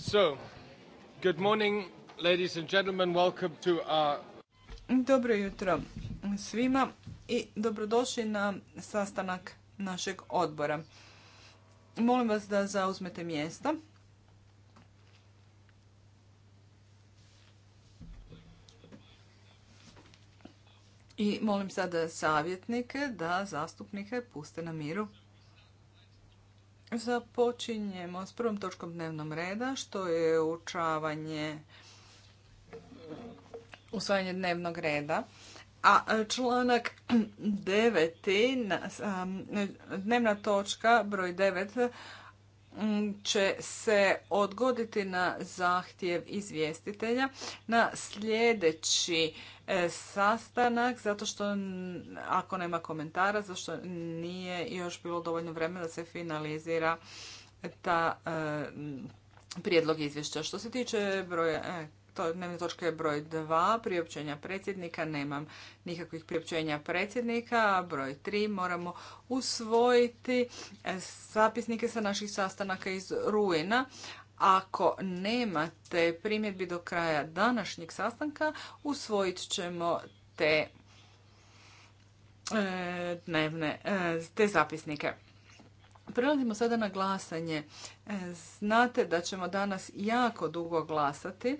So, good Dobro jutro svima i dobrodošli na sastanak našeg odbora. Molim vas da zauzmete mjesta. I molim sada savjetnike da zastupnike puste na miru. Započinjemo s prvom točkom dnevnom reda, što je učavanje usvajanje dnevnog reda. A e, članak 9. dnevna točka broj 9 će se odgoditi na zahtjev izvjestitelja na sljedeći e, sastanak zato što ako nema komentara što nije još bilo dovoljno vremena da se finalizira ta e, prijedlog izvješća. Što se tiče broja e, to, dnevne točke broj 2, priopćenja predsjednika, nemam nikakvih priopćenja predsjednika. Broj 3, moramo usvojiti e, zapisnike sa naših sastanaka iz rujna. Ako nemate primjedbi do kraja današnjeg sastanka, usvojit ćemo te e, dnevne, e, te zapisnike. Prelazimo sada na glasanje. Znate da ćemo danas jako dugo glasati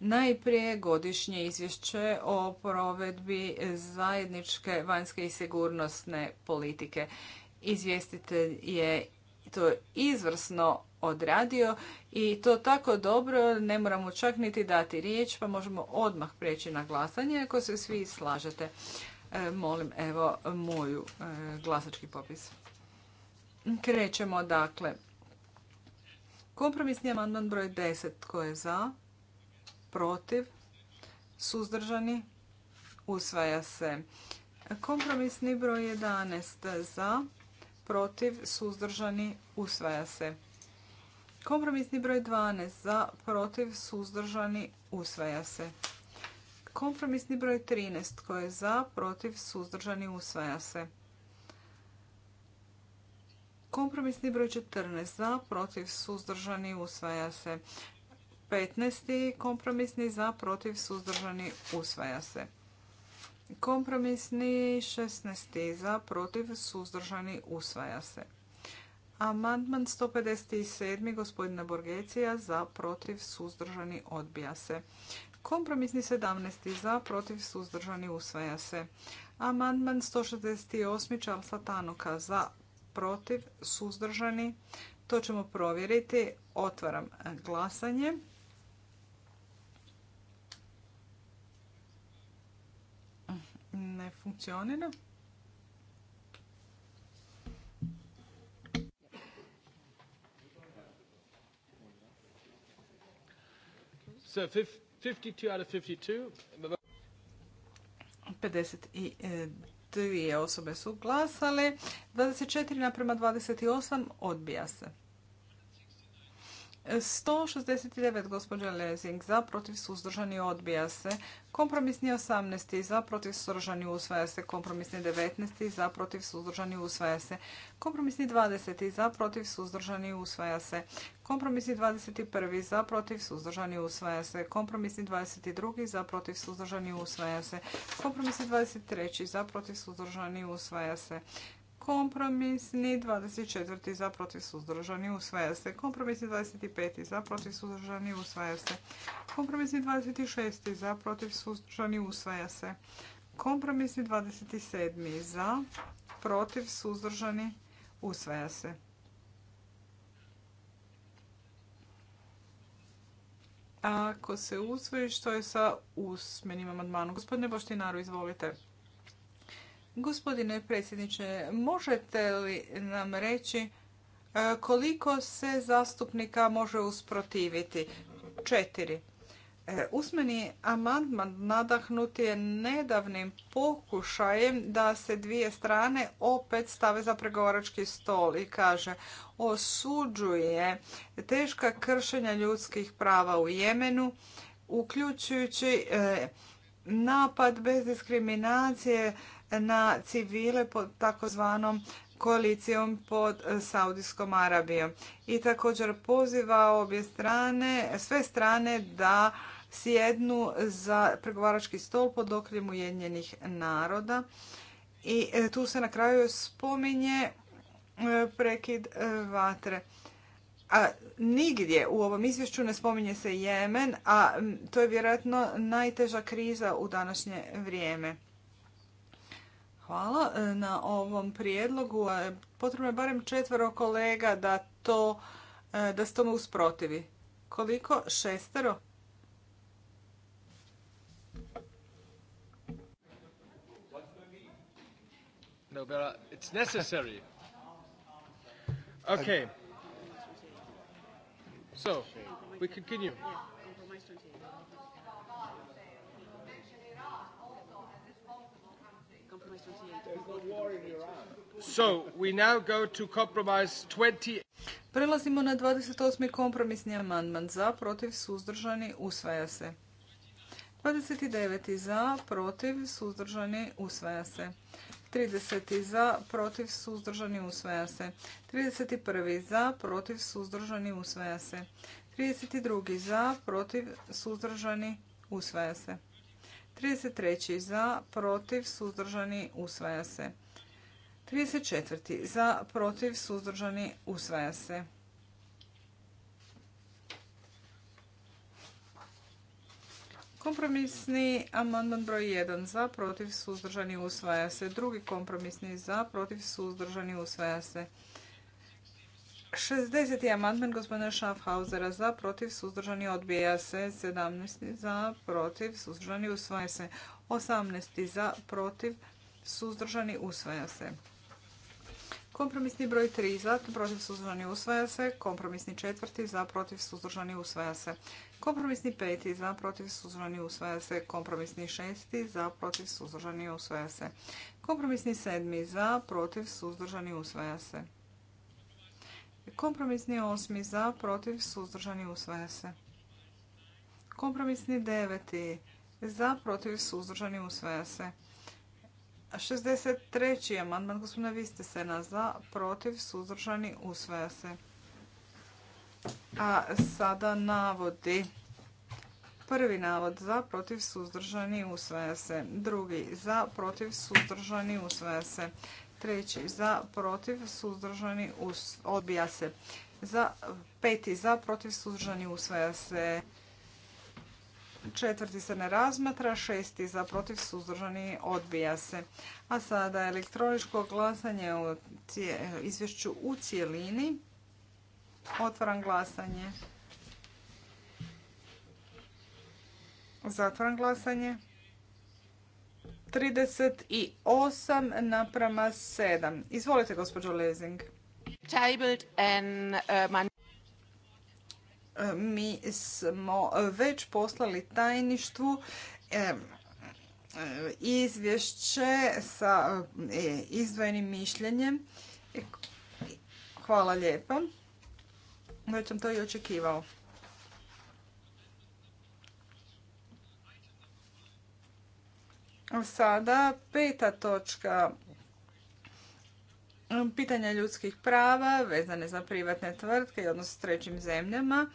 Najprije godišnje izvješće o provedbi zajedničke vanjske i sigurnosne politike. Izvjestitelj je to izvrsno odradio i to tako dobro ne moramo čak niti dati riječ pa možemo odmah preći na glasanje ako se svi slažete. E, molim evo moju e, glasački popis. Krećemo dakle. Kompromisni amandman broj 10. Tko je za? protiv, suzdržani, usvaja se. Kompromisni broj 11 za, protiv, suzdržani, usvaja se. Kompromisni broj 12 za, protiv, suzdržani, usvaja se. Kompromisni broj 13 Tko je za, protiv, suzdržani, usvaja se. Kompromisni broj 14 za, protiv, suzdržani, usvaja se. 15. kompromisni za protiv suzdržani usvaja se. Kompromisni 16. za protiv suzdržani usvaja se. Amandman 157. gospodina Borgecija za protiv suzdržani odbija se. Kompromisni 17. za protiv suzdržani usvaja se. Amandman 168. Čalsa Tanuka za protiv suzdržani. To ćemo provjeriti. Otvaram glasanje. ne funkcionira. So 52 out of 52. 52 e, osobe su glasale. 24 naprema 28 odbija se. 169 gospođa Lezing za protiv suzdržani odbija se. Kompromisni 18 za protiv suzdržani usvaja se. Kompromisni 19 za protiv suzdržani usvaja se. Kompromisni 20 za protiv suzdržani usvaja se. Kompromisni 21 za protiv suzdržani usvaja se. Kompromisni 22 za protiv suzdržani usvaja se. Kompromisni 23 za protiv suzdržani usvaja se kompromisni 24. za protiv suzdržani usvaja se. Kompromisni 25. za protiv suzdržani usvaja se. Kompromisni 26. za protiv suzdržani usvaja se. Kompromisni 27. za protiv suzdržani usvaja se. Ako se usvoji, što je sa usmenim amandmanom? Gospodine Boštinaru, izvolite. Gospodine predsjedniče, možete li nam reći e, koliko se zastupnika može usprotiviti? Četiri. E, usmeni amandman nadahnut je nedavnim pokušajem da se dvije strane opet stave za pregovarački stol i kaže osuđuje teška kršenja ljudskih prava u Jemenu, uključujući e, napad bez diskriminacije na civile pod takozvanom koalicijom pod Saudijskom Arabijom. I također poziva obje strane, sve strane da sjednu za pregovarački stol pod okriljem Ujedinjenih naroda. I e, tu se na kraju spominje e, prekid e, vatre. A nigdje u ovom izvješću ne spominje se Jemen, a to je vjerojatno najteža kriza u današnje vrijeme. Hvala e, na ovom prijedlogu. E, potrebno je barem četvero kolega da, to, e, da se tome usprotivi. Koliko? Šestero? No, uh, it's necessary. Okay. So, we continue. So, we now go to compromise 20. Prelazimo na 28. kompromisni amandman za, protiv, suzdržani, usvaja se. 29. za, protiv, suzdržani, usvaja se. 30. za, protiv, suzdržani, usvaja se. 31. za, protiv, suzdržani, usvaja se. 32. za, protiv, suzdržani, usvaja se. 33. za, protiv, suzdržani, usvaja se. 34. za, protiv, suzdržani, usvaja se. Kompromisni amandman broj 1 za, protiv, suzdržani, usvaja se. Drugi kompromisni za, protiv, suzdržani, usvaja se. 60. amandman gospodina Schaffhausera za protiv suzdržani odbija se. 17. za protiv suzdržani usvaja se. 18. za protiv suzdržani usvaja se. Kompromisni broj 3 za protiv suzdržani usvaja se. Kompromisni četvrti za protiv suzdržani usvaja se. Kompromisni peti za protiv suzdržani usvaja se. Kompromisni šesti za protiv suzdržani usvaja se. Kompromisni sedmi za protiv suzdržani usvaja se. Kompromisni osmi za, protiv, suzdržani, usvaja se. Kompromisni deveti za, protiv, suzdržani, usvaja se. 63. amandman gospodina Vistesena za, protiv, suzdržani, usvaja se. A sada navodi. Prvi navod za, protiv, suzdržani, usvaja se. Drugi za, protiv, suzdržani, usvaja se treći za, protiv, suzdržani, odbija se. Za, peti za, protiv, suzdržani, usvaja se. Četvrti se ne razmatra, šesti za, protiv, suzdržani, odbija se. A sada elektroničko glasanje o izvješću u cijelini. Otvaram glasanje. Zatvaram glasanje. 38 naprama 7. Izvolite, gospođo Lezing. Uh, mi smo već poslali tajništvu izvješće sa e, izdvojenim mišljenjem. Hvala lijepa. Već sam to i očekivao. Sada peta točka pitanja ljudskih prava vezane za privatne tvrtke i odnos s trećim zemljama.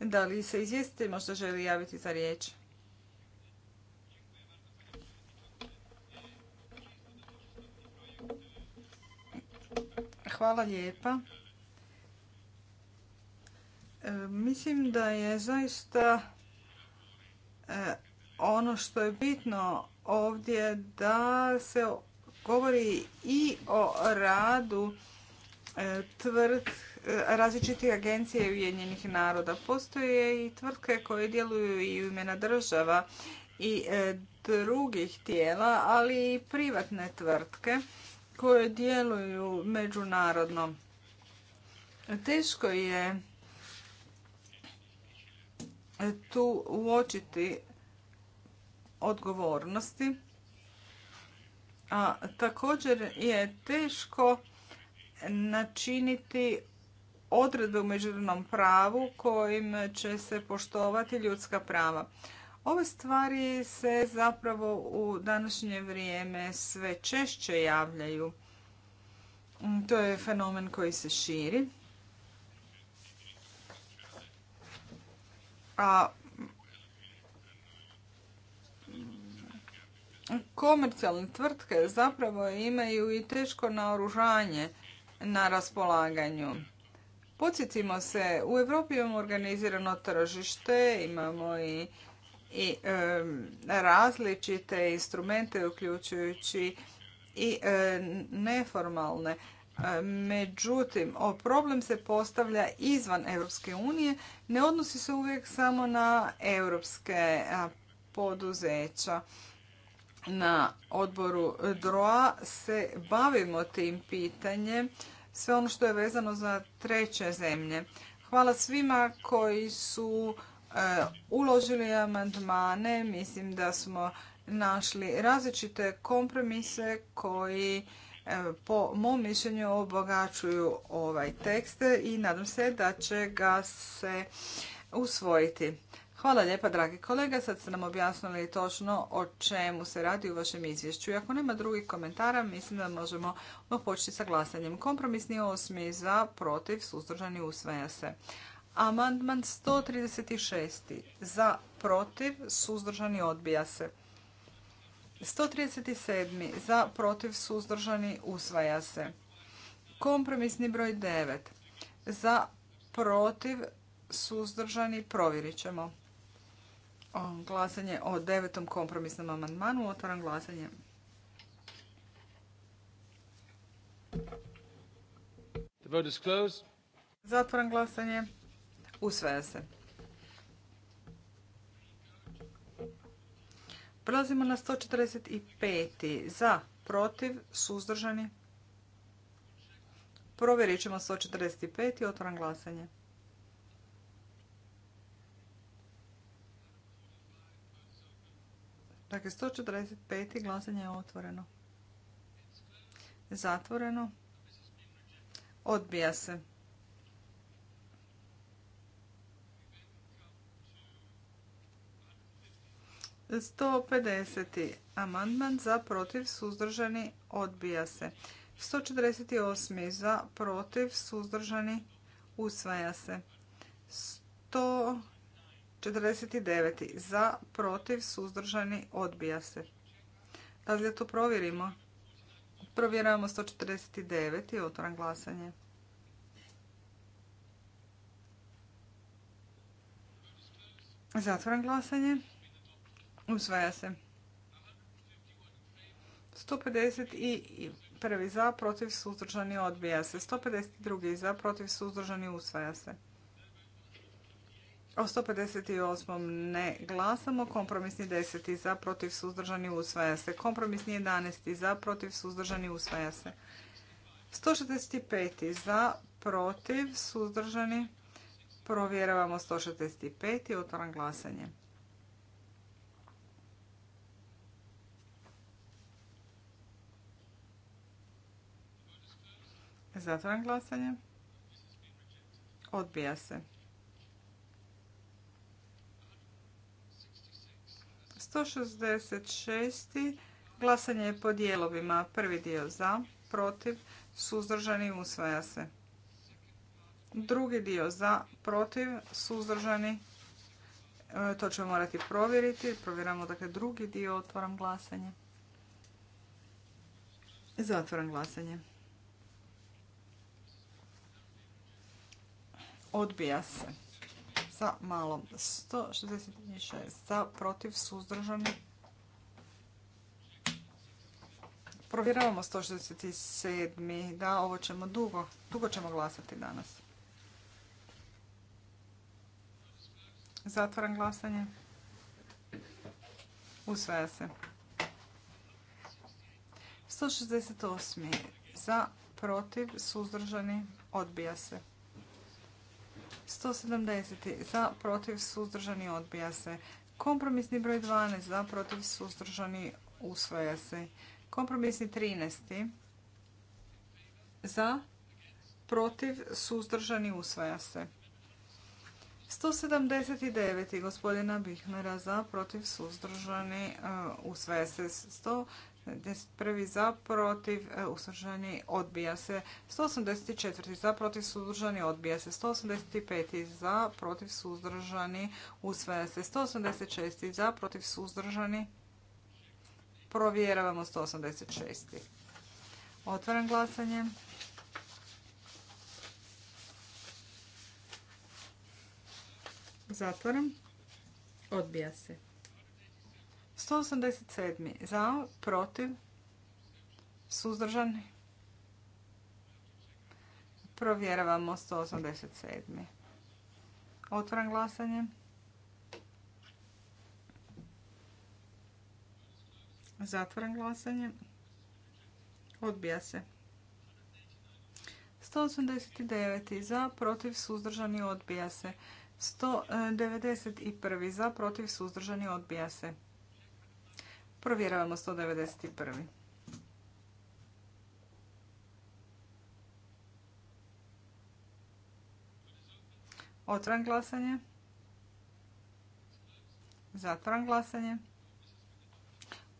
Da li se izvijestite možda želi javiti za riječ? Hvala lijepa. E, mislim da je zaista e, ono što je bitno ovdje da se govori i o radu e, tvrt e, različitih agencije Ujedinjenih naroda. Postoje i tvrtke koje djeluju i u imena država i e, drugih tijela, ali i privatne tvrtke koje djeluju međunarodno. Teško je tu uočiti odgovornosti. A također je teško načiniti odredbe u međunarodnom pravu kojim će se poštovati ljudska prava. Ove stvari se zapravo u današnje vrijeme sve češće javljaju. To je fenomen koji se širi. A komercijalne tvrtke zapravo imaju i teško naoružanje na raspolaganju. Podsjetimo se, u Europi imamo organizirano tržište, imamo i, različite instrumente uključujući i neformalne. Međutim, problem se postavlja izvan Europske unije, ne odnosi se uvijek samo na europske poduzeća na odboru DROA se bavimo tim pitanjem, sve ono što je vezano za treće zemlje. Hvala svima koji su e, uložili amandmane. Mislim da smo našli različite kompromise koji e, po mom mišljenju obogačuju ovaj tekst i nadam se da će ga se usvojiti. Hvala lijepa, dragi kolega. Sad ste nam objasnili točno o čemu se radi u vašem izvješću. I ako nema drugih komentara, mislim da možemo početi sa glasanjem. Kompromisni osmi za, protiv, suzdržani, usvaja se. Amandman 136. Za, protiv, suzdržani, odbija se. 137. Za, protiv, suzdržani, usvaja se. Kompromisni broj 9. Za, protiv, suzdržani, provjerit ćemo glasanje o devetom kompromisnom amandmanu. Otvaram glasanje. The Zatvaram glasanje. Usvaja se. Prelazimo na 145. Za, protiv, suzdržani. Provjerit ćemo 145. Otvaram glasanje. Dakle, 145. glasanje je otvoreno. Zatvoreno. Odbija se. Sto amandman za protiv suzdržani odbija se. 148 za protiv suzdržani usvaja se. 100 49. Za, protiv, suzdržani, odbija se. Da li to provjerimo? Provjeravamo 149. Otvoram glasanje. Zatvoram glasanje. Usvaja se. 150 i prvi za, protiv, suzdržani, odbija se. 152. za, protiv, suzdržani, usvaja se. O 158. ne glasamo. Kompromisni 10. za protiv suzdržani usvaja se. Kompromisni 11. za protiv suzdržani usvaja se. 165. za protiv suzdržani provjeravamo 165. Otvaram glasanje. Zatvaram glasanje. Odbija se. 166. Glasanje je po dijelovima. Prvi dio za, protiv, suzdržani, usvaja se. Drugi dio za, protiv, suzdržani. E, to ćemo morati provjeriti. Provjeramo dakle drugi dio. Otvaram glasanje. Zatvoram glasanje. Odbija se sa malom. 166 za protiv suzdržani. Provjeravamo 167. Da, ovo ćemo dugo, dugo ćemo glasati danas. Zatvaram glasanje. Usvaja se. 168. Za, protiv, suzdržani, odbija se. 170. Za, protiv, suzdržani, odbija se. Kompromisni broj 12. Za, protiv, suzdržani, usvaja se. Kompromisni 13. Za, protiv, suzdržani, usvaja se. 179. gospodina Bihnera za, protiv, suzdržani, e, usvaja se prvi e, za, protiv, suzdržani, odbija se. 184. za, protiv, suzdržani, odbija se. 185. za, protiv, suzdržani, usvaja se. 186. za, protiv, suzdržani, provjeravamo 186. Otvaram glasanje. Zatvaram. Odbija se. 187. Za, protiv, suzdržani. Provjeravamo 187. Otvoram glasanje. Zatvoram glasanje. Odbija se. 189. Za, protiv, suzdržani. Odbija se. 191. Za, protiv, suzdržani. Odbija se. Provjeravamo 191. Otvaram glasanje. Zatvaram glasanje.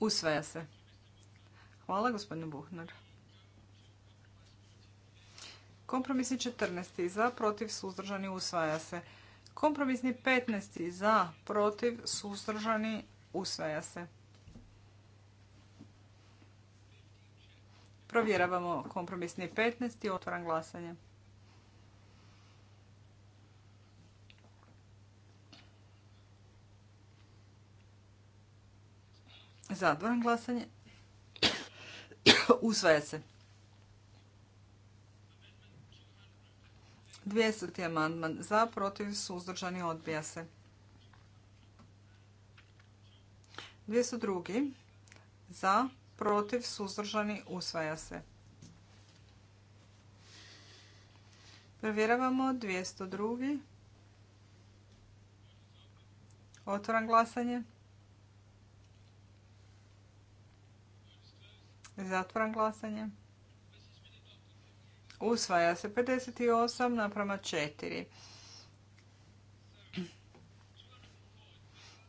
Usvaja se. Hvala gospodine Buhner. Kompromisni 14. za, protiv, suzdržani, usvaja se. Kompromisni 15. za, protiv, suzdržani, usvaja se. Provjeravamo kompromisni 15 i otvoram glasanje. Zatvoram glasanje. Usvaja se. 200. amandman za, protiv, suzdržani, odbija se. 202. za, protiv, suzdržani, usvaja se. Provjeravamo 202. Otvoram glasanje. Zatvoram glasanje. Usvaja se 58 naprama 4.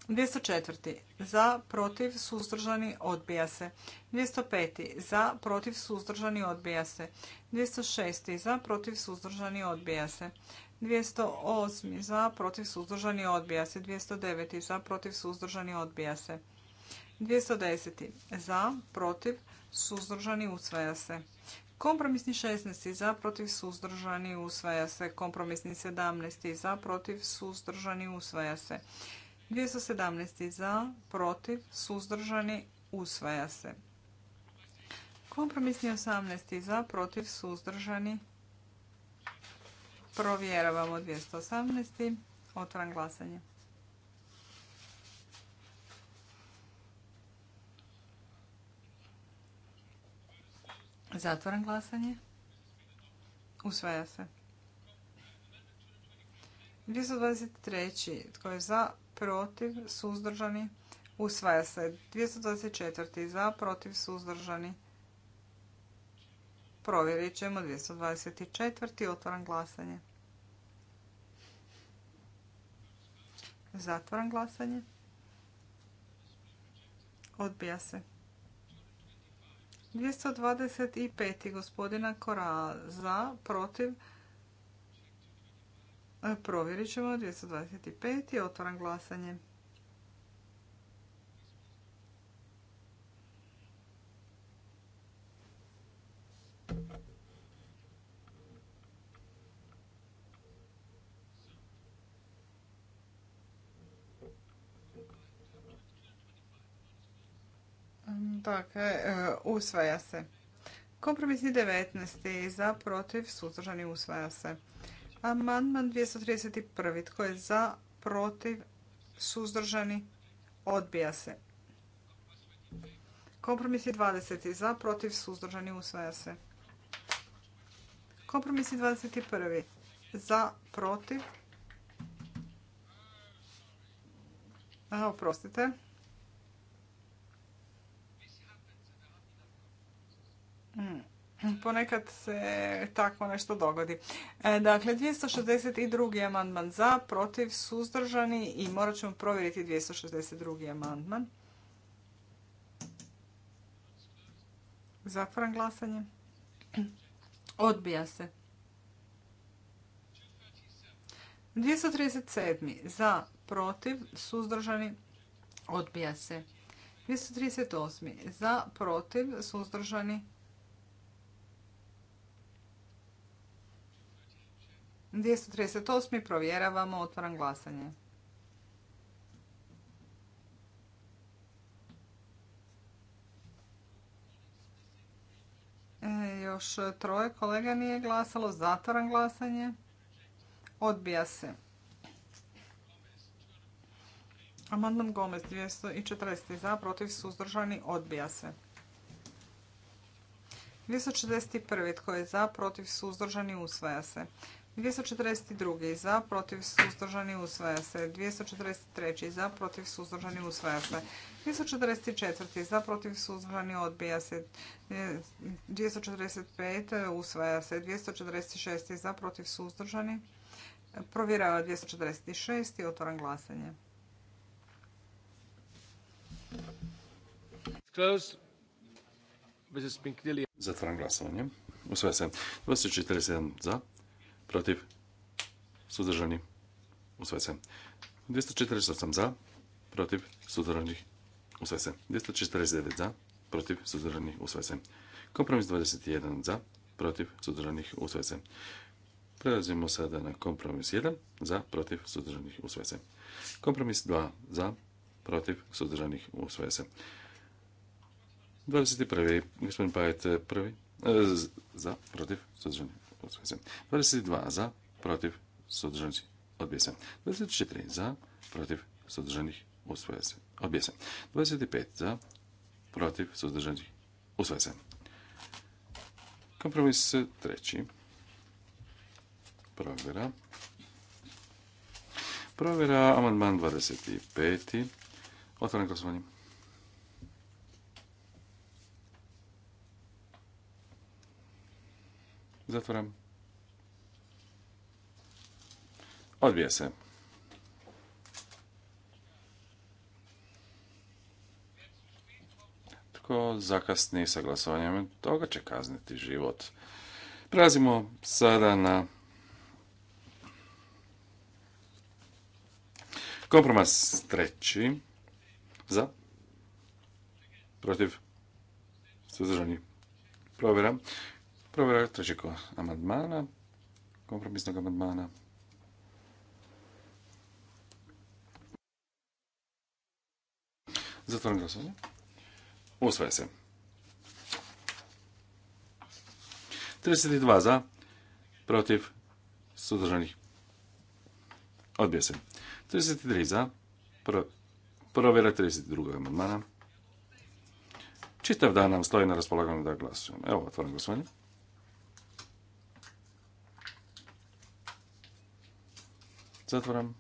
204. Za, protiv, suzdržani, odbija se. 205. Za, protiv, suzdržani, odbija se. 206. Za, protiv, suzdržani, odbija se. 208. Za, protiv, suzdržani, odbija se. 209. Za, protiv, suzdržani, odbija se. 210. Za, protiv, suzdržani, usvaja se. Kompromisni 16. za, protiv, suzdržani, usvaja se. Kompromisni 17. za, protiv, suzdržani, usvaja se. 217. za, protiv, suzdržani, usvaja se. Kompromisni 18. za, protiv, suzdržani, provjeravamo 218. Otvaram glasanje. Zatvoren glasanje. Usvaja se. 223. Tko je za? protiv, suzdržani, usvaja se. 224. za, protiv, suzdržani. Provjerit ćemo 224. Otvaram glasanje. Zatvaram glasanje. Odbija se. 225. gospodina Kora za, protiv, suzdržani E, provjerit ćemo 225 je otvoram glasanje. Dakle, usvaja se. Kompromisni 19. za, protiv, suzdržani, usvaja se. Amandman 231. Tko je za, protiv, suzdržani, odbija se. Kompromis je 20. Za, protiv, suzdržani, usvaja se. Kompromis je 21. Za, protiv. A, oprostite. Hmm. Ponekad se tako nešto dogodi. E, dakle, 262. amandman za, protiv, suzdržani i morat ćemo provjeriti 262. amandman. Zatvoram glasanje. Odbija se. 237. za, protiv, suzdržani, odbija se. 238. za, protiv, suzdržani, 238. provjeravamo, otvaram glasanje. E, još troje kolega nije glasalo, zatvaram glasanje. Odbija se. Amandman Gomez 240 za, protiv suzdržani, odbija se. 261. Tko je za, protiv, suzdržani, usvaja se. 242. za, protiv, suzdržani, usvaja se. 243. za, protiv, suzdržani, usvaja se. 244. za, protiv, suzdržani, odbija se. 245. usvaja se. 246. za, protiv, suzdržani. Provjerava 246. i otvoram glasanje. Zatvaram glasovanje. Usvaja se. 247 za, protiv, suzdržani, sve se. 248 za, protiv, suzdržani, usvaja se. 249 za, protiv, suzdržani, sve se. Kompromis 21 za, protiv, suzdržanih, sve se. Prelazimo sada na kompromis 1 za, protiv, suzdržanih, usvaja se. Kompromis 2 za, protiv, suzdržanih, usvaja se. 21. gospodin Pajet prvi, eh, za, protiv, suzdržanih, 22 za, protiv, suzdržani, odbija 24 za, protiv, suzdržanih, usvaja se. 25 za, protiv, suzdržanih, usvaja se. Kompromis treći. Provera. Provera, amandman 25. Otvoren glasovanje. Zatvaram. Odbija se. Tko zakasni sa glasovanjem, toga će kazniti život. Prelazimo sada na Kompromas treći za protiv suzdržani. Provjeram. Provjerat ćemo amandmana, kompromisnog amandmana. Zatvorim glasovanje. Usvaja se. 32 za, protiv, sudržanih. Odbija se. 33 za, provjera 32. amandmana. Čitav dan nam stoji na raspolaganju da glasujemo. Evo, otvorim glasovanje. Zatvoram.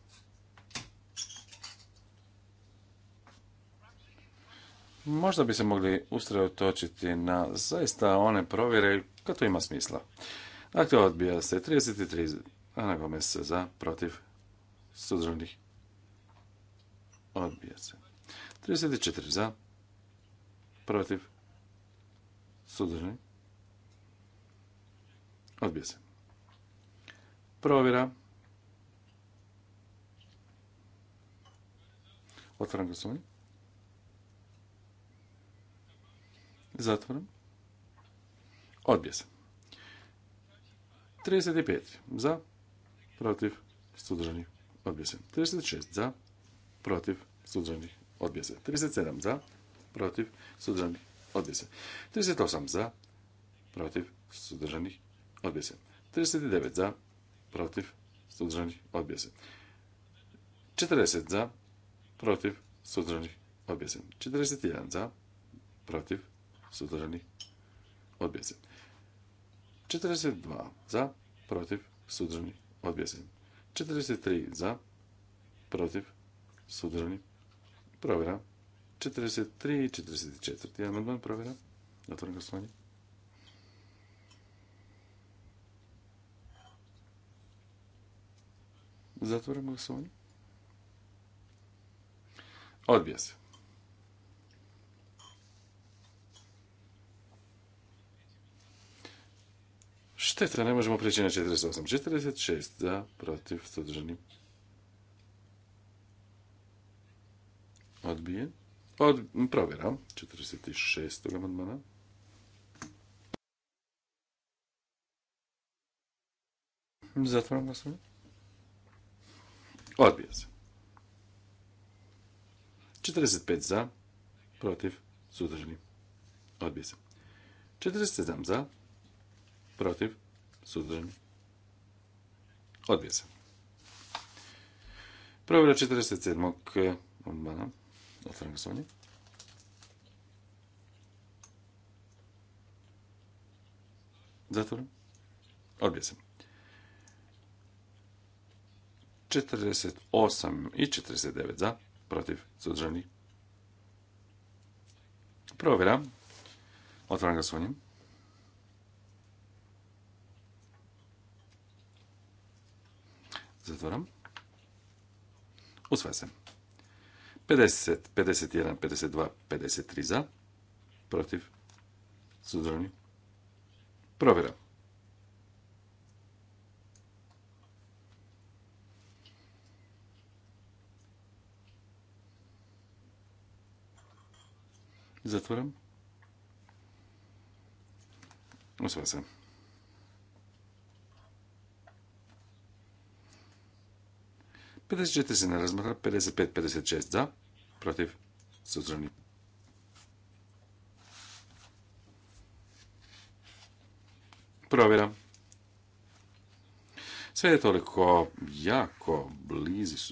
Možda bi se mogli usredotočiti na zaista one provjere kad to ima smisla. Dakle, odbija se 33 Ana se za protiv suzdržanih. Odbija se. 34 za protiv suzdržanih. Odbija se. Provjera Otvaram glasovanje. Zatvaram. Odbija se. 35 za, protiv, sudržanih odbija 36 za, protiv, sudržanih odbija 37 za, protiv, sudržanih odbija se. 38 za, protiv, sudržanih odbija 39 za, protiv, sudržanih odbija 40 za, protiv, suzdržanih, odbija 41 za, protiv, suzdržanih, odbija 42 za, protiv, suzdržanih, odbija 43 za, protiv, suzdržanih, provjera. 43 i 44. amandman provjera. Otvorim glasovanje. Zatvorimo glasovanje. Odbija se. Šteta, ne možemo prijeći na 48. 46 za protiv sudržani. Odbije. Od, provjeram. 46. amandmana. Zatvaram glasovanje. Odbija se. 45 za, protiv, suzdržani, odbije se. 47 za, protiv, suzdržani, odbije se. Provjera 47. odmana, otvorim glasovanje. Zatvorim. Odbije se. 48 i 49 za, protiv, suzdržani. Provjera. Otvaram svojim. Zatvaram. Usvaja se. 50, 51, 52, 53 za, protiv, suzdržani. Provjera. Zatvaram. Usvaja se. Pedeset se ne razmatra, 55. 56. za, protiv, suzrani. Provjera. Sve je toliko jako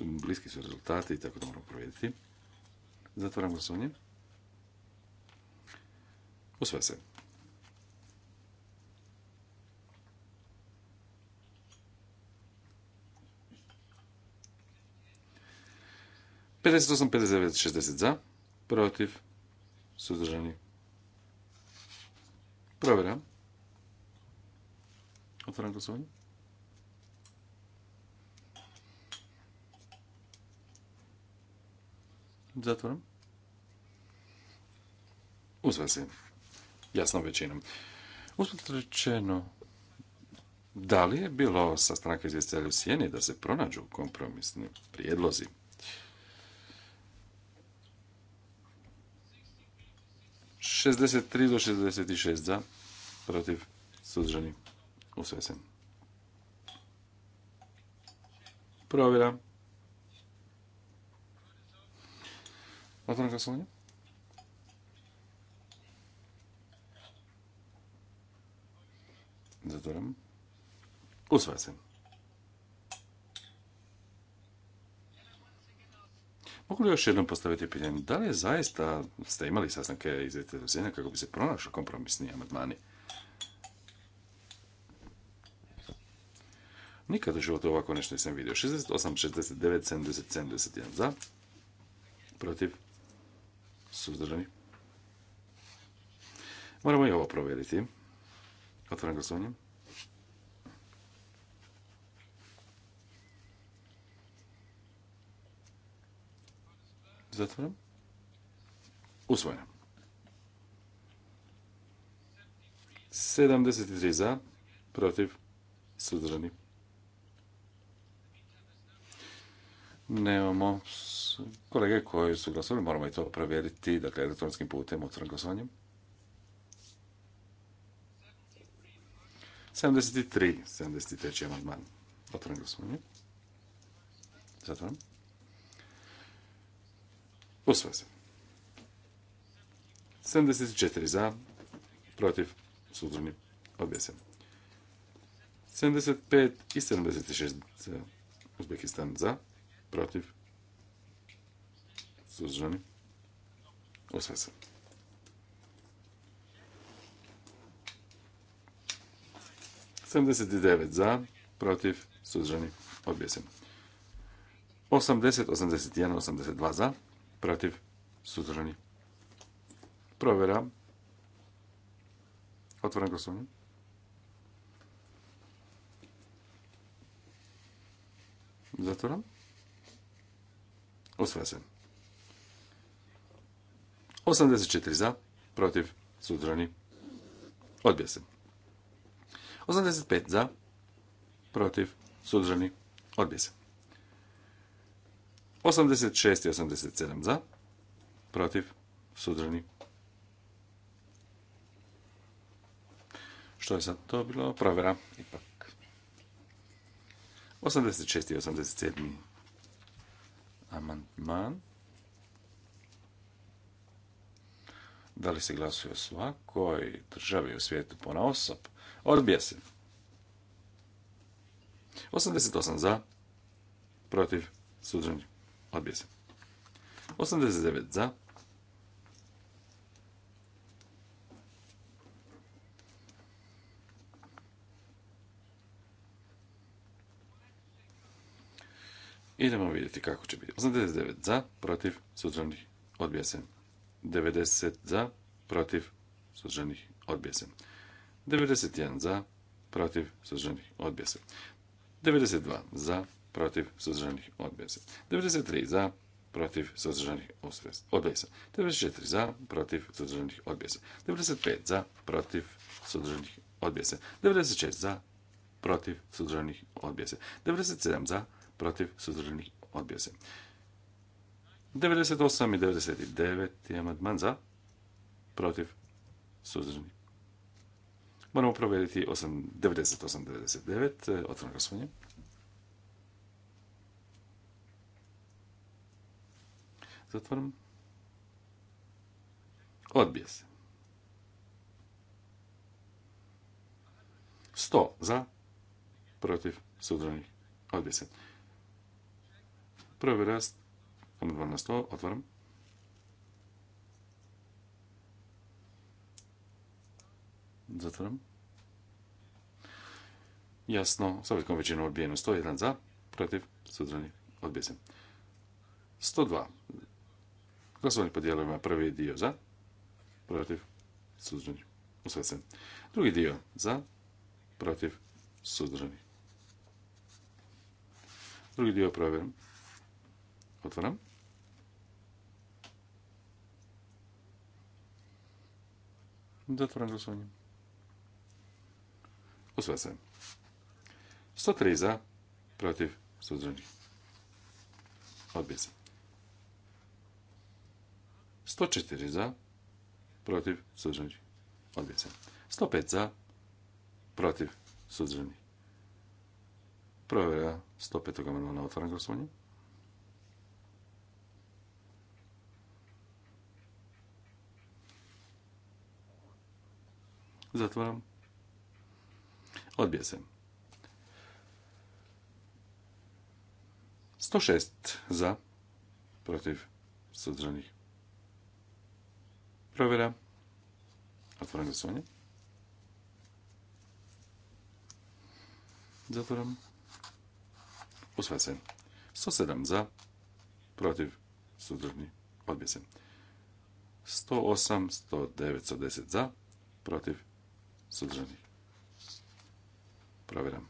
bliski su rezultati, tako da moramo provjeriti. Zatvaram glasovanje. Usve se. Pedeset osam, pedeset devet, šestdeset za, protiv, suzdržani. Provjeram. Otvaram glasovanje. Zatvaram. Uzve se jasnom većinom. Usput rečeno, da li je bilo sa stranke izvjestitelja u Sjeni da se pronađu kompromisni prijedlozi? Šestdeset tri do šestdeset šest za, protiv suzdržani usvesen. Provjera. Otvoram glasovanje. Zatvoram. Usvaja se. Mogu li još jednom postaviti pitanje, da li je zaista ste imali sastanke iz sjena kako bi se pronašli kompromisni amandmani? Nikada u životu ovako nešto nisam vidio. 68, 69, 70, 71 za. Protiv. Suzdržani. Moramo i ovo provjeriti. Otvaram glasovanje. Zatvaram. Usvojeno. 73 za, protiv, suzdržani. Nemamo kolege koji su glasovali, moramo i to provjeriti, dakle, elektronskim putem, otvoren glasovanjem. 73, 73. amandman. Otvoren glasovanje. Zatvoren. Usvoj se. 74 za, protiv, suzdržani, odbija 75 i 76 za Uzbekistan za, protiv, suzdržani, usvoj se. 79 za, protiv, suzdržani, odbio se. 80, 81, 82 za, protiv, suzdržani. Provjera. Otvoren glasovanje. Zatvoram. Osvaja se. 84 za, protiv, suzdržani. Odbija se. 85 za, protiv, suzdržani, odbije se. 86 i 87 za, protiv, suzdržani. Što je sad to bilo? Provera, ipak. 86 i 87 amandman. Da li se glasuje o svakoj državi u svijetu pona osob? Odbija se. 88 za, protiv, suzdržani, odbija se. 89 za, Idemo vidjeti kako će biti. 89 za, protiv, suzdržanih, odbija se. 90 za, protiv, suzdržanih, odbija se. 91 za, protiv suzdržanih odbija se. 92 za, protiv suzdržanih odbija se. 93 za, protiv suzdržanih odbija se. 94 za, protiv suzdržanih odbija se. 95 za, protiv suzdržanih odbija se. 96 za, protiv suzdržanih odbija se. 97 za, protiv suzdržanih odbija se. 98 i 99 je madman za, protiv suzdržanih Moramo provjeriti 98-99, e, otvorno glasovanje. Zatvorim. Odbija se. 100 za, protiv, sudranih, odbija se. Prvi rast, amandman na 100, otvaram. Zatvaram. Jasno, s velikom većinom odbijeno. 101 za, protiv, suzdržani, odbije se. 102. Glasovanje po Prvi dio za, protiv, suzdržani, usvaja Drugi dio za, protiv, suzdržani. Drugi dio provjerim. Otvaram. Zatvaram glasovanje sve sve. 103 za, protiv, suzdržani. Odbija se. 104 za, protiv, suzdržani. Odbija se. 105 za, protiv, suzdržani. Provjera 105. na otvorenom glasovanje. Zatvaram. Odbija se. 106 za, protiv Sudržanih. Provjera. Otvoram glasovanje. Zatvoram. Usvaja se. 107 za, protiv Sudržanih. Odbija se. 108, 109, 110 za, protiv Sudržanih. Provjeram.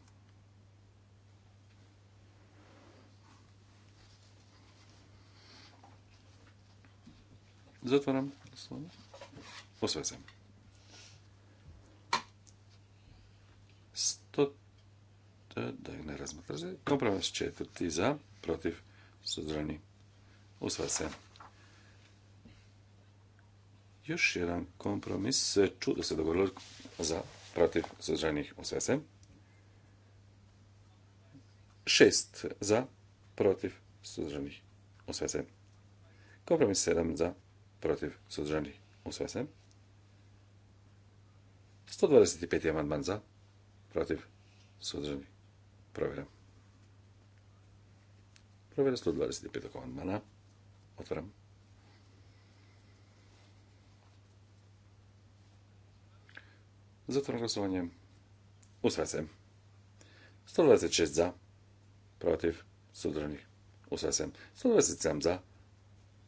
Zatvaram slovo. da je ne razmatraze. Kompromis četvrti za, protiv, suzdrani. Usva Još jedan kompromis. Čudo se dogodilo za, protiv, suzdranih. Usva se. 6 za, protiv, suzdržanih, usvaja Kompromis 7 za, protiv, suzdržanih, 8. 125. amandman za, protiv, suzdržanih, provjera. Provjera 125. amandmana, otvaram. Zatvorno glasovanje, usvaja se. 126 za, protiv, suzdržanih, u 127 za,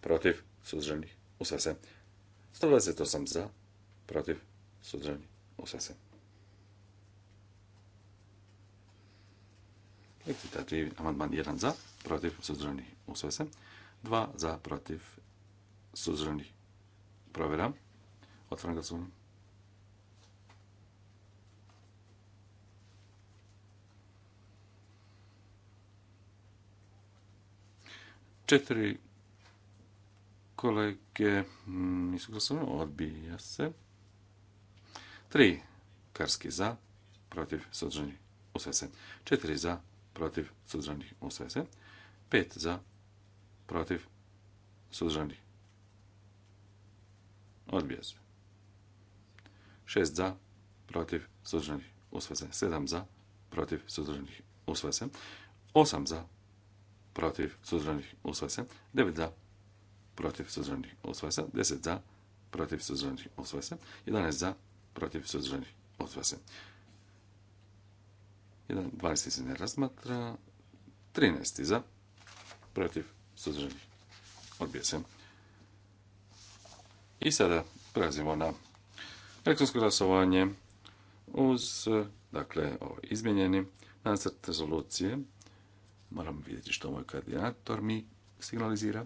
protiv, suzdržanih, u 128 za, protiv, suzdržanih, usvaja se. amandman 1 za, protiv, suzdržanih, u 2 za, protiv, suzdržanih, provjeram. Otvaram glasovanje. Četiri kolege mm, nisu glasovali, odbija se. Tri karski za, protiv sudržanih, usvaja Četiri za, protiv sudržanih, usvaja Pet za, protiv sudržanih, odbija se. Šest za, protiv sudržanih, usvaja Sedam za, protiv sudržanih, usvaja Osam za, protiv suzdržanih usvaja se, 9 za, protiv suzdržanih usvaja se, 10 za, protiv suzdržanih usvaja se, 11 za, protiv suzdržanih usvaja se. 12 se ne razmatra, 13 za, protiv suzdržanih odbija se. I sada prelazimo na elektronsko glasovanje uz, dakle, ovo ovaj izmjenjeni nacrt rezolucije Moram vidjeti što moj koordinator mi signalizira.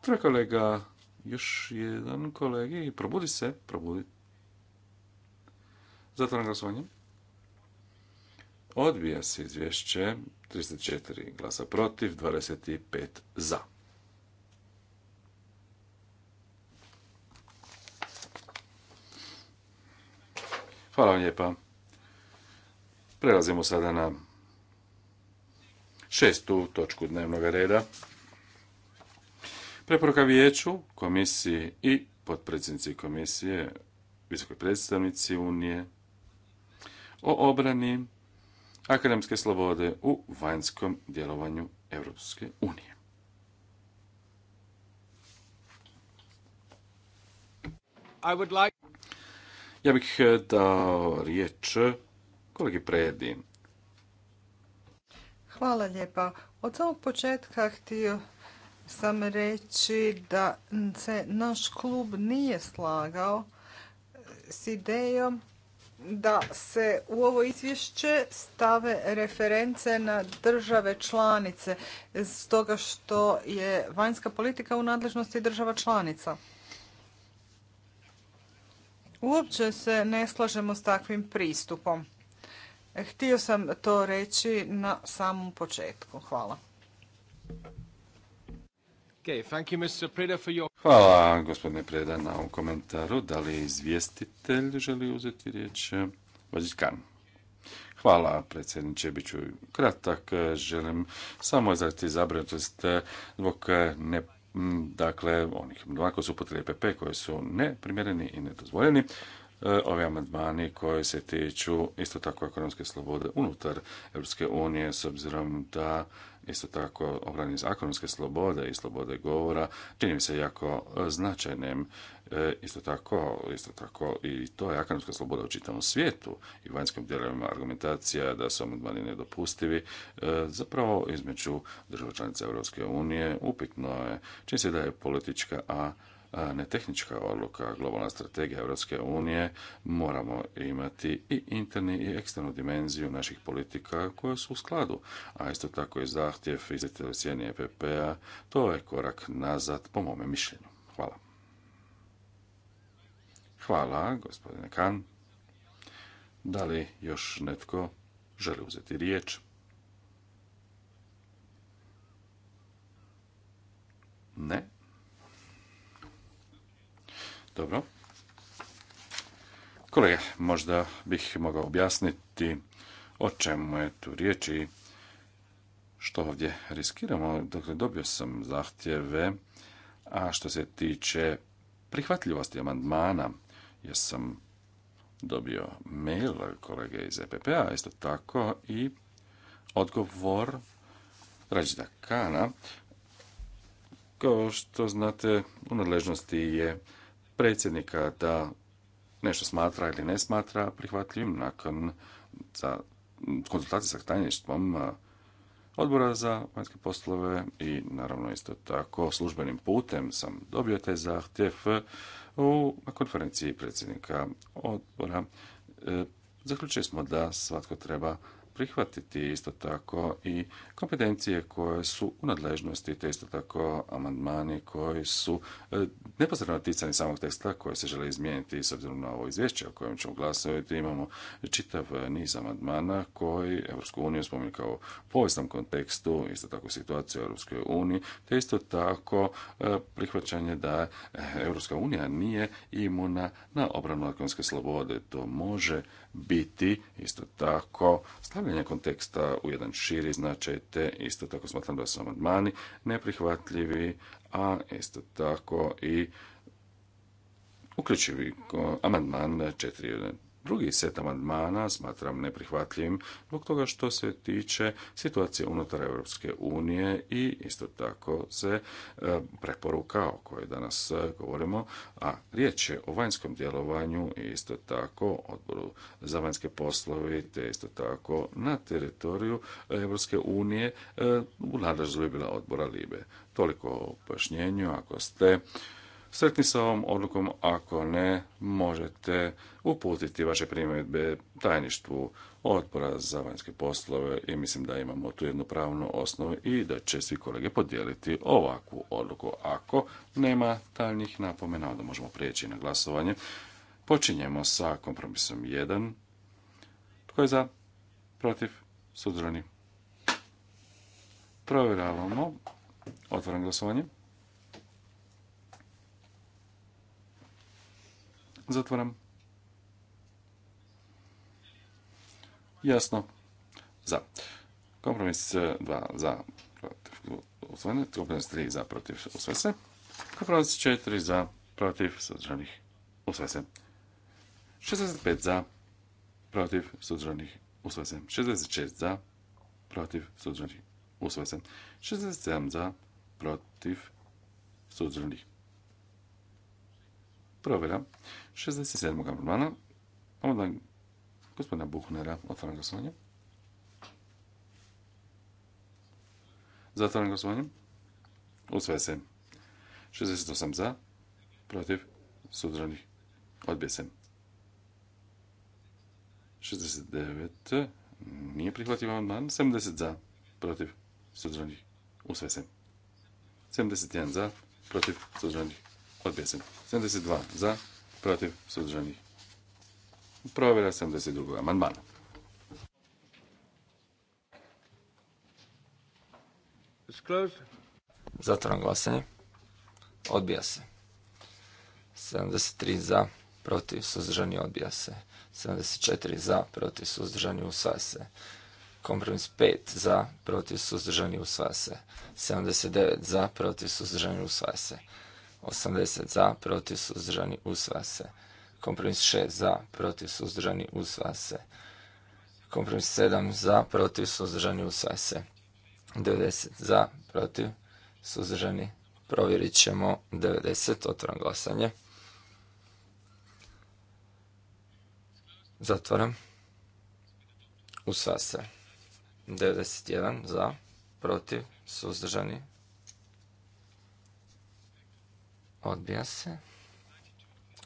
Tre kolega, još jedan kolegi, probudi se, probudi. Zatvoram glasovanje. Odbija se izvješće, 34 glasa protiv, 25 za. Hvala vam lijepa. Prelazimo sada na šestu točku dnevnog reda. Preporuka vijeću, komisiji i potpredsjednici komisije, visokoj predstavnici Unije o obrani akademske slobode u vanjskom djelovanju Europske unije. Ja bih dao riječ kolegi Predi. Hvala lijepa. Od samog početka htio sam reći da se naš klub nije slagao s idejom da se u ovo izvješće stave reference na države članice stoga što je vanjska politika u nadležnosti država članica. Uopće se ne slažemo s takvim pristupom. Htio sam to reći na samom početku. Hvala. Hvala gospodine Preda na ovom komentaru. Da li izvjestitelj želi uzeti riječ? kan. Hvala predsjedniče, bit ću kratak. Želim samo izraziti zabrinutost zbog ne dakle, onih dvako su potrebe PP koji su neprimjereni i nedozvoljeni. E, ovi amandmani koji se tiču isto tako ekonomske slobode unutar Europske unije s obzirom da isto tako obrani ekonomske slobode i slobode govora čini mi se jako značajnim e, isto tako, isto tako i to je ekonomska sloboda u čitavom svijetu i vanjskim dijelovima argumentacija da su amandmani nedopustivi. E, zapravo između država članica Europske unije upitno je, čini se da je politička, a ne tehnička odluka, globalna strategija Europske unije, moramo imati i interni i eksternu dimenziju naših politika koje su u skladu, a isto tako i zahtjev izvjetitelja cijeni EPP-a, to je korak nazad po mome mišljenju. Hvala. Hvala, gospodine Kan. Da li još netko želi uzeti riječ? Ne. Dobro. Kolega, možda bih mogao objasniti o čemu je tu riječ i što ovdje riskiramo. Dakle, dobio sam zahtjeve, a što se tiče prihvatljivosti amandmana, jer sam dobio mail kolege iz EPP-a, isto tako i odgovor Rađida Kana. Kao što znate, u nadležnosti je predsjednika da nešto smatra ili ne smatra prihvatljivim nakon za konzultacije sa tajništvom odbora za vanjske poslove i naravno isto tako službenim putem sam dobio taj zahtjev e, u konferenciji predsjednika odbora. E, zaključili smo da svatko treba prihvatiti isto tako i kompetencije koje su u nadležnosti, te isto tako amandmani koji su e, neposredno ticani samog teksta koje se žele izmijeniti s obzirom na ovo izvješće o kojem ćemo glasovati. Imamo čitav niz amandmana koji EU uniju spominje kao povijesnom kontekstu, isto tako situaciju u Europskoj te isto tako e, prihvaćanje da Evropska unija nije imuna na obranu lakonske slobode. To može biti isto tako stavljeno stavljanja konteksta u jedan širi značaj, te isto tako smatram da su amandmani neprihvatljivi, a isto tako i uključivi amandman 4.1 drugi set amandmana smatram neprihvatljivim zbog toga što se tiče situacije unutar Europske unije i isto tako se e, preporuka o kojoj danas e, govorimo, a riječ je o vanjskom djelovanju i isto tako odboru za vanjske poslove te isto tako na teritoriju Europske unije e, u nadležnosti bila odbora Libe. Toliko o pojašnjenju. Ako ste sretni sa ovom odlukom, ako ne, možete uputiti vaše primjedbe tajništvu odbora za vanjske poslove i mislim da imamo tu jednu pravnu osnovu i da će svi kolege podijeliti ovakvu odluku. Ako nema tajnih napomena, onda možemo prijeći na glasovanje. Počinjemo sa kompromisom 1. Tko je za? Protiv? Sudrani? Provjeravamo. Otvaram glasovanje. Zatvoram. Jasno. Za. Kompromis 2 e, za protiv usvojene. Kompromis 3 za protiv usvese Kompromis 4 za protiv sudržanih usvoje 65 za protiv sudržanih usvoje 66 za protiv sudržanih usvoje 67 za protiv suzdržanih Provjera 67. amandmana. dan gospodina Buhnera. Otvaram glasovanje. Zatvaram glasovanje. Usvaja se. 68 za, protiv, sudranih, odbije 69 nije prihvatio amandman. 70 za, protiv, sudranih, usvaja 71 za, protiv, sudranih, odbije se. 72 za, protiv, suzdržanih. Provjera 72. amandmana. Zatvoram glasanje. Odbija se. 73 za, protiv, suzdržani, odbija se. 74 za, protiv, suzdržani, usvaja se. Kompromis 5 za, protiv, suzdržani, usvaja se. 79 za, protiv, suzdržani, usvaja se. 80 za, protiv suzdržani usva se. Kompromis 6 za, protiv suzdržani usva se. Kompromis 7 za, protiv suzdržani usva se. 90 za, protiv suzdržani. Provjerit ćemo 90, otvoram glasanje. Zatvaram. Usva se. 91 za, protiv, suzdržani, odbija se.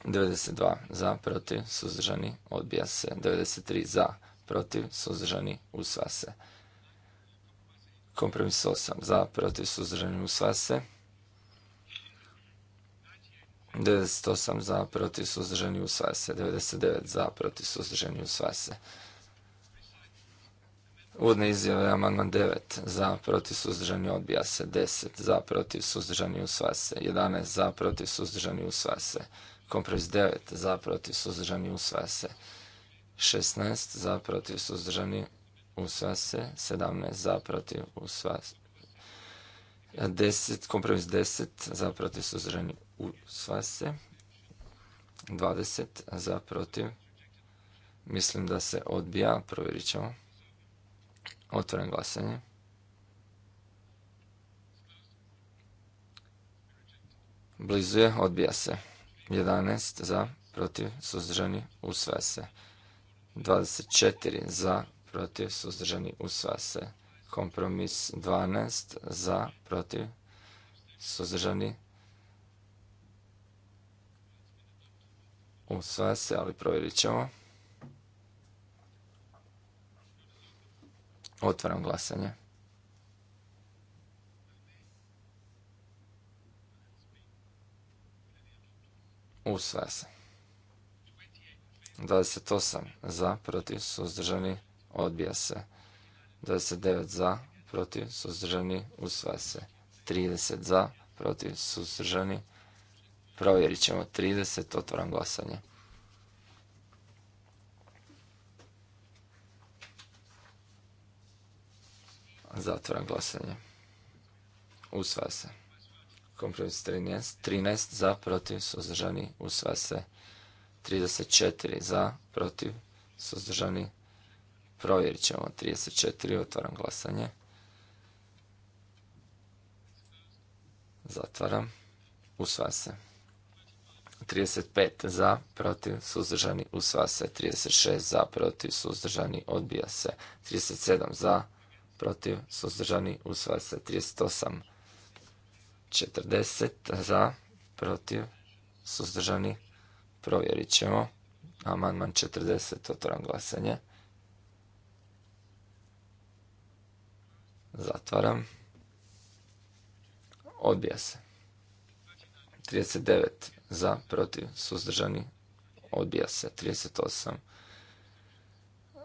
92 za, protiv, suzdržani, odbija se. 93 za, protiv, suzdržani, usva se. Kompromis 8 za, protiv, suzdržani, usva se. 98 za, protiv, suzdržani, usva se. 99 za, protiv, suzdržani, usva se izjave je amandman 9 za protiv suzdržani odbija se, 10 za protiv suzdržani usvaja se, 11 za protiv suzdržani usvaja se, kompromis 9 za protiv suzdržani usvaja se, 16 za protiv suzdržani usvaja se, 17 za protiv usvaja se, 10, kompromis 10 za protiv suzdržani usvaja se, 20 za protiv, mislim da se odbija, provjerit ćemo. Otvoren glasanje. Blizu je, odbija se. 11 za, protiv, suzdržani, usvaja se. 24 za, protiv, suzdržani, usvaja se. Kompromis 12 za, protiv, suzdržani, usvaja se, ali provjerit ćemo. Otvaram glasanje. Usvaja se. 28 za, protiv, suzdržani, odbija se. 29 za, protiv, suzdržani, usvaja se. 30 za, protiv, suzdržani. Provjerit ćemo 30, otvaram glasanje. Zatvoram glasanje. Usvaja se. Kompromis 13, 13 za, protiv, suzdržani, usvaja se. 34 za, protiv, suzdržani, provjerit ćemo. 34, otvaram glasanje. Zatvaram. Usvaja se. 35 za, protiv, suzdržani, usvaja se. 36 za, protiv, suzdržani, odbija se. 37 za, protiv, suzdržani, usvaja se 38. 40 za, protiv, suzdržani, provjerit ćemo. Amandman 40, otvoram glasanje. Zatvaram. Odbija se. 39 za, protiv, suzdržani, odbija se. 38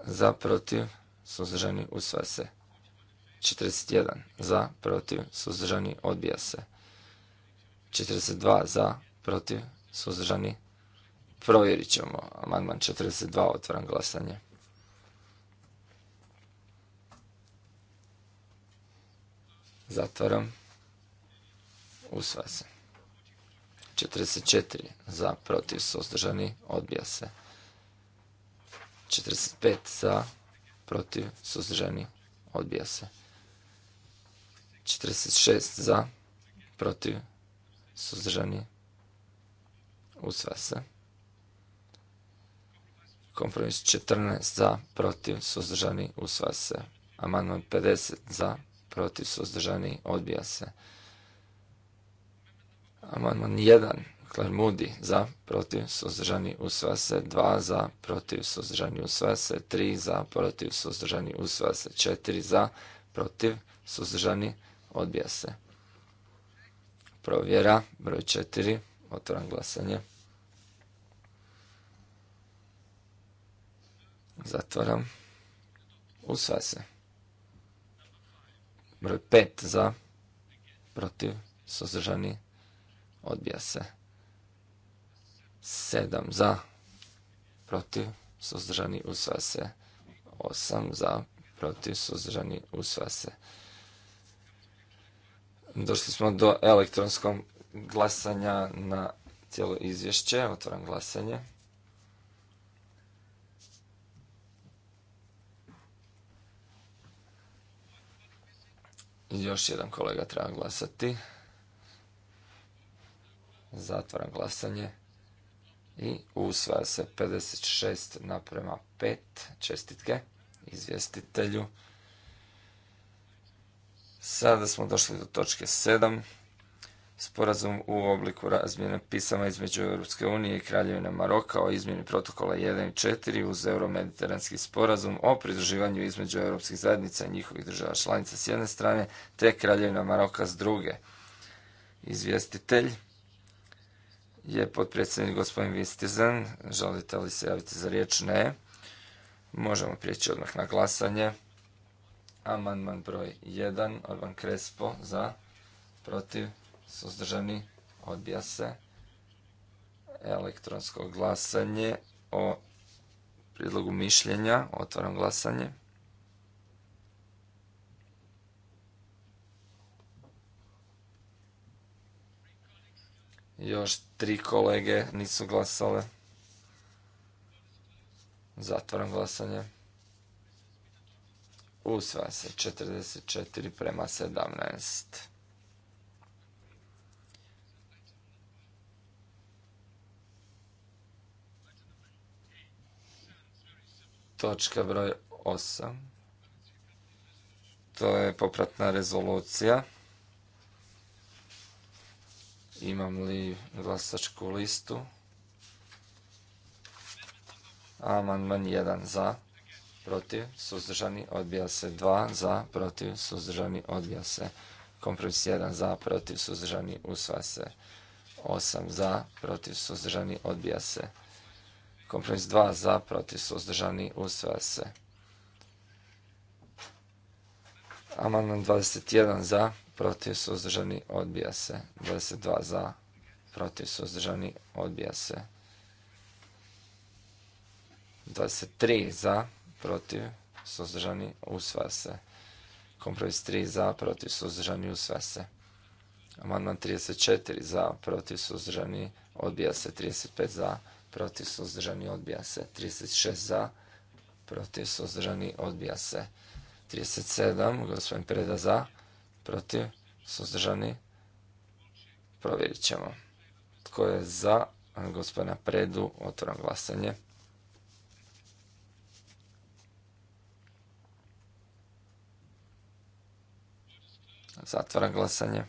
za, protiv, suzdržani, usvaja se. 41 za, protiv, suzdržani, odbija se. 42 za, protiv, suzdržani, provjerit ćemo. Amandman 42, otvaram glasanje. Zatvaram. Usvaja se. 44 za, protiv, suzdržani, odbija se. 45 za, protiv, suzdržani, odbija se. 46 za, protiv, suzdržani, usva se. Kompromis 14 za, protiv, suzdržani, usva se. Amandman 50 za, protiv, suzdržani, odbija se. Amandman 1, Klarmudi za, protiv, suzdržani, usva se. 2 za, protiv, suzdržani, usva se. 3 za, protiv, suzdržani, usva se. 4 za, protiv, suzdržani, usva se odbija se. Provjera, broj 4, otvoram glasanje. Zatvaram. Usvaja se. Broj 5 za, protiv, suzdržani, odbija se. 7 za, protiv, suzdržani, usvaja se. 8 za, protiv, suzdržani, usvaja se. Došli smo do elektronskog glasanja na cijelo izvješće. Otvoram glasanje. Još jedan kolega treba glasati. Zatvaram glasanje. I usvaja se 56 naprema 5. Čestitke izvjestitelju. Sada smo došli do točke 7. Sporazum u obliku razmjena pisama između Europske unije i Kraljevine Maroka o izmjeni protokola 1 i 4 uz Euromediteranski sporazum o pridruživanju između europskih zajednica i njihovih država članica s jedne strane te Kraljevina Maroka s druge. Izvjestitelj je potpredsjednik gospodin Vistizan. Želite li se javiti za riječ? Ne. Možemo prijeći odmah na glasanje. Amandman broj 1, Orban Krespo, za, protiv, suzdržani, odbija se. Elektronsko glasanje o prijedlogu mišljenja, otvaram glasanje. Još tri kolege nisu glasale. Zatvaram glasanje. Usva se 44 prema 17. Točka broj 8. To je popratna rezolucija. Imam li glasačku listu? Amandman 1 za protiv, suzdržani, odbija se 2 za, protiv, suzdržani, odbija se kompromis 1 za, protiv, suzdržani, usva se 8 za, protiv, suzdržani, odbija se kompromis 2 za, protiv, suzdržani, usva se amandman 21 za, protiv, suzdržani, odbija se 22 za, protiv, suzdržani, odbija se 23 za, protiv, suzdržani, usvaja se. Kompromis 3 za, protiv, suzdržani, usvaja se. Amandman 34 za, protiv, suzdržani, odbija se. 35 za, protiv, suzdržani, odbija se. 36 za, protiv, suzdržani, odbija se. 37, gospodin Preda za, protiv, suzdržani, provjerit ćemo. Tko je za gospodina Predu, otvoram glasanje. Zatvaram glasanje.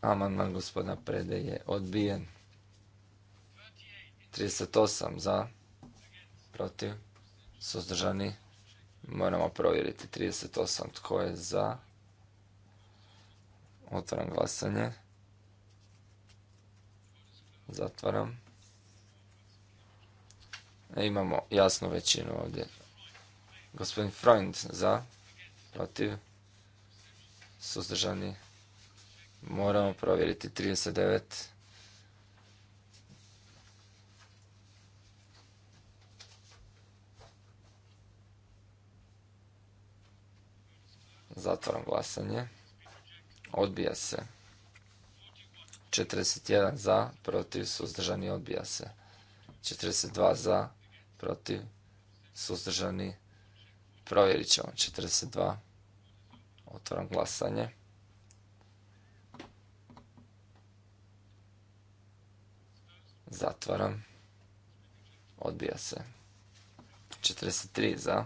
Amandman gospodina Prede je odbijen. 38 za, protiv, suzdržani. Moramo provjeriti 38 tko je za. Otvaram glasanje. Zatvaram. E, imamo jasnu većinu ovdje. Gospodin Freund za, protiv, suzdržani. Moramo provjeriti 39. Zatvaram glasanje. Odbija se. 41 za, protiv, suzdržani, odbija se. 42 za, protiv, suzdržani, provjerit ćemo. 42 Otvaram glasanje. Zatvaram. Odbija se. 43 za,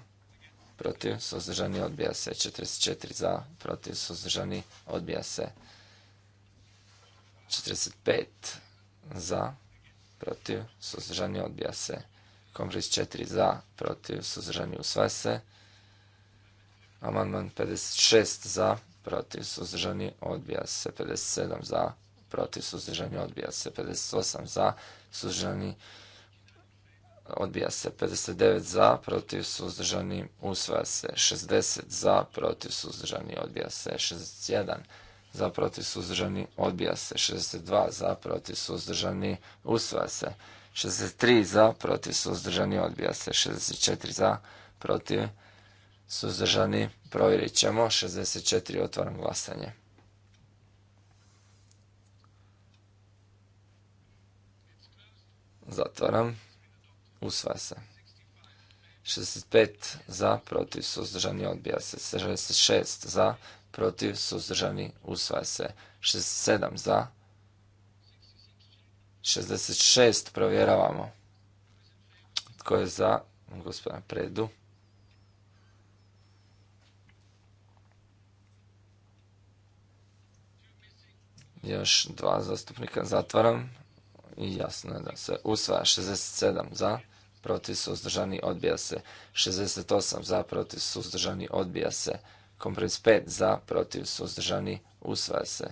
protiv, suzdržani, odbija se. 44 za, protiv, suzdržani, odbija se. 45 za, protiv, suzdržani, odbija se. Kompris 4 za, protiv, suzdržani, usvaja se. Amandman 56 za, protiv suzdržani odbija se 57 za, protiv suzdržani odbija se 58 za, suzdržani odbija se 59 za, protiv suzdržani usvaja se 60 za, protiv suzdržani odbija se 61 za, protiv suzdržani odbija se 62 za, protiv suzdržani usvaja se 63 za, protiv suzdržani odbija se 64 za, protiv suzdržani, provjerit ćemo, 64, otvaram glasanje. Zatvaram, usvaja se. 65 za, protiv, suzdržani, odbija se. 66 za, protiv, suzdržani, usvaja se. 67 za, 66 provjeravamo. Tko je za, gospodina Predu? Još dva zastupnika zatvaram. I jasno je da se usvaja 67 za, protiv suzdržani odbija se. 68 za, protiv suzdržani odbija se. Kompromis 5 za, protiv suzdržani usvaja se.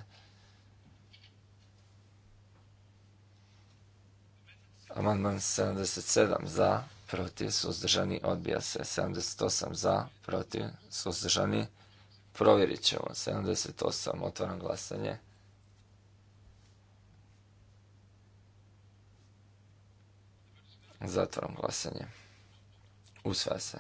Amandman 77 za, protiv suzdržani odbija se. 78 za, protiv suzdržani provjerit ćemo. 78 otvaram glasanje. Zatvaram glasanje. Usvaja se.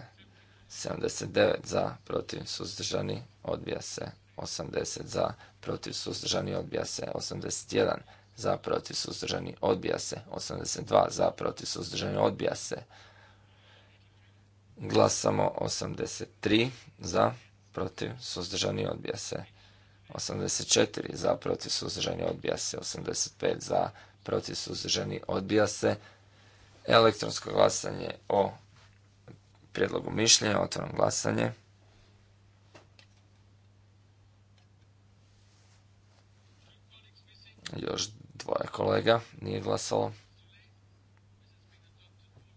79 za, protiv, suzdržani, odbija se. 80 za, protiv, suzdržani, odbija se. 81 za, protiv, suzdržani, odbija se. 82 za, protiv, suzdržani, odbija se. Glasamo 83 za, protiv, suzdržani, odbija se. 84 za, protiv, suzdržani, odbija se. 85 za, protiv, suzdržani, odbija se. Elektronsko glasanje o prijedlogu mišljenja, otvorno glasanje. Još dvoje kolega nije glasalo.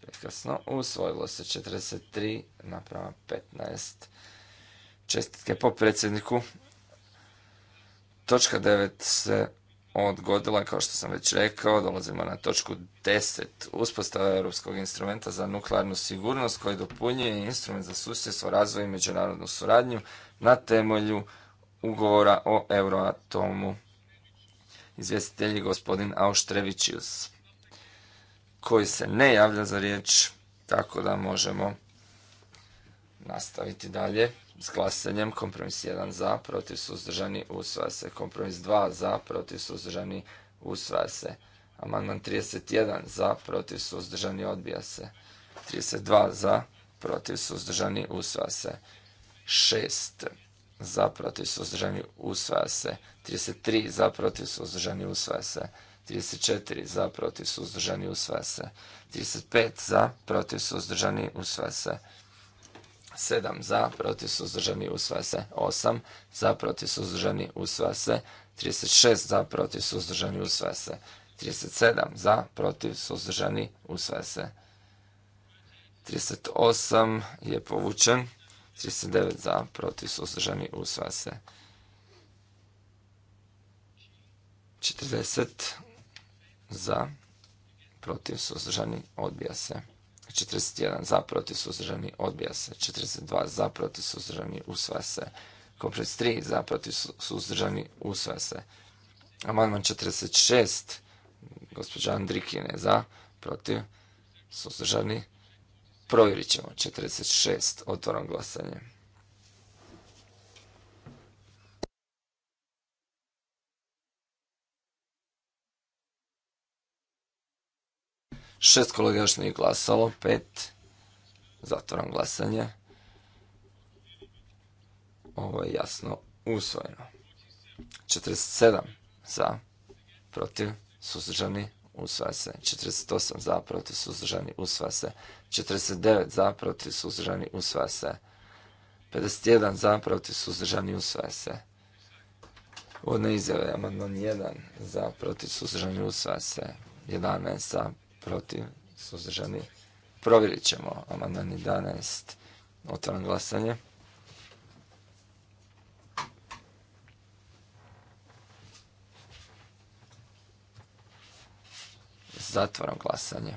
Prekrasno, usvojilo se 43 naprava 15. Čestitke po predsjedniku. Točka 9 se odgodila, kao što sam već rekao, dolazimo na točku 10. Uspostava Europskog instrumenta za nuklearnu sigurnost koji dopunjuje instrument za susjedstvo, razvoj i međunarodnu suradnju na temelju ugovora o Euroatomu. Izvjestitelj je gospodin Auštrevićius, koji se ne javlja za riječ, tako da možemo nastaviti dalje s glasanjem kompromis 1 za, protiv suzdržani, usvaja se. Kompromis 2 za, protiv suzdržani, usvaja se. Amandman 31 za, protiv suzdržani, odbija se. 32 za, protiv suzdržani, usvaja se. 6 za, protiv suzdržani, usvaja se. 33 za, protiv suzdržani, usvaja se. 34 za, protiv suzdržani, usvaja se. 35 za, protiv suzdržani, usvaja se. 7 za, protiv suzdržani usvaja se 8 za, protiv suzdržani usvaja se 36 za, protiv suzdržani usvaja se 37 za, protiv suzdržani usvaja se 38 je povučen 39 za, protiv suzdržani usvaja se 40 za, protiv suzdržani odbija se 41 za protiv suzdržani odbija se. 42 za protiv suzdržani usvaja se. 43. 3 za protiv suzdržani usvaja se. Amandman 46 gospođa Andrikine za protiv suzdržani provjerit ćemo 46 otvorom glasanje. Šest kolega još nije glasalo, pet. Zatvoram glasanje. Ovo je jasno usvojeno. 47 za, protiv, suzdržani, usvaja se. 48 za, protiv, suzdržani, usvaja se. 49 za, protiv, suzdržani, usvaja se. 51 za, protiv, suzdržani, usvaja se. Uvodne izjave, amandman 1 za, protiv, suzdržani, usvaja se. 11 za, protiv, suzdržani. Provjerit ćemo amandman 11. Otvaram glasanje. Zatvaram glasanje.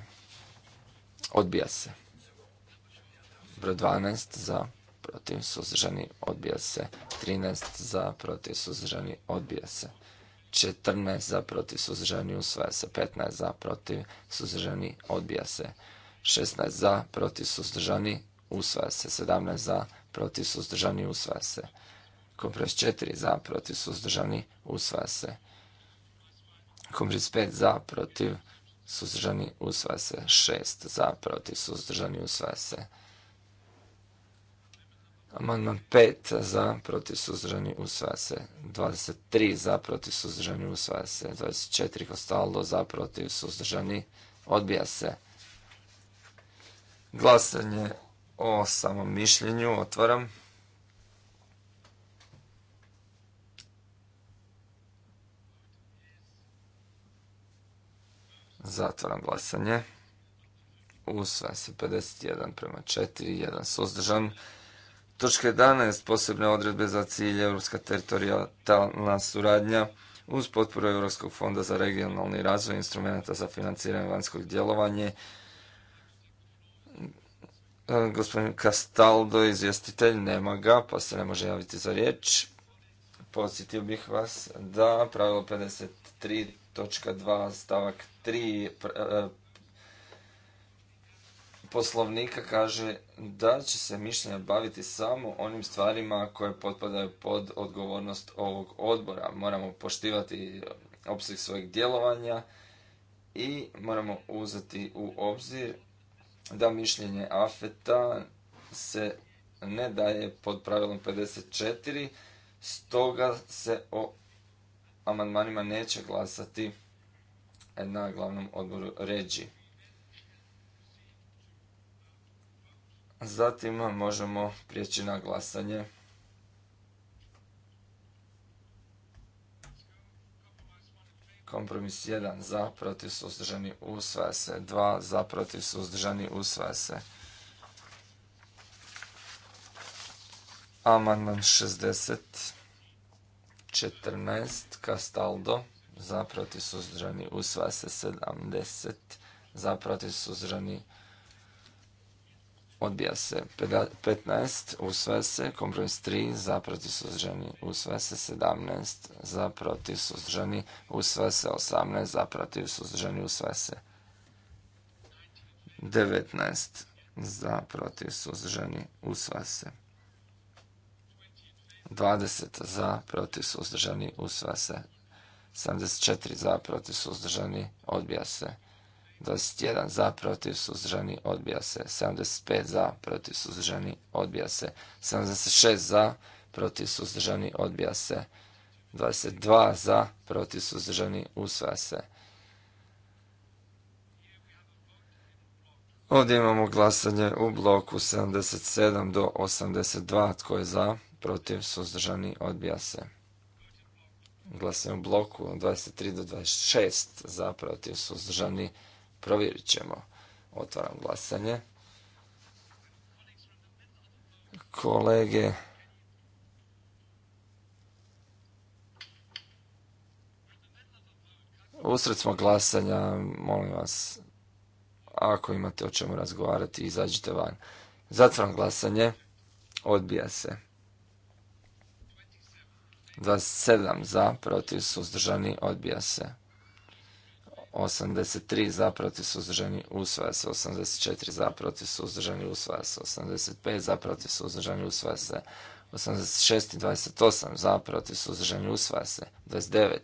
Odbija se. Broj 12 za protiv suzdržani odbija se. 13 za protiv suzdržani odbija se. 14 za protiv suzdržani usvaja se, 15 za protiv suzdržani odbija se, 16 za protiv suzdržani usvaja se, 17 za protiv suzdržani usvaja se, kompres 4 za protiv suzdržani usvaja se, kompres 5 za protiv suzdržani usvaja se, 6 za protiv suzdržani usvaja se, Amandman 5 za protiv suzdržani usvaja se. 23 za protiv suzdržani usvaja se. 24 ostalo za protiv suzdržani odbija se. Glasanje o samom mišljenju otvaram. Zatvaram glasanje. Usvaja se 51 prema 4, 1 suzdržan. Točka 11. Posebne odredbe za cilj Europska teritorijalna suradnja uz potporu Europskog fonda za regionalni razvoj instrumenta za financiranje vanjskog djelovanje. E, gospodin Kastaldo, izvjestitelj, nema ga, pa se ne može javiti za riječ. Podsjetio bih vas da pravilo 53.2 stavak 3 poslovnika kaže da će se mišljenja baviti samo onim stvarima koje potpadaju pod odgovornost ovog odbora. Moramo poštivati opseg svojeg djelovanja i moramo uzeti u obzir da mišljenje afeta se ne daje pod pravilom 54, stoga se o amandmanima neće glasati na glavnom odboru ređi. Zatim možemo prijeći na glasanje. Kompromis 1 za, protiv suzdržani usvaja se. 2 za, protiv suzdržani usvaja se. Amandman 60, 14, Castaldo, za, protiv suzdržani usvaja se. 70, za, protiv suzdržani usvaja se Odbija se 15, usve se, kompromis 3, za protiv suzdržani, usve se 17, za protiv suzdržani, usve se 18, za protiv suzdržani, usve se 19, za protiv suzdržani, usve se 20, za protiv suzdržani, usve se 74, za protiv suzdržani, odbija se 21 za, protiv, suzdržani, odbija se. 75 za, protiv, suzdržani, odbija se. 76 za, protiv, suzdržani, odbija se. 22 za, protiv, suzdržani, usvaja se. Ovdje imamo glasanje u bloku 77 do 82. Tko je za? Protiv? Suzdržani? Odbija se. Glasanje u bloku 23 do 26. Za? Protiv? Suzdržani? Odbija se. Provjerit ćemo. Otvaram glasanje. Kolege... Usred smo glasanja, molim vas, ako imate o čemu razgovarati, izađite van. Zatvaram glasanje, odbija se. 27 za, protiv, suzdržani, odbija se. 83 za protiv suzdržani usvaja se, 84 za protiv suzdržani usvaja se, 85 za protiv suzdržani usvaja se, 86 i 28 za protiv suzdržani usvaja se, 29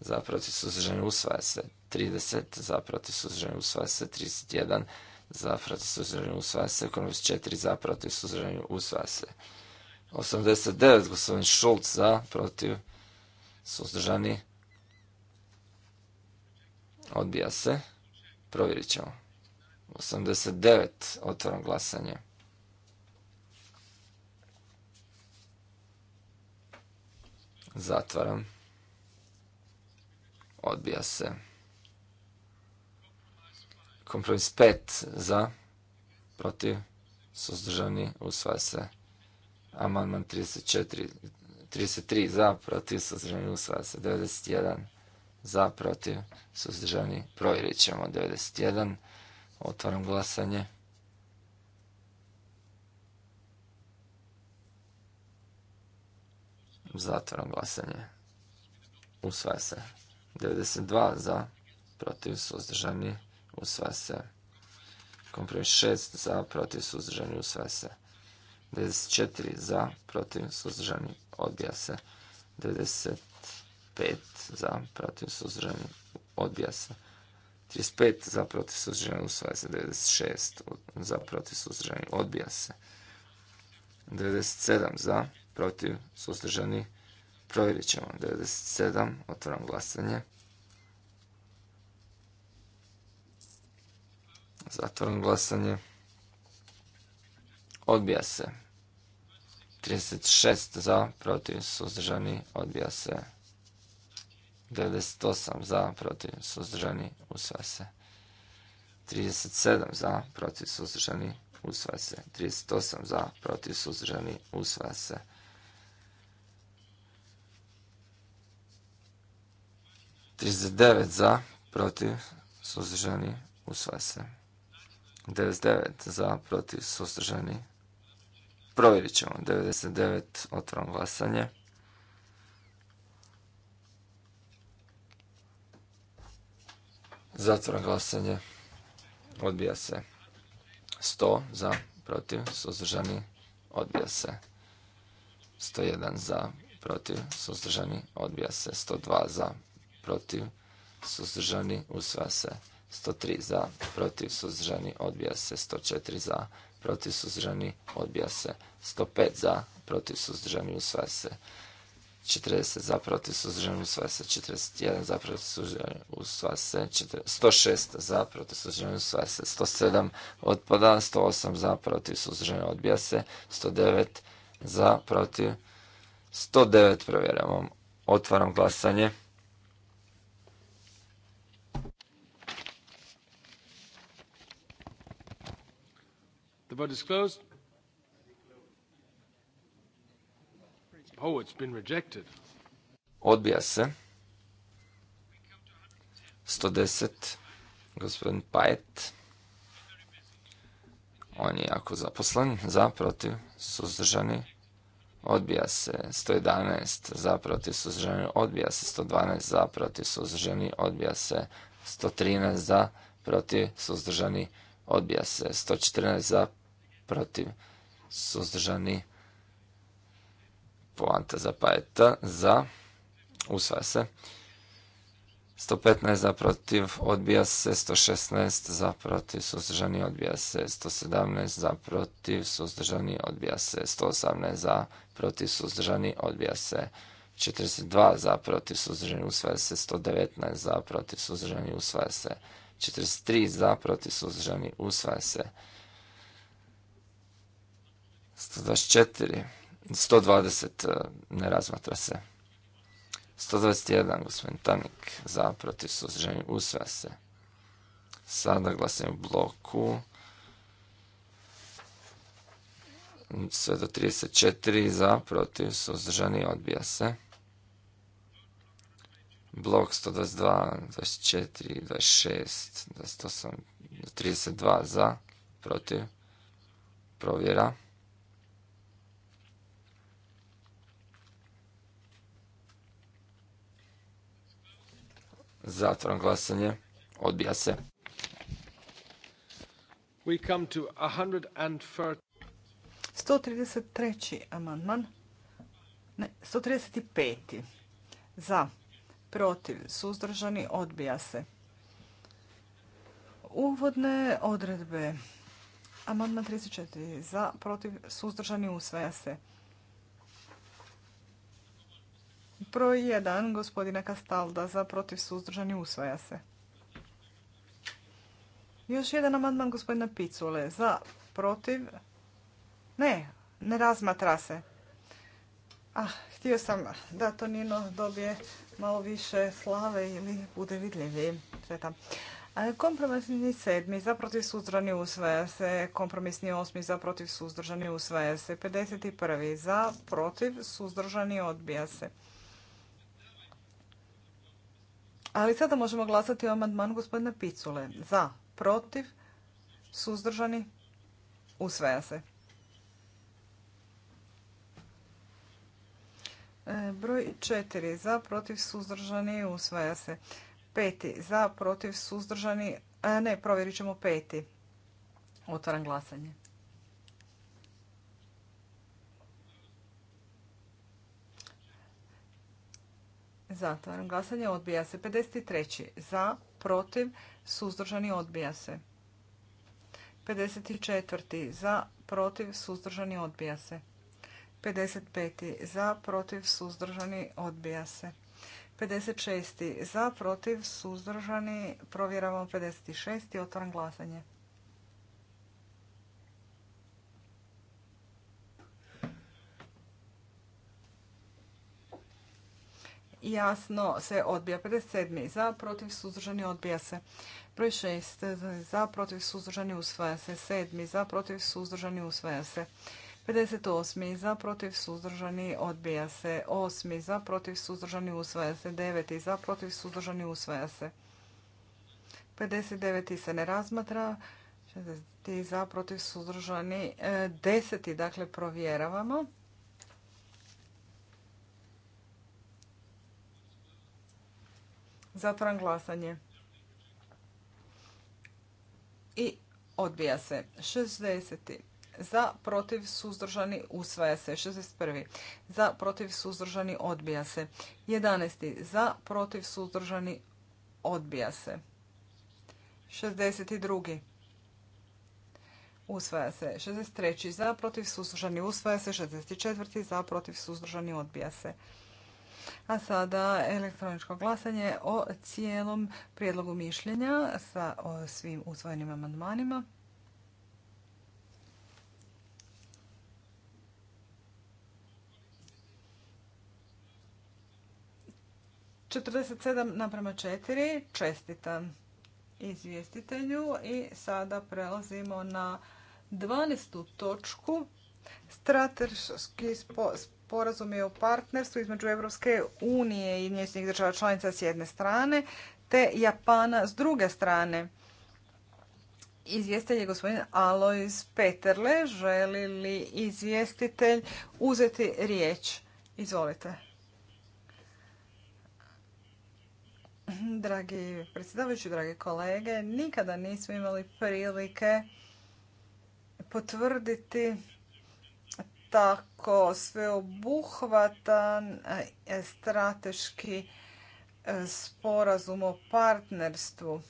za protiv suzdržani usvaja se, 30 za protiv suzdržani usvaja se, 31 za protiv suzdržani usvaja se, 4 za protiv suzdržani usvaja se, 89 gospodin Šulc za protiv suzdržani Odbija se. Provjerit ćemo. 89. Otvaram glasanje. Zatvaram. Odbija se. Kompromis 5 za, protiv, suzdržani, usvaja se. Amandman 34, 33 za, protiv, suzdržani, usvaja se. 91 za, protiv, suzdržani, provjerit ćemo 91, otvaram glasanje. Zatvaram glasanje. Usvaja se. 92 za, protiv, suzdržani, usvaja se. Kompromis 6 za, protiv, suzdržani, usvaja se. 94 za, protiv, suzdržani, odbija se. 90 5 za, protiv, odbija se. 35 za, protiv, suzdržani, usvaja se. 96 za, protiv, odbija se. 97 za, protiv, suzdržani, provjerit ćemo. 97, otvaram glasanje. Zatvoram glasanje. Odbija se. 36 za, protiv, suzdržani, odbija se. 98 za, protiv, suzdržani, usvaja se. 37 za, protiv, suzdržani, usvaja se. 38 za, protiv, suzdržani, usvaja se. 39 za, protiv, suzdržani, usvaja se. 99 za, protiv, suzdržani. Provjerit ćemo. 99, otvaram glasanje. Zatvoram glasanje. Odbija se. 100 za, protiv, suzdržani, odbija se. 101 za, protiv, suzdržani, odbija se. 102 za, protiv, suzdržani, Usva se. 103 za, protiv, suzdržani, odbija se. 104 za, protiv, suzdržani, odbija se. 105 za, protiv, suzdržani, Usva se. 40 za protiv suzdržani sva se, 41 za protiv u sva se, 106 za protiv suzdržani sva se, 107 otpada, 108 za protiv suzdržani odbija se, 109 za protiv, 109 provjeramo, otvaram glasanje. The vote is closed. Oh, it's been rejected. Odbija se. 110. Gospodin Pajet. On je jako zaposlen. Za, protiv, suzdržani. Odbija se 111 za protiv suzdržani, odbija se 112 za protiv suzdržani, odbija se 113 za protiv suzdržani, odbija se 114 za protiv suzdržani, poanta za za, usvaja se. 115 za protiv, odbija se 116 za protiv, suzdržani odbija se 117 za protiv, suzdržani odbija se 118 za protiv, suzdržani odbija se 42 za protiv, suzdržani usvaja se 119 za protiv, suzdržani usvaja se 43 za protiv, suzdržani usvaja se 124 120 e, ne razmatra se. 121 gospodin Tanik za protiv suzdržani usvaja se. Sada u bloku sve do 34 za protiv suzdržani odbija se. Blok 122, 24, 26, 28, 32 za protiv provjera. Zatvoram glasanje. Odbija se. We come to 133. amandman. Ne, 135. Za, protiv, suzdržani, odbija se. Uvodne odredbe. Amandman 34. Za, protiv, suzdržani, usvaja se. Broj 1 gospodina Kastalda za protiv suzdržani usvaja se. Još jedan amandman gospodina Picule za protiv. Ne, ne razmatra se. Ah, htio sam da to Nino dobije malo više slave ili bude vidljiviji. Kompromisni sedmi za protiv suzdržani usvaja se. Kompromisni osmi za protiv suzdržani usvaja se. 51. za protiv suzdržani odbija se. Ali sada možemo glasati o amandmanu gospodina Picule. Za, protiv, suzdržani, usvaja se. E, broj četiri, Za, protiv, suzdržani, usvaja se. Peti, Za, protiv, suzdržani, e, ne, provjerit ćemo peti. Otvaram glasanje. Zatvaram glasanje. Odbija se. 53. Za, protiv, suzdržani. Odbija se. 54. Za, protiv, suzdržani. Odbija se. 55. Za, protiv, suzdržani. Odbija se. 56. Za, protiv, suzdržani. Provjeravamo 56. Otvaram glasanje. jasno se odbija. 57. za, protiv, suzdržani, odbija se. Broj 6. Za, protiv, suzdržani, usvaja se. 7. Za, protiv, suzdržani, usvaja se. 58. Za, protiv, suzdržani, odbija se. 8. Za, protiv, suzdržani, usvaja se. 9. Za, protiv, suzdržani, usvaja se. 59. se ne razmatra. 60. Za, protiv, suzdržani, 10. E, dakle, provjeravamo. Zatvoram glasanje. I odbija se. 60. Za, protiv, suzdržani, usvaja se. 61. Za, protiv, suzdržani, odbija se. 11. Za, protiv, suzdržani, odbija se. 62. Usvaja se 63. za, protiv suzdržani usvaja se 64. za, protiv suzdržani odbija se. A sada elektroničko glasanje o cijelom prijedlogu mišljenja sa svim usvojenim amandmanima. Četrdeset sedam naprema četiri čestitam izvjestitelju i sada prelazimo na 12. točku strateški sporazumi je o partnerstvu između Evropske unije i njezinih država članica s jedne strane, te Japana s druge strane. Izvjestitelj je gospodin Alois Peterle. Želi li izvjestitelj uzeti riječ? Izvolite. Dragi predsjedavajući, dragi kolege, nikada nismo imali prilike potvrditi tako sveobuhvatan e, strateški e, sporazum o partnerstvu.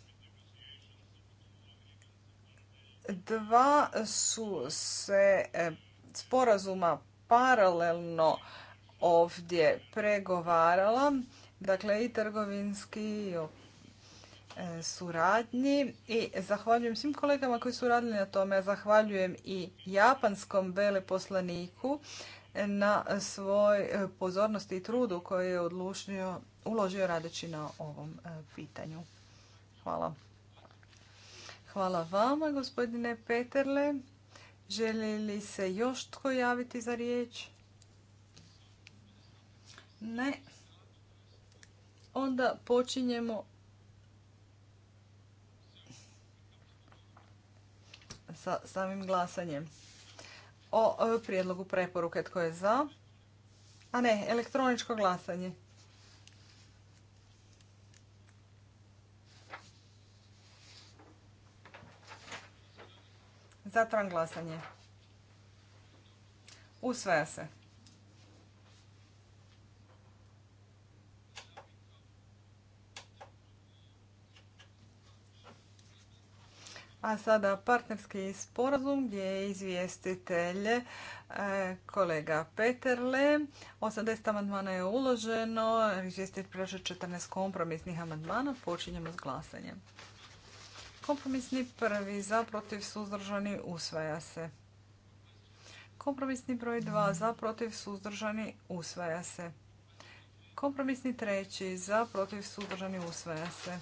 Dva su se e, sporazuma paralelno ovdje pregovarala, dakle i trgovinski i o E, suradnji i zahvaljujem svim kolegama koji su radili na tome. Zahvaljujem i japanskom veleposlaniku na svoj e, pozornosti i trudu koji je odlučio, uložio radeći na ovom e, pitanju. Hvala. Hvala vama, gospodine Peterle. Želi li se još tko javiti za riječ? Ne. Onda počinjemo sa samim glasanjem. O prijedlogu preporuke tko je za? A ne, elektroničko glasanje. Zatran glasanje. Usvaja se. A sada partnerski sporazum gdje je izvjestitelj e, kolega Peterle. 80 amandmana je uloženo, izvjestitelj prošao 14 kompromisnih amandmana. Počinjemo s glasanjem. Kompromisni prvi za protiv suzdržani usvaja se. Kompromisni broj 2 za protiv suzdržani usvaja se. Kompromisni treći za protiv suzdržani usvaja se.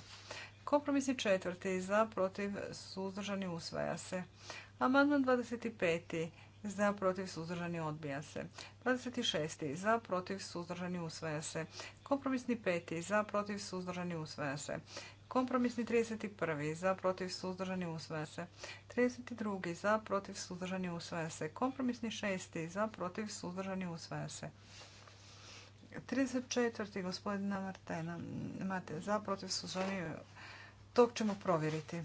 Kompromisni četvrti za protiv suzdržani usvaja se. Amandman 25. Za protiv suzdržani odbija se. 26. Za protiv suzdržani usvaja se. Kompromisni 5. Za protiv suzdržani usvaja se. Kompromisni 31. Za protiv suzdržani usvaja se. 32. Za protiv suzdržani usvaja se. Kompromisni 6. Za protiv suzdržani usvaja se. 34. Gospodina Martena. za protiv suzdržani to ćemo provjeriti.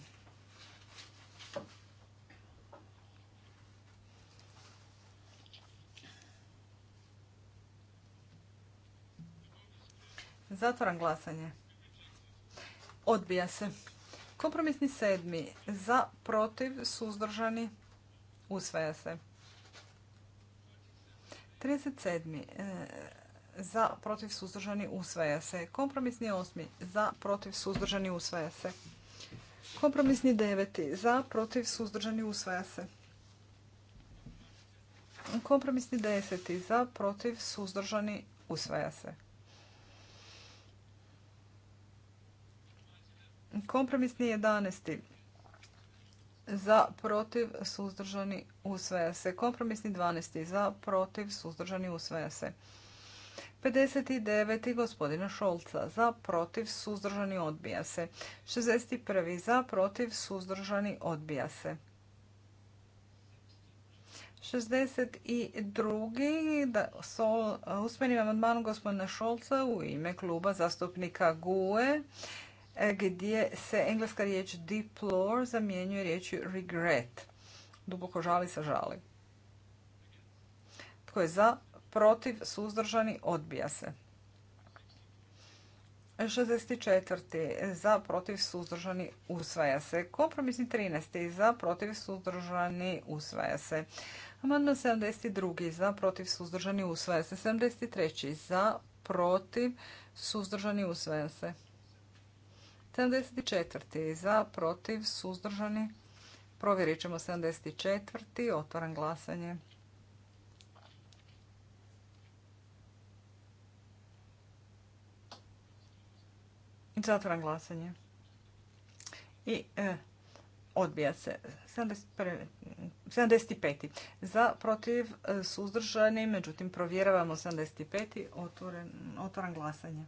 Zatvoram glasanje. Odbija se. Kompromisni sedmi. Za, protiv, suzdržani. Usvaja se. 37 za protiv suzdržani usvaja se. Kompromisni osmi za protiv suzdržani usvaja se. Kompromisni deveti za protiv suzdržani usvaja se. Kompromisni deseti za protiv suzdržani usvaja se. Kompromisni jedanesti za protiv suzdržani usvaja se. Kompromisni dvanesti za protiv suzdržani usvaja se. 59. gospodina Šolca za protiv suzdržani odbija se. 61. za protiv suzdržani odbija se. 62. Da, vam usmenim gospodina Šolca u ime kluba zastupnika GUE e, gdje se engleska riječ deplore zamjenjuje riječi regret. Duboko žali sa žali. Tko je za? protiv, suzdržani, odbija se. 64. za, protiv, suzdržani, usvaja se. Kompromisni 13. za, protiv, suzdržani, usvaja se. Amandman 72. za, protiv, suzdržani, usvaja se. 73. za, protiv, suzdržani, usvaja se. 74. za, protiv, suzdržani, provjerit ćemo 74. Otvaram glasanje. Zatvaram glasanje. I e, odbija se. 75. Za, protiv, e, suzdržani. Međutim, provjeravamo 75. Otvoren, otvoram glasanje.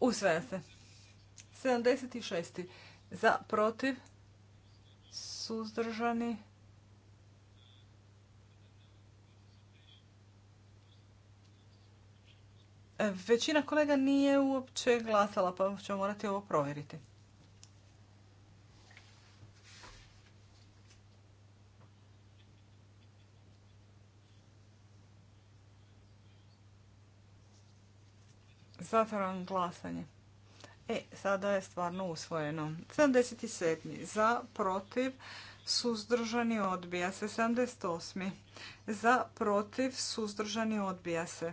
Usvaja se. 76. Za, protiv, suzdržani. E, većina kolega nije uopće glasala, pa ćemo morati ovo provjeriti. Zatvaram glasanje. E, sada je stvarno usvojeno. 77. Za, protiv, suzdržani odbija se. 78. Za, protiv, suzdržani odbija se.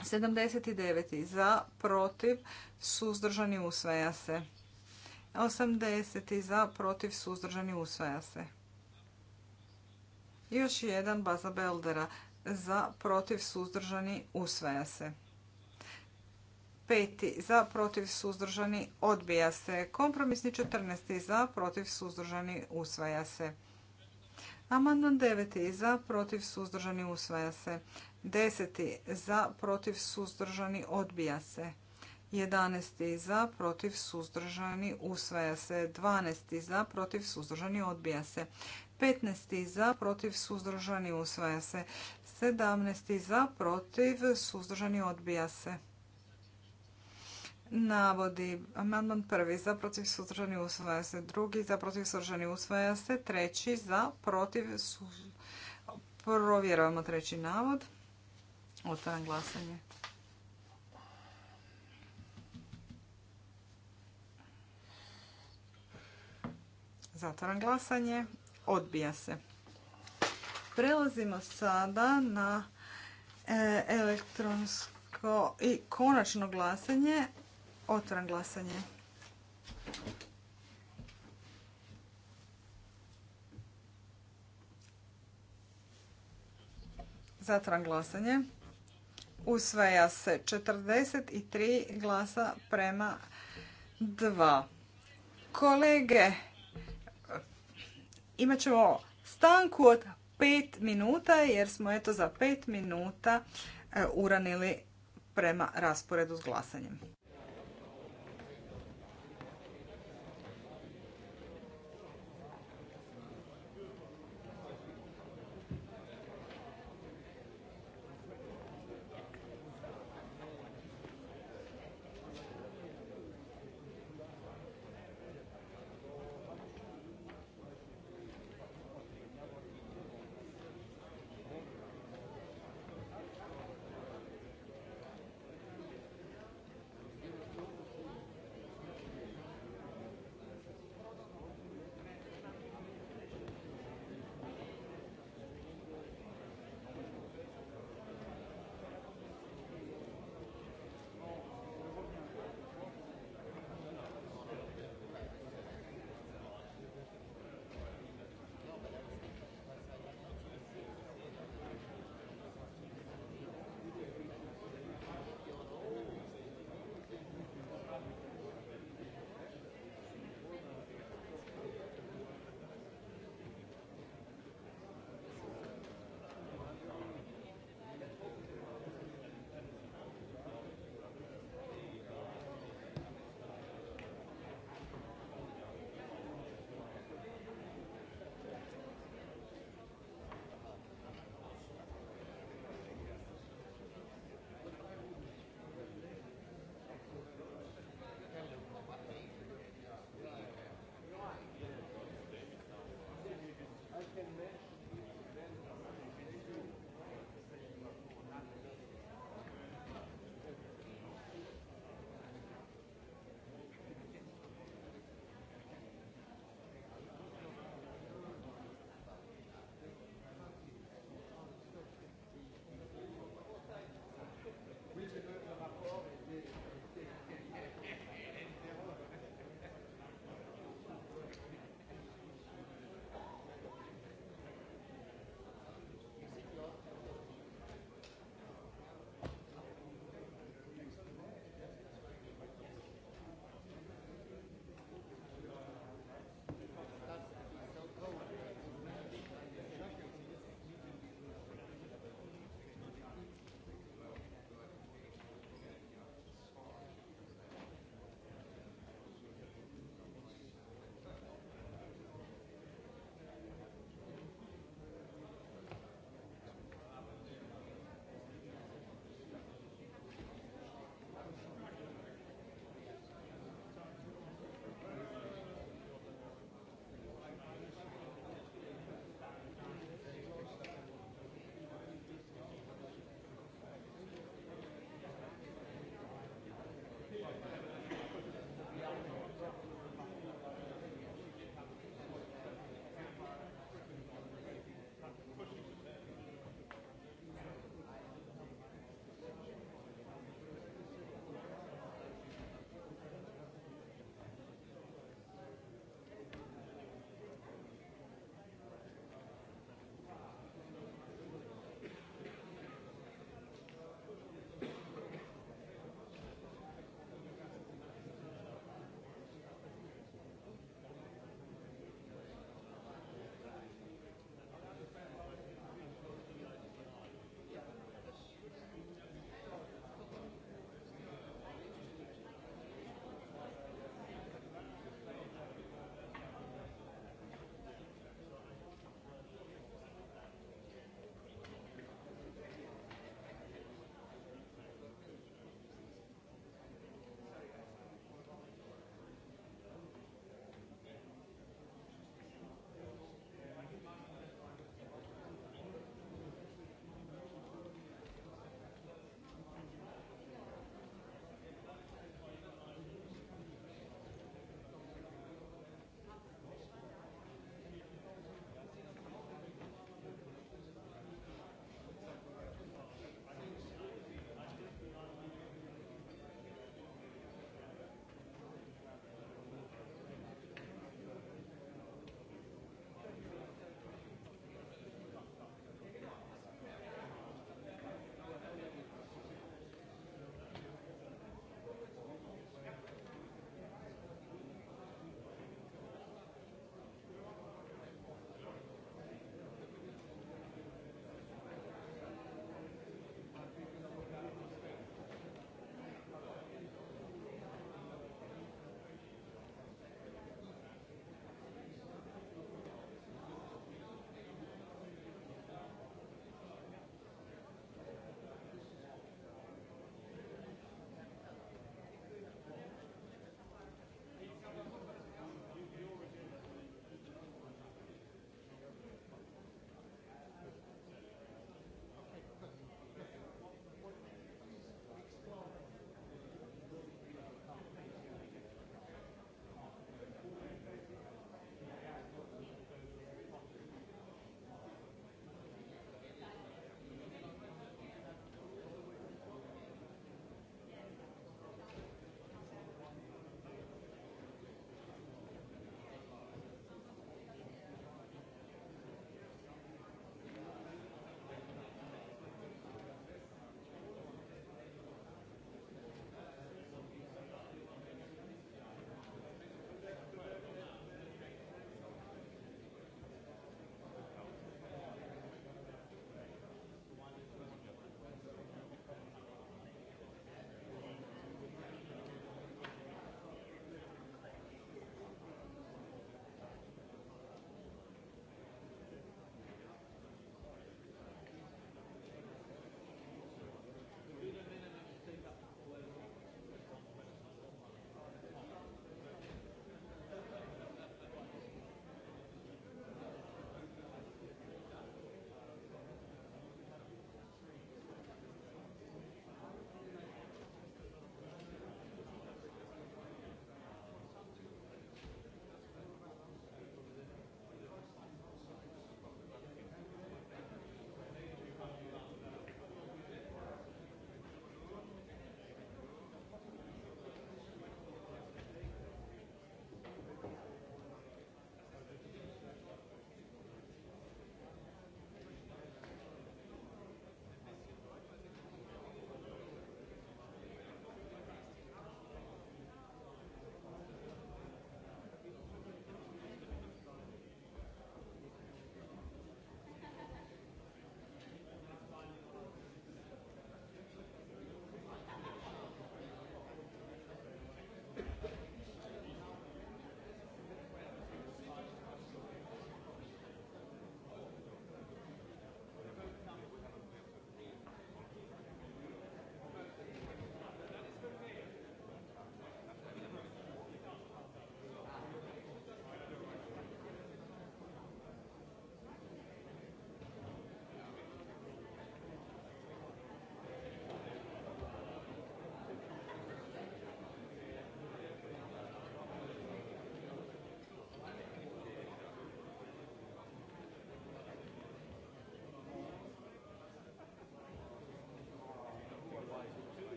79. Za, protiv, suzdržani usvaja se. 80. Za, protiv, suzdržani usvaja se. Još jedan baza beldera. Za, protiv, suzdržani usvaja se. 5 za, protiv, suzdržani, odbija se. Kompromisni 14. za, protiv, suzdržani, usvaja se. Amandman 9. za, protiv, suzdržani, usvaja se. 10. za, protiv, suzdržani, odbija se. 11. za, protiv, suzdržani, usvaja se. 12. za, protiv, suzdržani, odbija se. 15. za, protiv, suzdržani, usvaja se. 17. za, protiv, suzdržani, odbija se navodi. Amandman prvi za protiv suzdržani usvaja se. Drugi za protiv suzdržani usvaja se. Treći za protiv su... Provjeravamo treći navod. Otvaram glasanje. Zatvaram glasanje. Odbija se. Prelazimo sada na e, elektronsko i konačno glasanje Otvoram glasanje. Zatvoram glasanje. Usvaja se 43 glasa prema 2. Kolege, imat ćemo stanku od 5 minuta jer smo eto za 5 minuta e, uranili prema rasporedu s glasanjem.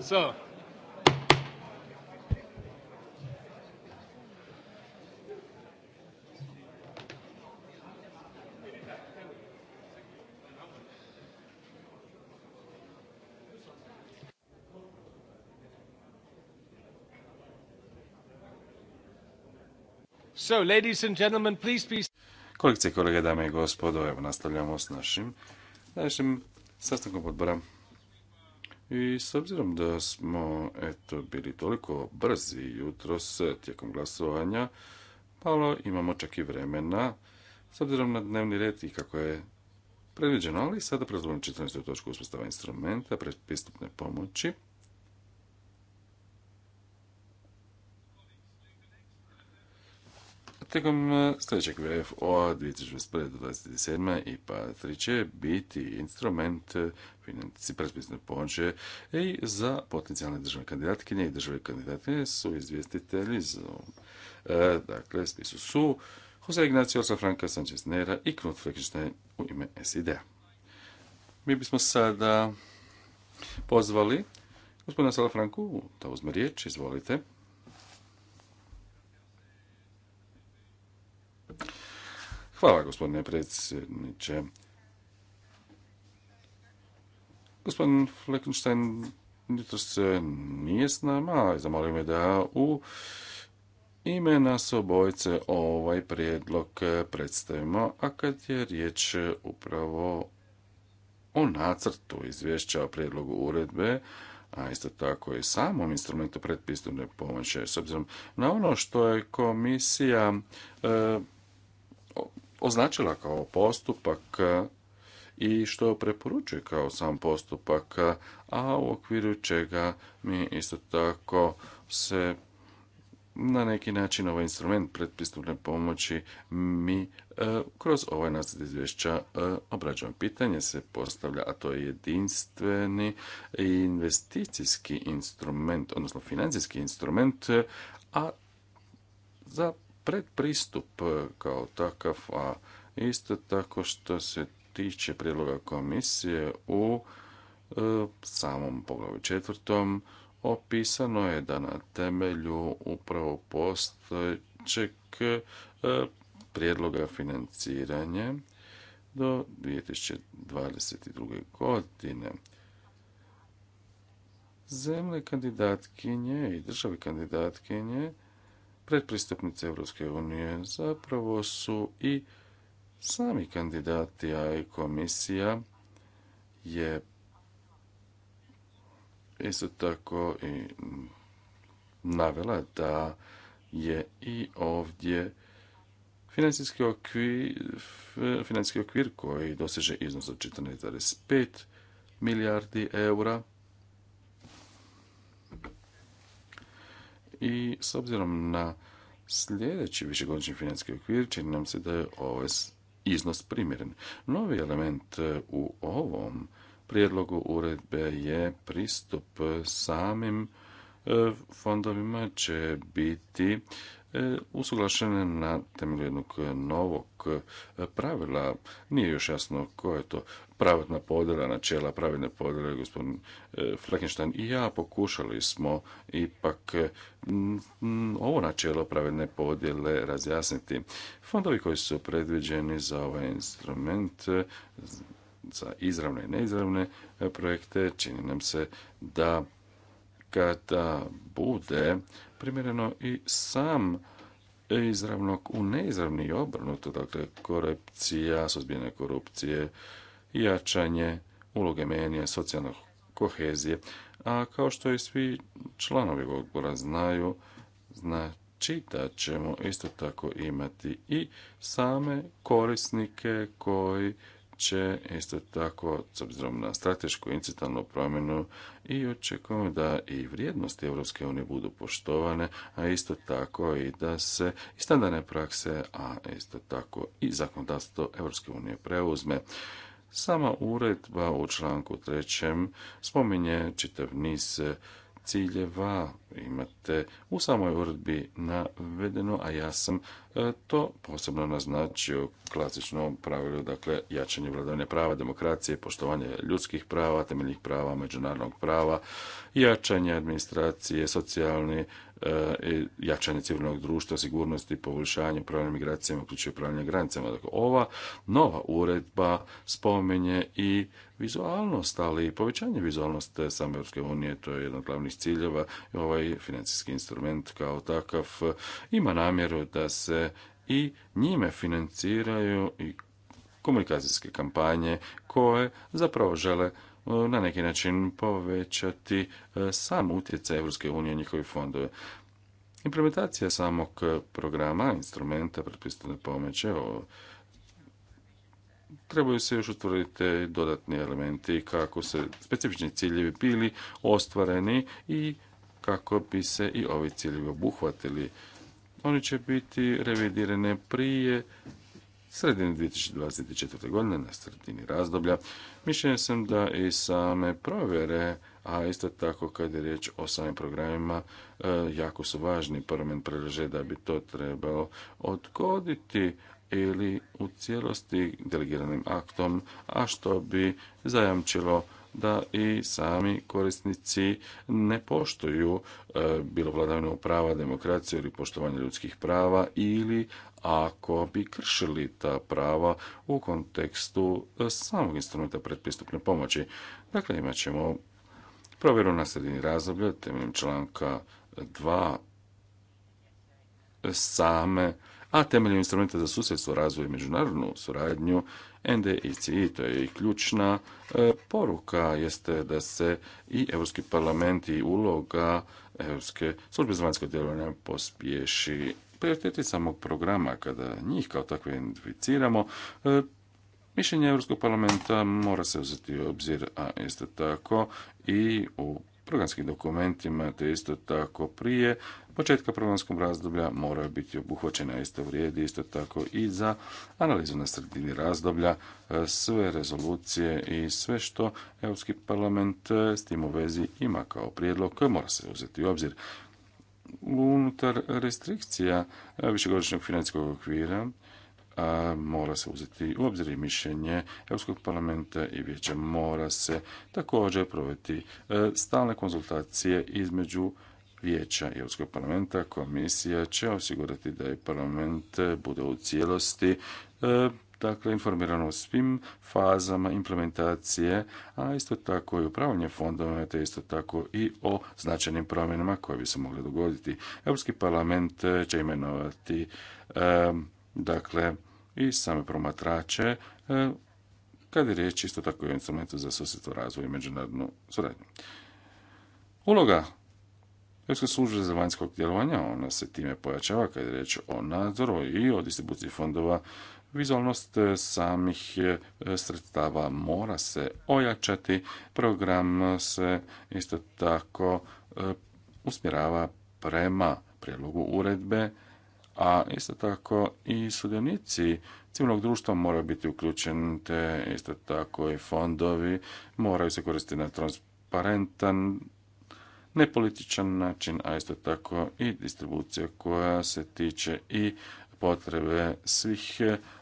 So. So, ladies and gentlemen, please be... Kolegice i kolege, dame i gospodo, evo nastavljamo s našim, našim sastankom odbora. I s obzirom da smo eto, bili toliko brzi jutros e, tijekom glasovanja, malo imamo čak i vremena s obzirom na dnevni red i kako je predviđeno, ali sada prelazimo na 14. točku uspostava instrumenta pristupne pomoći. Tekom e, sljedećeg VFO-a 2021-2027 IPA tri će biti instrument e, financi predpisne ponče i za potencijalne državne kandidatkinje i države kandidatkinje su izvjestitelji za e, dakle, spisu su Jose Ignacio Franka Sanchez Nera i Knut Fleckenstein u ime sid Mi bismo sada pozvali gospodina Salafranku da uzme riječ, izvolite. Hvala gospodine predsjedniče. Gospodin Fleckenstein jutros se nije s nama, ali zamolio me da u ime nas obojce ovaj prijedlog predstavimo, a kad je riječ upravo o nacrtu izvješća o prijedlogu uredbe, a isto tako i samom instrumentu predpisne pomoći, s obzirom na ono što je komisija e, označila kao postupak e, i što preporučuje kao sam postupak, e, a u okviru čega mi isto tako se na neki način ovaj instrument predpristupne pomoći mi e, kroz ovaj nacrt izvješća obrađujemo. Pitanje se postavlja, a to je jedinstveni investicijski instrument, odnosno financijski instrument, a za predpristup e, kao takav, a isto tako što se tiče prijedloga komisije u e, samom poglavlju četvrtom, opisano je da na temelju upravo postojećeg e, prijedloga financiranja do 2022. godine zemlje kandidatkinje i države kandidatkinje predpristupnice Europske unije zapravo su i sami kandidati, a i komisija je isto tako i navela da je i ovdje financijski okvir, okvir koji doseže iznos od 14,5 milijardi eura i s obzirom na sljedeći višegodišnji financijski okvir čini nam se da je ovaj iznos primjeren. Novi element e, u ovom prijedlogu uredbe je pristup samim e, fondovima će biti E, usuglašene na temelju jednog novog e, pravila. Nije još jasno koje je to pravotna podjela, načela pravedne podjele, gospodin e, Frankenstein i ja pokušali smo ipak ovo načelo pravedne podjele razjasniti. Fondovi koji su predviđeni za ovaj instrument za izravne i neizravne projekte, čini nam se da kada bude primjereno i sam izravnog u neizravni i obrnuto, dakle korupcija, suzbijanje korupcije, jačanje uloge menije, socijalne kohezije. A kao što i svi članovi odbora znaju, znači da ćemo isto tako imati i same korisnike koji će isto tako, s obzirom na stratešku incitalnu promjenu, i očekujemo da i vrijednosti Europske unije budu poštovane, a isto tako i da se i standardne prakse, a isto tako i zakonodavstvo Europske unije preuzme. Sama uredba u članku trećem spominje čitav niz ciljeva imate u samoj uredbi navedeno, a ja sam e, to posebno naznačio u klasičnom pravilu, dakle jačanje vladavine prava, demokracije, poštovanje ljudskih prava, temeljnih prava, međunarodnog prava, jačanje administracije, socijalne, jačanje civilnog društva, sigurnosti, poboljšanje upravljanja migracijama, uključuje upravljanje granicama. Dakle, ova nova uredba spominje i vizualnost, ali i povećanje vizualnosti same Europske unije, to je jedan od glavnih ciljeva. Ovaj financijski instrument kao takav e, ima namjeru da se i njime financiraju i komunikacijske kampanje koje zapravo žele e, na neki način povećati e, sam utjecaj Europske unije i njihove fondove. Implementacija samog programa, instrumenta pristupne pomoći, trebaju se još utvrditi dodatni elementi kako se specifični ciljevi bili ostvareni i kako bi se i ovi ciljevi obuhvatili. Oni će biti revidirane prije sredine 2024. godine, na sredini razdoblja. Mišljenja sam da i same provjere, a isto tako kad je riječ o samim programima, e, jako su važni. Parlament predlaže da bi to trebalo odgoditi ili u cijelosti delegiranim aktom, a što bi zajamčilo da i sami korisnici ne poštuju e, bilo vladavinu prava, demokraciju ili poštovanje ljudskih prava ili ako bi kršili ta prava u kontekstu e, samog instrumenta predpristupne pomoći. Dakle, imat ćemo provjeru na sredini razdoblja temeljem članka 2 same, a temeljem instrumenta za susjedstvo, razvoj i međunarodnu suradnju NDICI, to je i ključna e, poruka, jeste da se i Europski parlament i uloga Europske službe za vanjsko djelovanje pospješi prioriteti samog programa, kada njih kao takve identificiramo, e, mišljenje Europskog parlamenta mora se uzeti u obzir, a isto tako i u programskim dokumentima, te isto tako prije početka programskog razdoblja moraju biti obuhvaćena isto vrijedi, isto tako i za analizu na sredini razdoblja, e, sve rezolucije i sve što Europski parlament e, s tim u vezi ima kao prijedlog koje mora se uzeti u obzir unutar restrikcija e, višegodišnjeg financijskog okvira a, mora se uzeti u obzir i mišljenje Europskog parlamenta i vijeća. Mora se također provjeti e, stalne konzultacije između vijeća i Europskog parlamenta. Komisija će osigurati da je parlament bude u cijelosti e, dakle informirano o svim fazama implementacije, a isto tako i upravljanje fondovima, te isto tako i o značajnim promjenama koje bi se mogle dogoditi. Europski parlament će imenovati e, dakle i same promatrače e, kad je riječ isto tako i o instrumentu za susjedstvo razvoj i međunarodnu suradnju. Uloga Europske službe za vanjskog djelovanja, ona se time pojačava kad je riječ o nadzoru i o distribuciji fondova. Vizualnost e, samih e, sredstava mora se ojačati, program se isto tako usmjerava prema prijedlogu uredbe a isto tako i sudionici civilnog društva moraju biti uključeni, te isto tako i fondovi moraju se koristiti na transparentan, nepolitičan način, a isto tako i distribucija koja se tiče i potrebe svih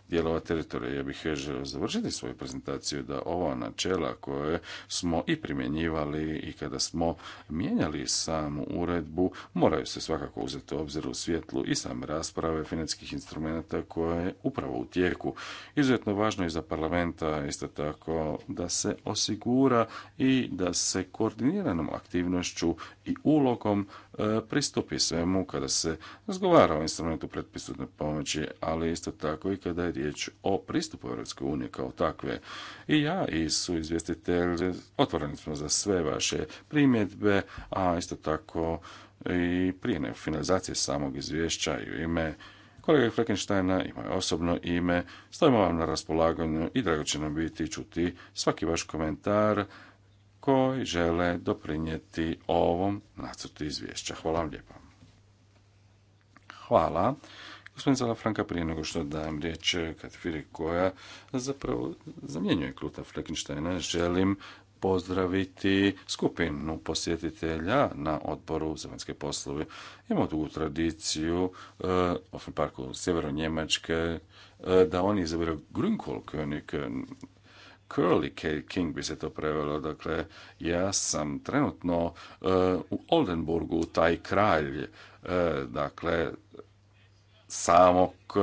dijelova teritorija. Ja bih želio završiti svoju prezentaciju da ova načela koje smo i primjenjivali i kada smo mijenjali samu uredbu moraju se svakako uzeti u obzir u svjetlu i same rasprave financijskih instrumenta koje je upravo u tijeku. Izuzetno važno je za parlamenta isto tako da se osigura i da se koordiniranom aktivnošću i ulogom E, pristupi svemu kada se razgovara o instrumentu pretpristupne pomoći, ali isto tako i kada je riječ o pristupu Europske unije kao takve. I ja i su izvjestitelj otvoreni smo za sve vaše primjedbe, a isto tako i prije finalizacije samog izvješća i ime kolega Frankensteina i moje osobno ime, stojimo vam na raspolaganju i drago će nam biti čuti svaki vaš komentar, koji žele doprinijeti ovom nacrtu izvješća. Hvala vam lijepa. Hvala. Gospodin Franka, prije nego što dajem riječ Katfiri koja zapravo zamjenjuje Kluta Fleckensteina, želim pozdraviti skupinu posjetitelja na odboru za vanjske poslove. Imamo dugu tradiciju u e, parku Sjevero-Njemačke, e, da oni izabiraju Grünkohl, Curly King bi se to prevelo. Dakle, ja sam trenutno eh, u Oldenburgu, taj kralj, eh, dakle, samog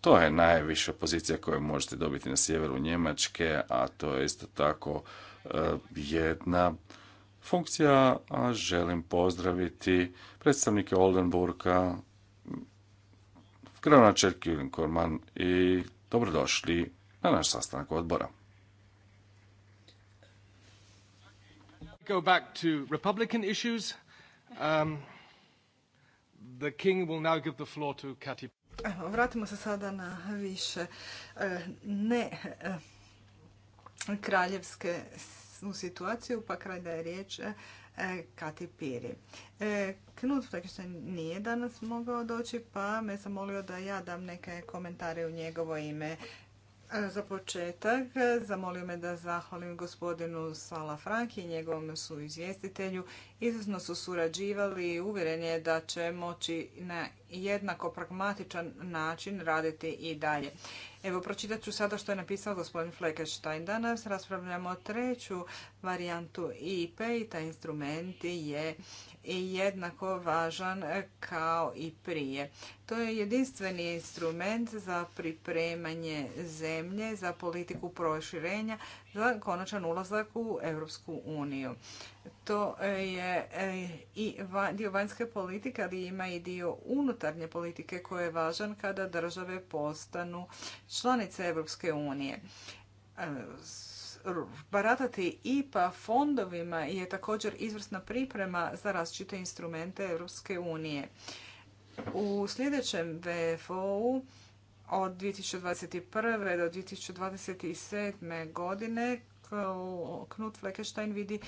to je najviša pozicija koju možete dobiti na sjeveru Njemačke, a to je isto tako eh, jedna funkcija, a želim pozdraviti predstavnike Oldenburga, gradonačelj Čerki Korman i dobrodošli na naš sastanak odbora. Evo, vratimo se sada na više e, ne e, kraljevske situaciju, pa kraj da je riječ e, Kati Piri. Knut nije danas mogao doći, pa me sam molio da ja dam neke komentare u njegovo ime. Za početak zamolio me da zahvalim gospodinu Sala Franki i njegovom su izvjestitelju. Izvrsno su surađivali i uvjeren je da će moći na jednako pragmatičan način raditi i dalje. Evo, pročitat ću sada što je napisao gospodin Fleckenstein. Danas raspravljamo treću varijantu IP i taj instrument je jednako važan kao i prije. To je jedinstveni instrument za pripremanje zemlje, za politiku proširenja, za konačan ulazak u Europsku uniju. To je e, i dio vanjske politike, ali ima i dio unutarnje politike koji je važan kada države postanu članice Europske unije e, baratati IPA fondovima je također izvrsna priprema za različite instrumente Europske unije. U sljedećem VFO-u od 2021. do 2027. godine Knut Fleckenstein vidi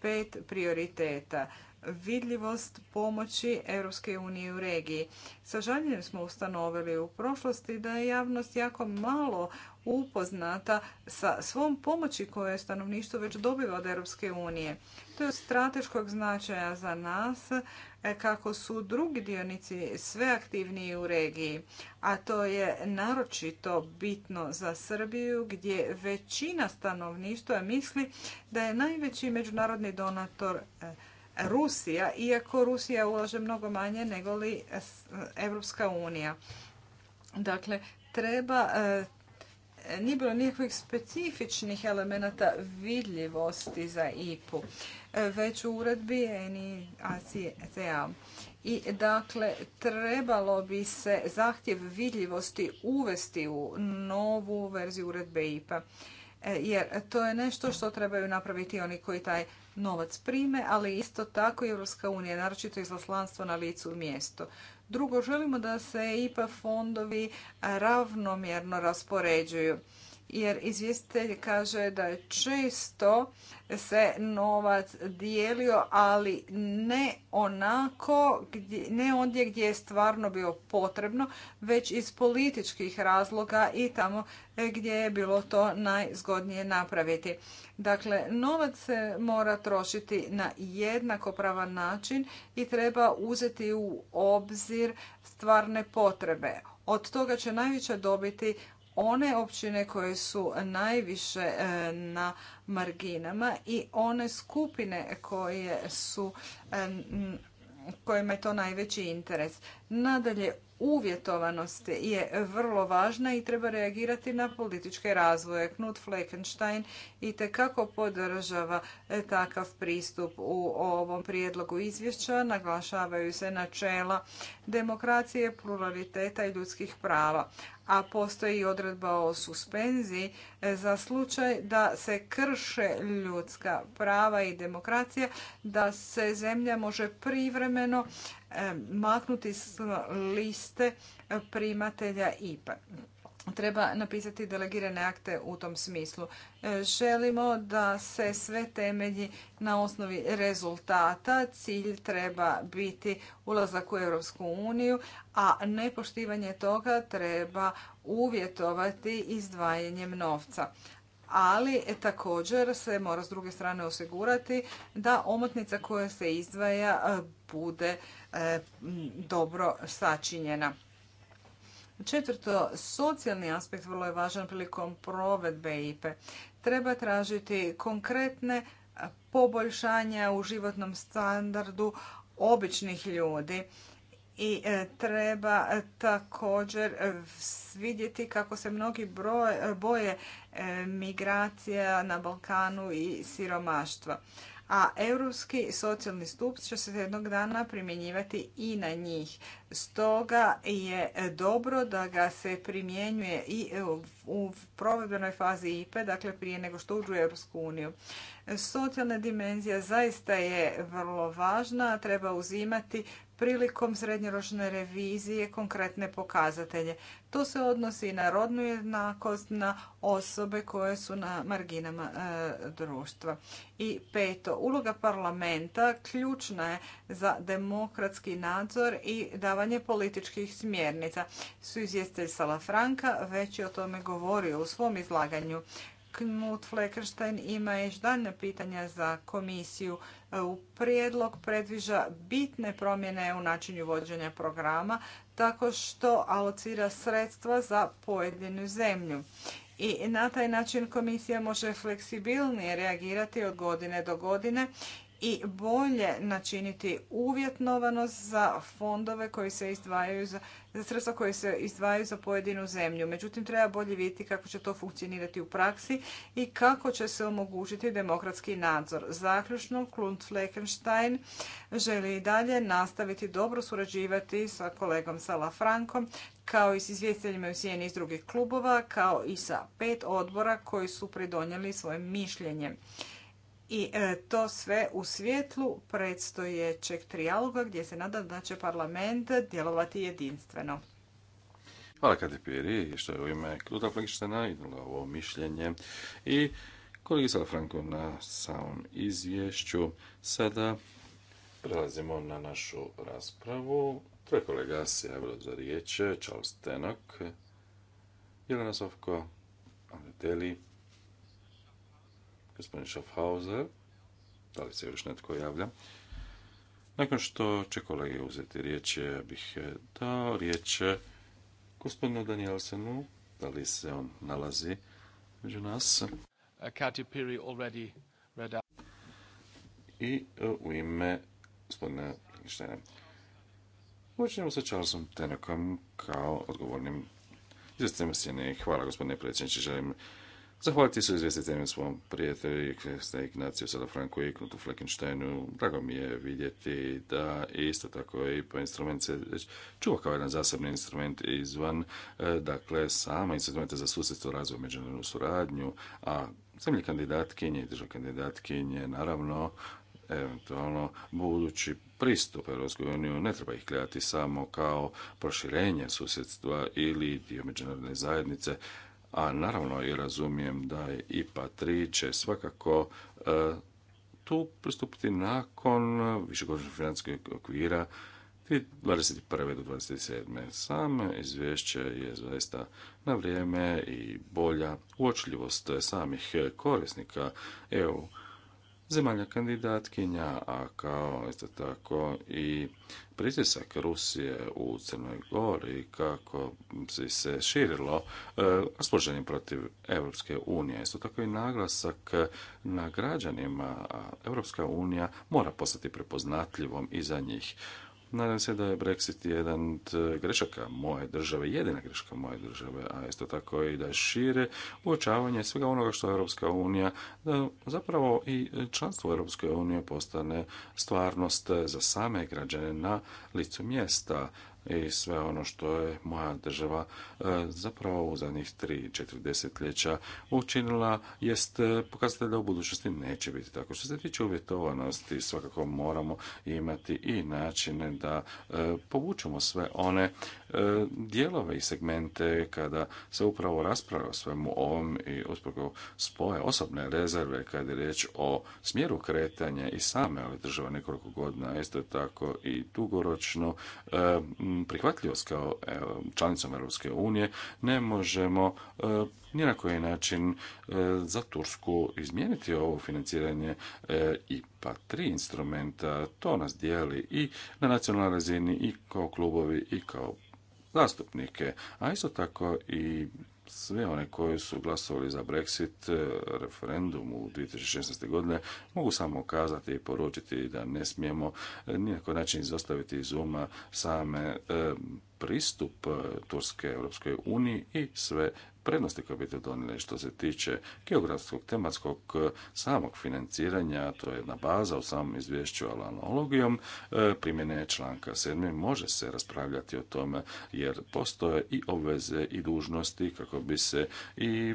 pet prioriteta. Vidljivost pomoći Europske unije u regiji. Sa žaljenjem smo ustanovili u prošlosti da je javnost jako malo upoznata sa svom pomoći koje stanovništvo već dobiva od Europske unije. To je od strateškog značaja za nas e, kako su drugi dionici sve aktivniji u regiji, a to je naročito bitno za Srbiju gdje većina stanovništva misli da je najveći međunarodni donator e, Rusija, iako Rusija ulaže mnogo manje nego li e, Evropska unija. Dakle, treba nije bilo nikakvih specifičnih elemenata vidljivosti za IPU, već u uredbi NIACA. I dakle, trebalo bi se zahtjev vidljivosti uvesti u novu verziju uredbe IPA. Jer to je nešto što trebaju napraviti oni koji taj novac prime, ali isto tako i Europska unija, naročito izlaslanstvo na licu mjesto. Drugo, želimo da se e IPA fondovi ravnomjerno raspoređuju jer izvjestitelj kaže da je često se novac dijelio, ali ne onako, ne ondje gdje je stvarno bio potrebno, već iz političkih razloga i tamo gdje je bilo to najzgodnije napraviti. Dakle, novac se mora trošiti na jednakopravan način i treba uzeti u obzir stvarne potrebe. Od toga će najviše dobiti one općine koje su najviše e, na marginama i one skupine koje su e, kojima je to najveći interes. Nadalje, uvjetovanost je vrlo važna i treba reagirati na političke razvoje. Knut Fleckenstein i tekako podržava e, takav pristup u ovom prijedlogu izvješća. Naglašavaju se načela demokracije, pluraliteta i ljudskih prava. A postoji i odredba o suspenziji e, za slučaj da se krše ljudska prava i demokracija, da se zemlja može privremeno maknuti s liste primatelja IPA. Treba napisati delegirane akte u tom smislu. E, želimo da se sve temelji na osnovi rezultata. Cilj treba biti ulazak u Europsku uniju, a nepoštivanje toga treba uvjetovati izdvajanjem novca ali e, također se mora s druge strane osigurati da omotnica koja se izdvaja e, bude e, dobro sačinjena. Četvrto, socijalni aspekt vrlo je važan prilikom provedbe IPE. Treba tražiti konkretne poboljšanja u životnom standardu običnih ljudi i e, treba e, također e, vidjeti kako se mnogi boje migracija na Balkanu i siromaštva. A europski socijalni stup će se jednog dana primjenjivati i na njih. Stoga je dobro da ga se primjenjuje i e, u provedbenoj fazi IPE, dakle prije nego što uđu u Europsku uniju. Socijalna dimenzija zaista je vrlo važna, treba uzimati prilikom srednjoročne revizije konkretne pokazatelje. To se odnosi i na rodnu jednakost, na osobe koje su na marginama e, društva. I peto, uloga parlamenta ključna je za demokratski nadzor i davanje izdavanje političkih smjernica. Su izvjestelj Franka već je o tome govorio u svom izlaganju. Knut Fleckenstein ima još daljnja pitanja za komisiju. U prijedlog predviža bitne promjene u načinu vođenja programa tako što alocira sredstva za pojedinu zemlju. I na taj način komisija može fleksibilnije reagirati od godine do godine i bolje načiniti uvjetnovanost za fondove koji se izdvajaju za, za sredstva koje se izdvajaju za pojedinu zemlju. Međutim, treba bolje vidjeti kako će to funkcionirati u praksi i kako će se omogućiti demokratski nadzor. Zaključno, Klunt Fleckenstein želi i dalje nastaviti dobro surađivati sa kolegom Sala Frankom, kao i s izvjestiteljima u sjeni iz drugih klubova, kao i sa pet odbora koji su pridonijeli svojim mišljenjem i e, to sve u svjetlu predstojećeg trijaloga gdje se nadam da će parlament djelovati jedinstveno. Hvala Kati Piri što je u ime Kluta i idnula ovo mišljenje i kolegica Franko na samom izvješću. Sada prelazimo na našu raspravu. Tre kolega se javilo za riječ. Charles Tenok, Jelena gospodin Schaffhauser. Da li se još netko javlja? Nakon što će kolege uzeti riječ, ja bih eh, dao riječ eh, gospodinu Danielsenu. Da li se on nalazi među nas? Uh, I eh, u ime gospodina Lichtensteina. Počnemo sa Charlesom Tenokom kao odgovornim se sjene. Hvala gospodine predsjedniče, želim Zahvaliti su izvjestiteljima svom prijatelju Krista Ignaciju Franku i Knutu Fleckensteinu. Drago mi je vidjeti da isto tako i po instrument se čuva kao jedan zasebni instrument izvan, e, dakle, sama instrumenta za susjedstvo razvoj međunarodnu suradnju, a zemlje kandidatkinje i države kandidatkinje, naravno, eventualno budući pristup Europskoj uniju ne treba ih gledati samo kao proširenje susjedstva ili dio međunarodne zajednice, a naravno i razumijem da je IPA 3 će svakako e, tu pristupiti nakon višegodišnjeg financijskog okvira 21. do 27. Sam izvješće je zaista na vrijeme i bolja uočljivost samih korisnika EU zemalja kandidatkinja, a kao isto tako i pritisak Rusije u Crnoj Gori kako se širilo raspoloženje e, protiv Europske unije. Isto tako i naglasak na građanima. Europska unija mora postati prepoznatljivom i za njih. Nadam se da je Brexit jedan od e, grešaka moje države, jedina greška moje države, a isto tako i da šire uočavanje svega onoga što je Europska unija, da zapravo i članstvo Europske unije postane stvarnost za same građane na licu mjesta i sve ono što je moja država e, zapravo u zadnjih 3-4 desetljeća učinila jest e, pokazatelj da u budućnosti neće biti tako. Što se tiče uvjetovanosti, svakako moramo imati i načine da e, povučemo sve one E, dijelove i segmente kada se upravo raspravlja o svemu ovom i uspoko spoje osobne rezerve kada je riječ o smjeru kretanja i same ove države nekoliko godina, isto tako i dugoročno e, prihvatljivost kao e, članicom Europske unije, ne možemo ni na koji način za Tursku izmijeniti ovo financiranje i pa tri instrumenta, to nas dijeli i na nacionalnoj razini i kao klubovi i kao zastupnike, a isto tako i sve one koji su glasovali za Brexit e, referendum u 2016. godine mogu samo kazati i poručiti da ne smijemo e, nijako način izostaviti iz uma same e, pristup Turske Europskoj uniji i sve prednosti koje biste donijeli što se tiče geografskog, tematskog, e, samog financiranja, to je jedna baza u samom izvješću, ali analogijom e, primjene članka 7. može se raspravljati o tome jer postoje i obveze i dužnosti kako bi se i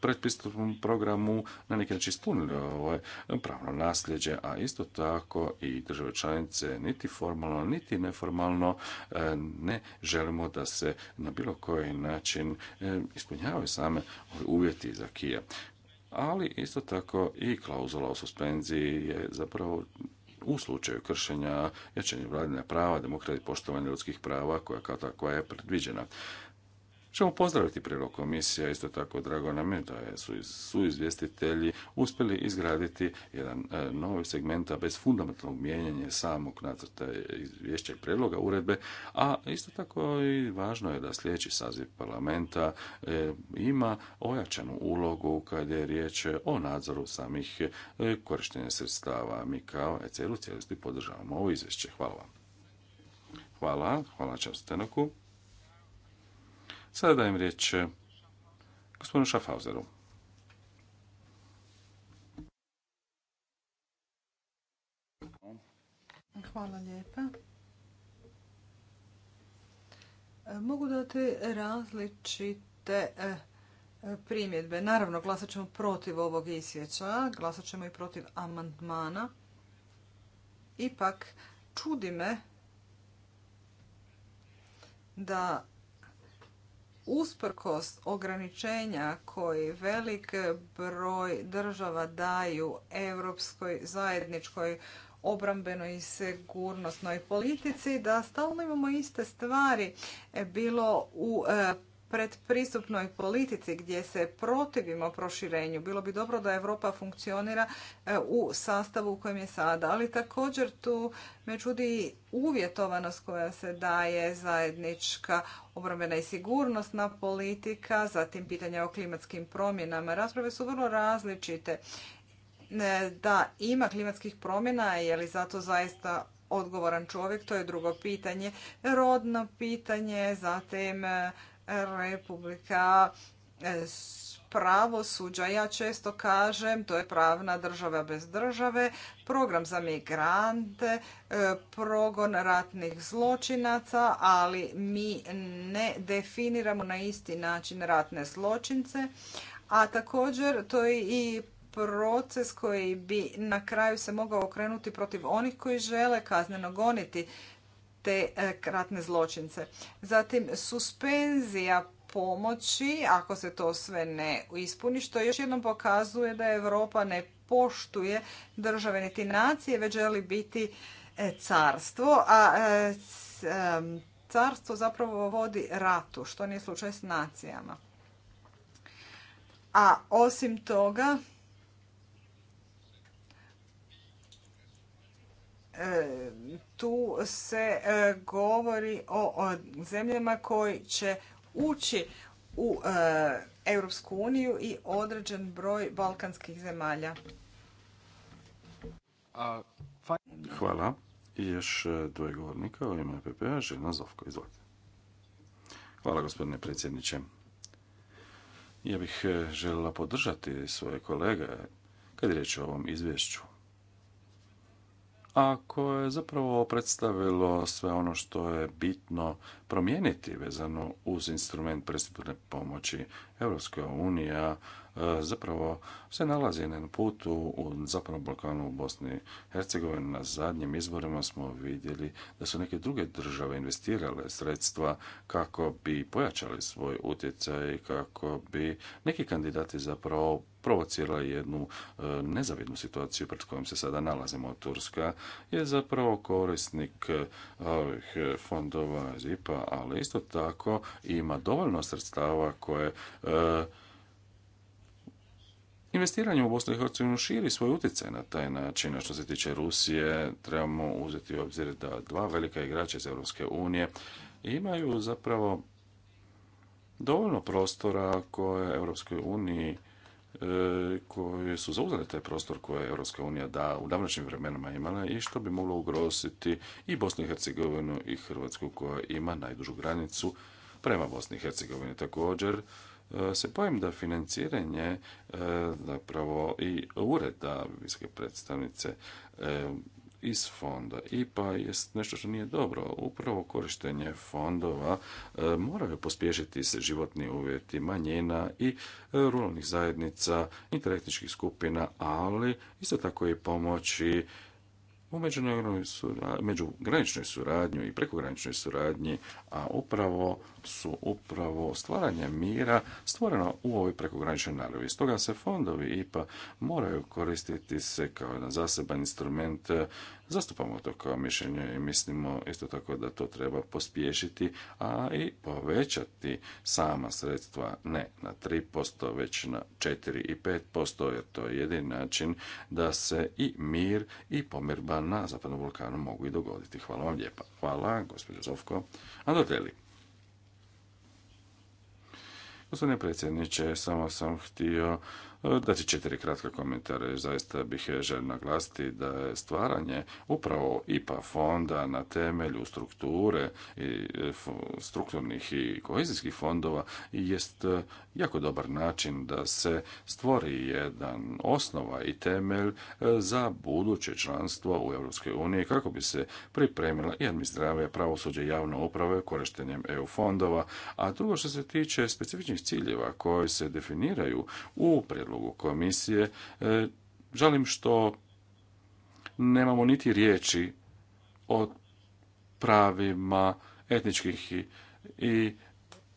predpristupnom programu na neki način ispunili ovo pravno nasljeđe, a isto tako i države članice niti formalno, niti neformalno e, ne želimo da se na bilo koji način e, ispunjavaju same uvjeti za KIA. Ali isto tako i klauzula o suspenziji je zapravo u slučaju kršenja jačanja vladine prava, demokrati poštovanja ljudskih prava koja je predviđena ćemo pozdraviti prilog komisija, isto tako drago nam je da su, su izvjestitelji uspjeli izgraditi jedan e, novi segmenta bez fundamentalnog mijenjanja samog nacrta izvješća i prijedloga uredbe, a isto tako i važno je da sljedeći saziv parlamenta e, ima ojačanu ulogu kad je riječ o nadzoru samih e, korištenja sredstava. Mi kao ECR u cijelosti podržavamo ovo izvješće. Hvala vam. Hvala, hvala Sada dajem riječ eh, gospodinu Šafauzeru. Hvala lijepa. E, mogu dati različite eh, primjedbe. Naravno, glasat ćemo protiv ovog isjeća, glasat ćemo i protiv amandmana. Ipak, čudi me da usprkos ograničenja koji velik broj država daju europskoj zajedničkoj obrambenoj i sigurnosnoj politici, da stalno imamo iste stvari bilo u e, predpristupnoj politici gdje se protivimo proširenju. Bilo bi dobro da Europa funkcionira e, u sastavu u kojem je sada, ali također tu me čudi uvjetovanost koja se daje zajednička obrambena i sigurnosna politika, zatim pitanja o klimatskim promjenama. Rasprave su vrlo različite. E, da ima klimatskih promjena, je li zato zaista odgovoran čovjek, to je drugo pitanje. Rodno pitanje, zatim e, republika e, pravosuđa. Ja često kažem, to je pravna država bez države, program za migrante, e, progon ratnih zločinaca, ali mi ne definiramo na isti način ratne zločince, a također to je i proces koji bi na kraju se mogao okrenuti protiv onih koji žele kazneno goniti te kratne e, zločince. Zatim suspenzija pomoći, ako se to sve ne ispuni, što još jednom pokazuje da Europa ne poštuje države niti nacije, već želi biti e, carstvo, a e, carstvo zapravo vodi ratu, što nije slučaj s nacijama. A osim toga, tu se e, govori o, zemljama koji će ući u e, Europsku uniju i određen broj balkanskih zemalja. Hvala. I još e, dvoje govornika u ime PPA, Hvala gospodine predsjedniče. Ja bih željela podržati svoje kolege kad je riječ o ovom izvješću a koje je zapravo predstavilo sve ono što je bitno promijeniti vezano uz instrument predstavljene pomoći. Europska unije, e, zapravo se nalazi na putu u zapadnom Balkanu u Bosni i Hercegovini. Na zadnjim izborima smo vidjeli da su neke druge države investirale sredstva kako bi pojačali svoj utjecaj, kako bi neki kandidati zapravo isprovocirala jednu e, nezavidnu situaciju pred kojom se sada nalazimo. Turska je zapravo korisnik e, ovih e, fondova ZIPA, ali isto tako ima dovoljno sredstava koje Investiranje u Bosni i Hercegovinu širi svoj utjecaj na taj način. A što se tiče Rusije, trebamo uzeti u obzir da dva velika igrača iz Europske unije imaju zapravo dovoljno prostora koje Europskoj uniji koje su zauzele taj prostor koje je Europska unija da u davnačnim vremenima imala i što bi moglo ugroziti i Bosnu i Hercegovinu i Hrvatsku koja ima najdužu granicu prema Bosni i Hercegovini također e, se bojim da financiranje e, zapravo i ureda visoke predstavnice e, iz fonda IPA jest nešto što nije dobro. Upravo korištenje fondova e, moraju pospješiti se životni uvjeti manjina i e, ruralnih zajednica, interetničkih skupina, ali isto tako i pomoći u međugraničnoj suradnju i prekograničnoj suradnji, a upravo su upravo stvaranje mira stvoreno u ovoj prekograničnoj naravi. Stoga se fondovi IPA moraju koristiti se kao jedan zaseban instrument zastupamo to kao mišljenje i mislimo isto tako da to treba pospješiti, a i povećati sama sredstva ne na 3%, već na 4 i 5%, jer to je jedini način da se i mir i pomirba na Zapadnom Balkanu mogu i dogoditi. Hvala vam lijepa. Hvala, gospođo Zovko. teli. Gospodine predsjedniče, samo sam htio dati četiri kratka komentara. Zaista bih želio naglasiti da je stvaranje upravo IPA fonda na temelju strukture i e, strukturnih i kohezijskih fondova jest e, jako dobar način da se stvori jedan osnova i temelj e, za buduće članstvo u EU uniji kako bi se pripremila i administracija pravosuđe javne uprave korištenjem EU fondova, a drugo što se tiče specifičnih ciljeva koji se definiraju u prijedlogu komisije. E, Žalim što nemamo niti riječi o pravima etničkih i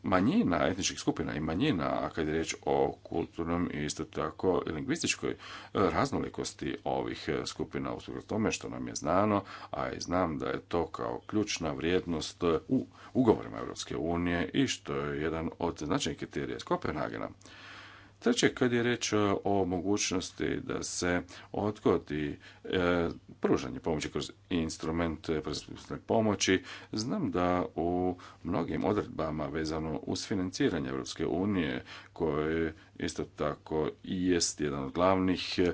manjina, etničkih skupina i manjina, a kad je riječ o kulturnom i isto tako lingvističkoj e, raznolikosti ovih e, skupina usprkos tome što nam je znano, a i znam da je to kao ključna vrijednost u ugovorima Europske unije i što je jedan od značajnih kriterija iz Kopenhagena. Treće, kad je reč e, o mogućnosti da se odgodi e, pružanje pomoći e, kroz instrument pomoći, znam da u mnogim odredbama vezano uz financiranje Europske unije koje Isto tako i jest jedan od glavnih e,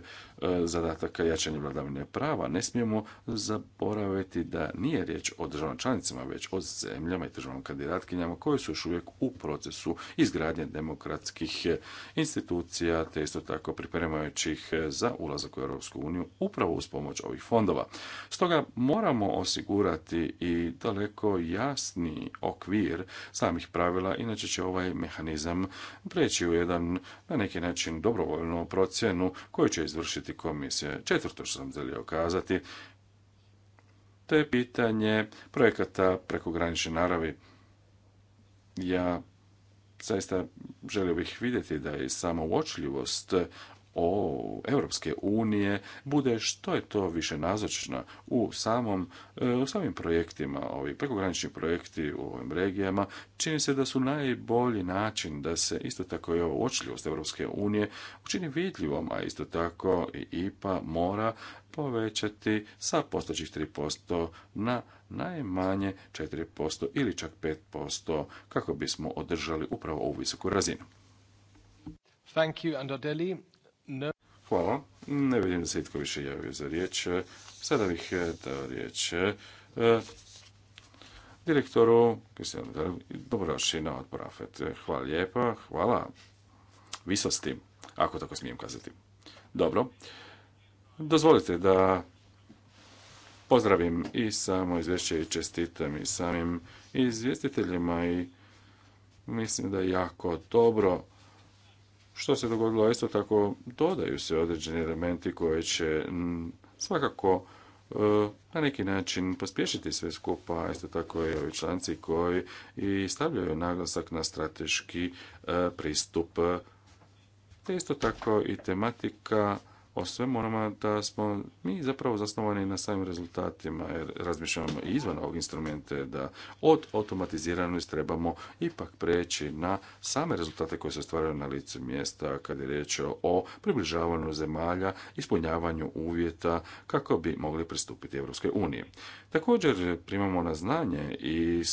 zadataka jačanja vladavine prava. Ne smijemo zaboraviti da nije riječ o državnom članicama, već o zemljama i državnom kandidatkinjama koje su još uvijek u procesu izgradnje demokratskih e, institucija, te isto tako pripremajućih e, za ulazak u Europsku uniju upravo uz pomoć ovih fondova. Stoga moramo osigurati i daleko jasni okvir samih pravila, inače će ovaj mehanizam preći u jedan na neki način dobrovoljnu procjenu koju će izvršiti komisija. Četvrto što sam želio kazati, to je pitanje projekata prekogranične naravi. Ja zaista želio bih vidjeti da je samo uočljivost o Europske unije bude što je to više nazočna u samom, e, u samim projektima, ovi prekogranični projekti u ovim regijama, čini se da su najbolji način da se isto tako i očljivost Europske unije učini vidljivom, a isto tako i IPA mora povećati sa postojećih 3% na najmanje 4% ili čak 5% kako bismo održali upravo ovu visoku razinu. Thank you, Hvala. Ne vidim da se itko više javio za riječ. Sada bih e, dao riječ e, direktoru Kristijanu Dobroši na odbor AFET. Hvala lijepa, hvala visosti, ako tako smijem kazati. Dobro, dozvolite da pozdravim i samo izvješće i čestitam i samim izvjestiteljima i mislim da je jako dobro što se dogodilo, isto tako dodaju se određeni elementi koje će mm, svakako e, na neki način pospješiti sve skupa, isto tako i ovi članci koji i stavljaju naglasak na strateški e, pristup. Te isto tako i tematika o svemu da smo mi zapravo zasnovani na samim rezultatima jer razmišljamo i izvan ovog instrumente da od automatiziranosti trebamo ipak preći na same rezultate koje se stvaraju na licu mjesta kad je riječ o približavanju zemalja, ispunjavanju uvjeta kako bi mogli pristupiti Europskoj uniji. Također primamo na znanje i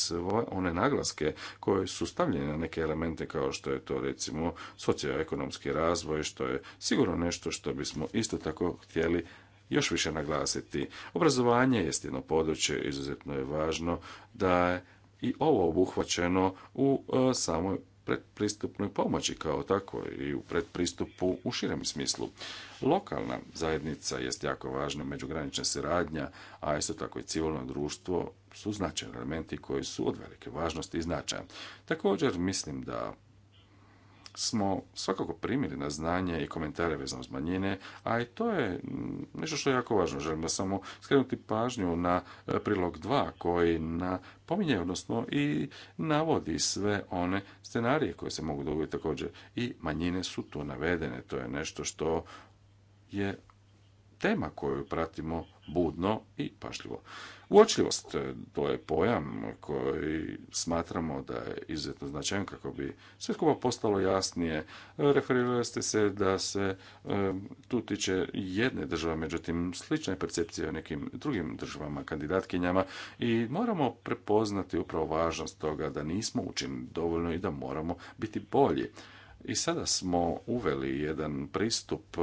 one naglaske koje su stavljene na neke elemente kao što je to recimo socioekonomski razvoj, što je sigurno nešto što bismo isto tako htjeli još više naglasiti. Obrazovanje je jedno područje, izuzetno je važno da je i ovo obuhvaćeno u e, samoj predpristupnoj pomoći kao tako i u predpristupu u širem smislu. Lokalna zajednica jest jako važna, međugranična suradnja, a isto tako i civilno društvo su značajni elementi koji su od velike važnosti i značaja. Također mislim da smo svakako primili na znanje i komentare vezano uz manjine, a i to je nešto što je jako važno. Želim da samo skrenuti pažnju na e, prilog 2 koji na pominje, odnosno i navodi sve one scenarije koje se mogu dogoditi također. I manjine su tu navedene. To je nešto što je tema koju pratimo budno i pašljivo. Uočljivost, e, to je pojam koji smatramo da je izuzetno značajan kako bi sve skupa postalo jasnije. Referirali ste se da se e, tu tiče jedne države, međutim slična je percepcija o nekim drugim državama, kandidatkinjama i moramo prepoznati upravo važnost toga da nismo učinili dovoljno i da moramo biti bolji. I sada smo uveli jedan pristup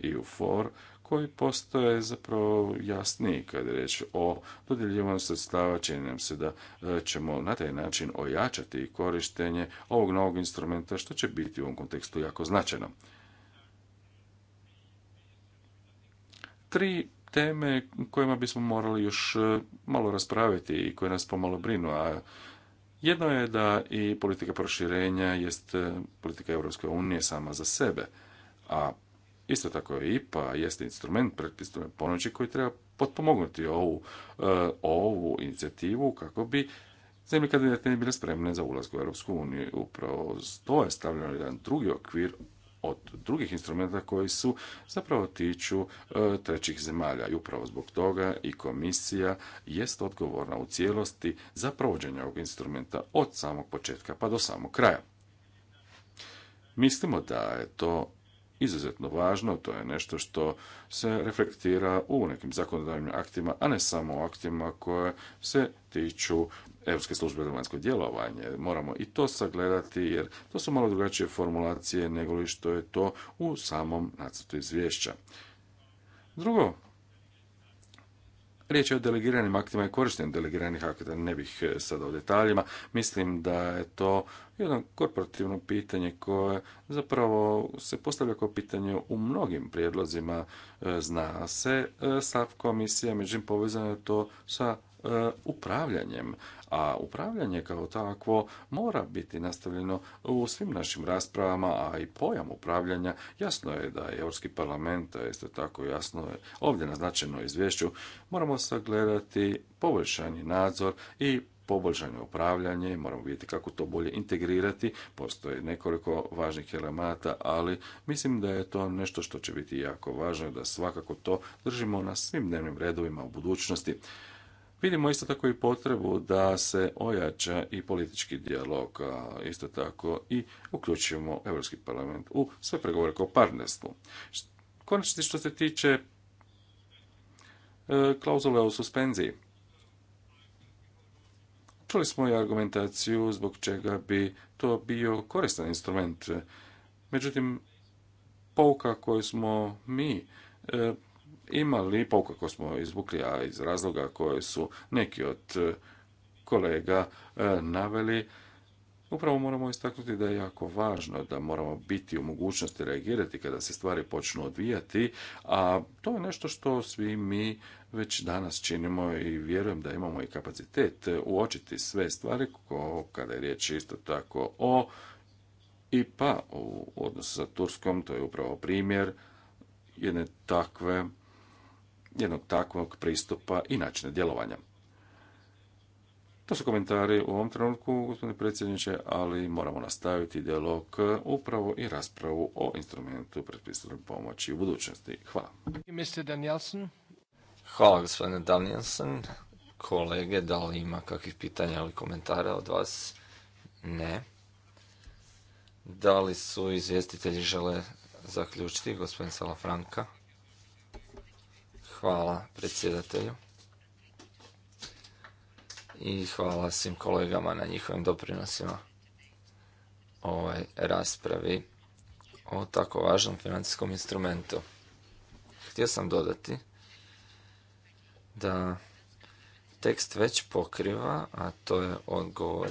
i u 4 koji postoje zapravo jasniji kad je reč o dodjeljivanju sredstava. Čini nam se da e, ćemo na taj način ojačati korištenje ovog novog instrumenta što će biti u ovom kontekstu jako značajno. Tri teme kojima bismo morali još e, malo raspraviti i koje nas pomalo brinu, a jedno je da i politika proširenja jest e, politika Europske unije sama za sebe, a Isto tako je IPA jeste instrument predpristupne ponoći koji treba potpomognuti ovu, e, ovu inicijativu kako bi zemlje ne bile spremne za ulazak u Europsku uniju. Upravo to je stavljeno jedan drugi okvir od drugih instrumenta koji su zapravo tiču e, trećih zemalja. I upravo zbog toga i komisija jest odgovorna u cijelosti za provođenje ovog instrumenta od samog početka pa do samog kraja. Mislimo da je to izuzetno važno, to je nešto što se reflektira u nekim zakonodavnim aktima, a ne samo u aktima koje se tiču Europske službe za vanjsko djelovanje. Moramo i to sagledati jer to su malo drugačije formulacije nego što je to u samom nacrtu izvješća. Drugo Riječ je o delegiranim aktima i korištenju delegiranih akata, ne bih e, sada o detaljima. Mislim da je to jedno korporativno pitanje koje zapravo se postavlja kao pitanje u mnogim prijedlozima. E, zna se e, stav komisije, međutim povezano je to sa E, upravljanjem, a upravljanje kao takvo mora biti nastavljeno u svim našim raspravama, a i pojam upravljanja jasno je da je Europski parlament, a isto tako jasno je ovdje naznačeno izvješću, moramo sagledati poboljšanje nadzor i poboljšanje upravljanje, moramo vidjeti kako to bolje integrirati, postoje nekoliko važnih elemata, ali mislim da je to nešto što će biti jako važno, da svakako to držimo na svim dnevnim redovima u budućnosti. Vidimo isto tako i potrebu da se ojača i politički dijalog, isto tako i uključujemo Europski parlament u sve pregovore kao partnerstvu. Konačno što se tiče e, klauzule o suspenziji. Čuli smo i argumentaciju zbog čega bi to bio koristan instrument. Međutim, pouka koju smo mi e, imali, pokako smo izvukli, a iz razloga koje su neki od e, kolega e, naveli, Upravo moramo istaknuti da je jako važno da moramo biti u mogućnosti reagirati kada se stvari počnu odvijati, a to je nešto što svi mi već danas činimo i vjerujem da imamo i kapacitet e, uočiti sve stvari kada je riječ isto tako o i pa u odnosu sa Turskom, to je upravo primjer jedne takve jednog takvog pristupa i načina djelovanja. To su komentari u ovom trenutku, gospodine predsjedniče, ali moramo nastaviti dijalog upravo i raspravu o instrumentu predpristupne pomoći u budućnosti. Hvala. Mr. Hvala, gospodine Danielson. Kolege, da li ima kakvih pitanja ili komentara od vas? Ne. Da li su izvjestitelji žele zaključiti, gospodin Salafranka? Hvala predsjedatelju. I hvala svim kolegama na njihovim doprinosima ovoj raspravi o tako važnom financijskom instrumentu. Htio sam dodati da tekst već pokriva, a to je odgovor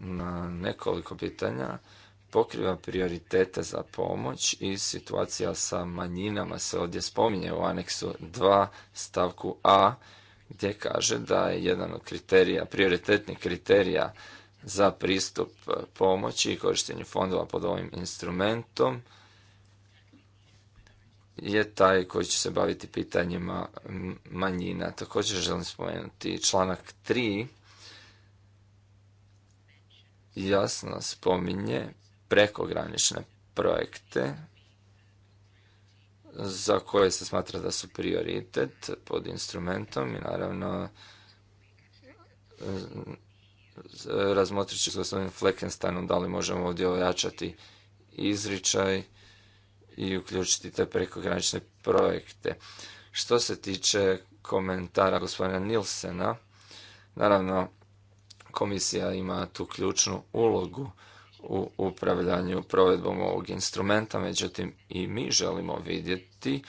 na nekoliko pitanja, pokriva prioritete za pomoć i situacija sa manjinama se ovdje spominje u aneksu 2 stavku A gdje kaže da je jedan od kriterija, prioritetnih kriterija za pristup e, pomoći i korištenju fondova pod ovim instrumentom je taj koji će se baviti pitanjima manjina. Također želim spomenuti članak 3 jasno spominje prekogranične projekte za koje se smatra da su prioritet pod instrumentom i naravno razmotrit ću s gospodinom Fleckensteinom da li možemo ovdje ojačati izričaj i uključiti te prekogranične projekte. Što se tiče komentara gospodina Nilsena, naravno komisija ima tu ključnu ulogu u upravljanju provedbom ovog instrumenta, međutim i mi želimo vidjeti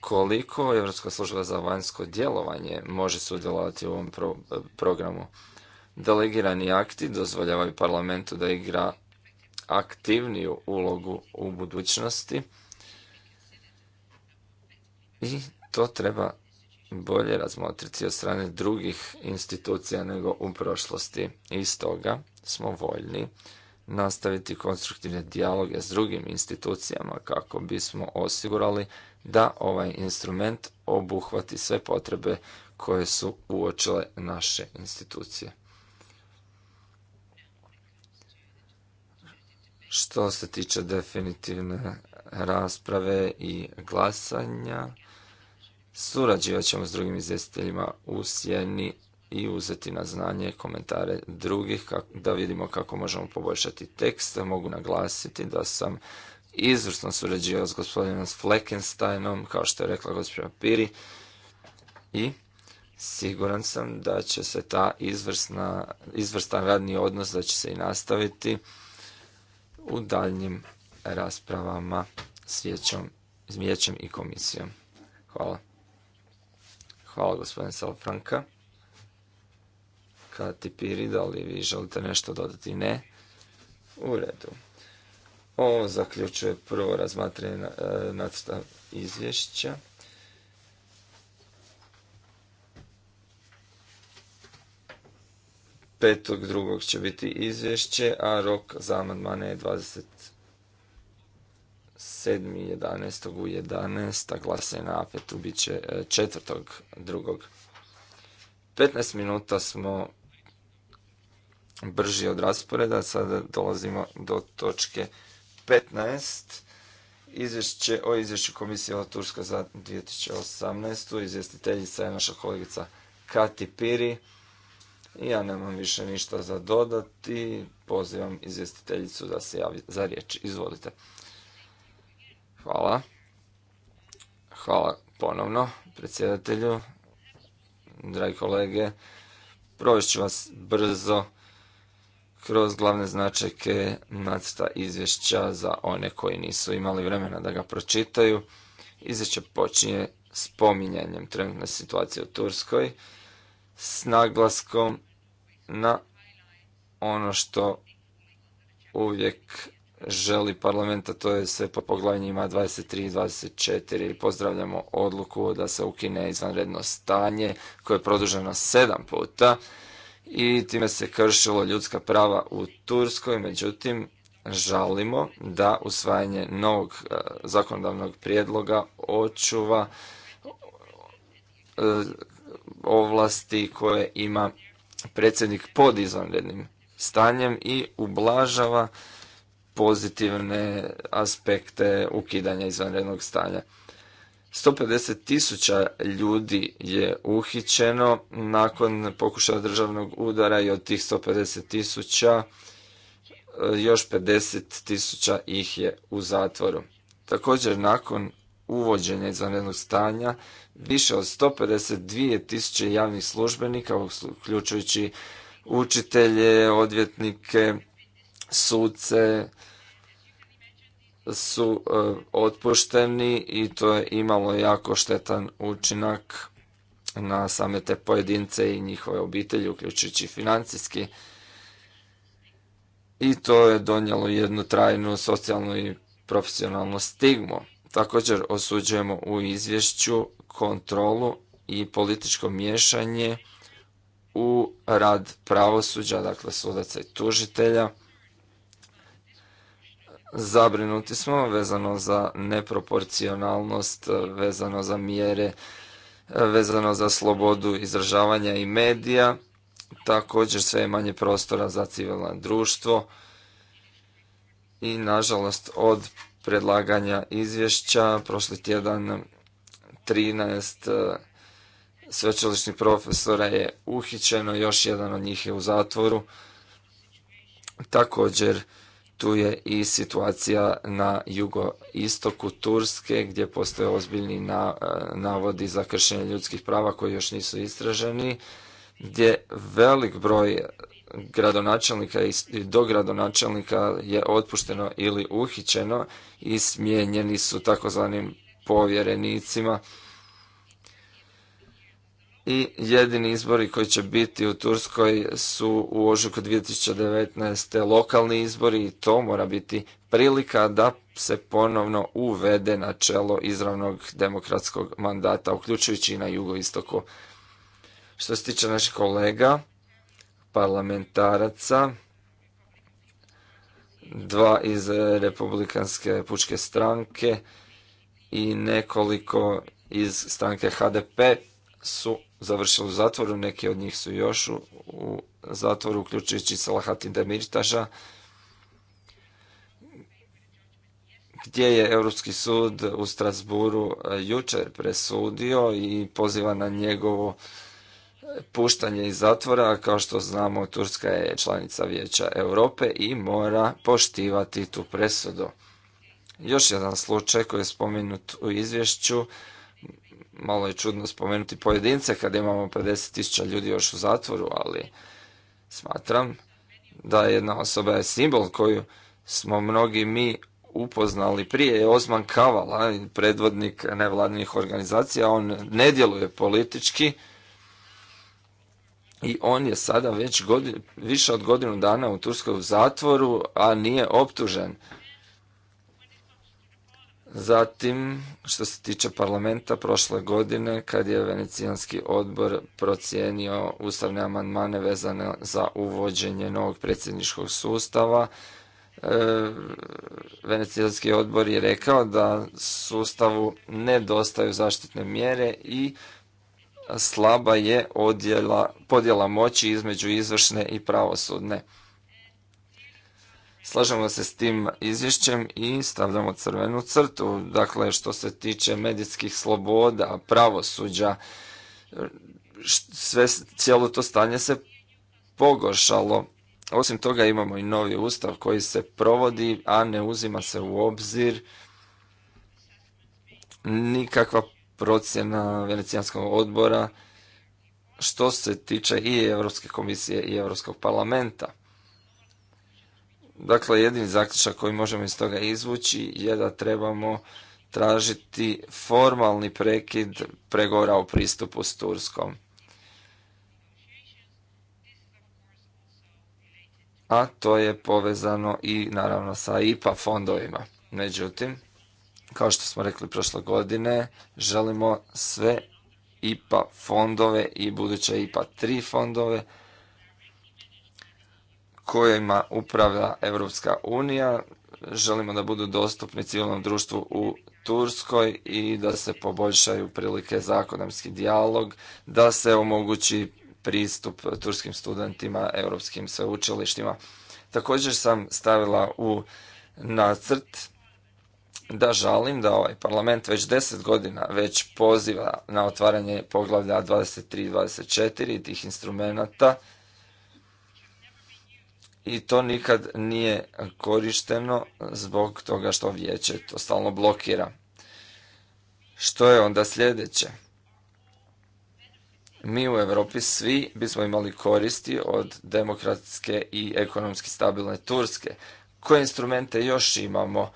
koliko Europska služba za vanjsko djelovanje može sudjelovati u ovom programu. Delegirani akti dozvoljavaju parlamentu da igra aktivniju ulogu u budućnosti i to treba bolje razmotriti od strane drugih institucija nego u prošlosti. I stoga smo voljni nastaviti konstruktivne dijaloge s drugim institucijama kako bismo osigurali da ovaj instrument obuhvati sve potrebe koje su uočile naše institucije. Što se tiče definitivne rasprave i glasanja, surađivaćemo s drugim izvjestiteljima u sjeni i uzeti na znanje komentare drugih da vidimo kako možemo poboljšati tekst. Mogu naglasiti da sam izvrsno surađivao s gospodinom Fleckensteinom, kao što je rekla gospođa Piri, i siguran sam da će se ta izvrsna, izvrstan radni odnos, da će se i nastaviti u daljnjim raspravama s vijećom, s vijećem i komisijom. Hvala. Hvala gospodin Salfranka. Kati Piri, da li vi želite nešto dodati? Ne. U redu. Ovo zaključuje prvo razmatranje e, nacrta izvješća. Petog drugog će biti izvješće, a rok za amandmane je 27.11. u 11. A glase na apetu bit će e, četvrtog drugog. 15 minuta smo brži od rasporeda. Sada dolazimo do točke 15. Izvješće o izvješću Komisije o Turska za 2018. Izvjestiteljica je naša kolegica Kati Piri. Ja nemam više ništa za dodati. Pozivam izvjestiteljicu da se javi za riječ. Izvolite. Hvala. Hvala ponovno predsjedatelju. Dragi kolege, provest vas brzo kroz glavne značajke nacrta izvješća za one koji nisu imali vremena da ga pročitaju. Izvješće počinje spominjanjem trenutne situacije u Turskoj s naglaskom na ono što uvijek želi parlamenta, to je sve po poglavljima 23 i 24. Pozdravljamo odluku da se ukine izvanredno stanje koje je produženo sedam puta i time se kršilo ljudska prava u Turskoj, međutim žalimo da usvajanje novog e, zakonodavnog prijedloga očuva e, ovlasti koje ima predsjednik pod izvanrednim stanjem i ublažava pozitivne aspekte ukidanja izvanrednog stanja. 150 tisuća ljudi je uhićeno nakon pokušaja državnog udara i od tih 150 tisuća e, još 50 tisuća ih je u zatvoru. Također nakon uvođenja izvanrednog stanja više od 152 tisuće javnih službenika, uključujući učitelje, odvjetnike, suce, su e, otpušteni i to je imalo jako štetan učinak na same te pojedince i njihove obitelji, uključujući financijski. I to je donijelo jednu trajnu socijalnu i profesionalnu stigmu. Također osuđujemo u izvješću kontrolu i političko miješanje u rad pravosuđa, dakle sudaca i tužitelja. Zabrinuti smo vezano za neproporcionalnost, vezano za mjere, vezano za slobodu izražavanja i medija, također sve je manje prostora za civilno društvo i nažalost od predlaganja izvješća prošli tjedan 13 e, sveučilišnih profesora je uhićeno, još jedan od njih je u zatvoru. Također tu je i situacija na jugoistoku Turske gdje postoje ozbiljni e, navodi za kršenje ljudskih prava koji još nisu istraženi, gdje velik broj gradonačelnika i dogradonačelnika je otpušteno ili uhićeno i smijenjeni su takozvanim povjerenicima i jedini izbori koji će biti u Turskoj su u ožujku 2019. lokalni izbori i to mora biti prilika da se ponovno uvede načelo izravnog demokratskog mandata, uključujući i na jugoistoku. Što se tiče naših kolega, parlamentaraca, dva iz Republikanske pučke stranke i nekoliko iz stranke HDP, su završili u zatvoru, neki od njih su još u, zatvoru, uključujući Salahatin Demirtaša, gdje je Europski sud u Strasburu eh, jučer presudio i poziva na njegovo eh, puštanje iz zatvora. Kao što znamo, Turska je članica Vijeća Europe i mora poštivati tu presudu. Još jedan slučaj koji je spomenut u izvješću malo je čudno spomenuti pojedince kad imamo 50.000 ljudi još u zatvoru, ali smatram da jedna osoba je simbol koju smo mnogi mi upoznali prije je Osman Kavala, predvodnik nevladinih organizacija, on ne djeluje politički i on je sada već godin, više od godinu dana u Turskoj u zatvoru, a nije optužen. Zatim, što se tiče parlamenta, prošle godine kad je Venecijanski odbor procijenio ustavne amandmane vezane za uvođenje novog predsjedničkog sustava, e, Venecijanski odbor je rekao da sustavu nedostaju zaštitne mjere i slaba je podjela moći između izvršne i pravosudne. Slažemo se s tim izvješćem i stavljamo crvenu crtu. Dakle, što se tiče medijskih sloboda, pravosuđa, sve, cijelo to stanje se pogoršalo. Osim toga imamo i novi ustav koji se provodi, a ne uzima se u obzir nikakva procjena Venecijanskog odbora što se tiče i Europske komisije i Europskog parlamenta. Dakle, jedini zaključak koji možemo iz toga izvući je da trebamo tražiti formalni prekid pregovora o pristupu s Turskom. A to je povezano i naravno sa IPA fondovima. Međutim, kao što smo rekli prošle godine, želimo sve IPA fondove i buduće IPA 3 fondove kojima upravlja Europska unija. Želimo da budu dostupni civilnom društvu u Turskoj i da se poboljšaju prilike za dijalog, da se omogući pristup turskim studentima, europskim sveučilištima. Također sam stavila u nacrt da žalim da ovaj parlament već deset godina već poziva na otvaranje poglavlja 23 i 24 tih instrumenata i to nikad nije korišteno zbog toga što vijeće to stalno blokira. Što je onda sljedeće? Mi u Europi svi bismo imali koristi od demokratske i ekonomski stabilne Turske. Koje instrumente još imamo?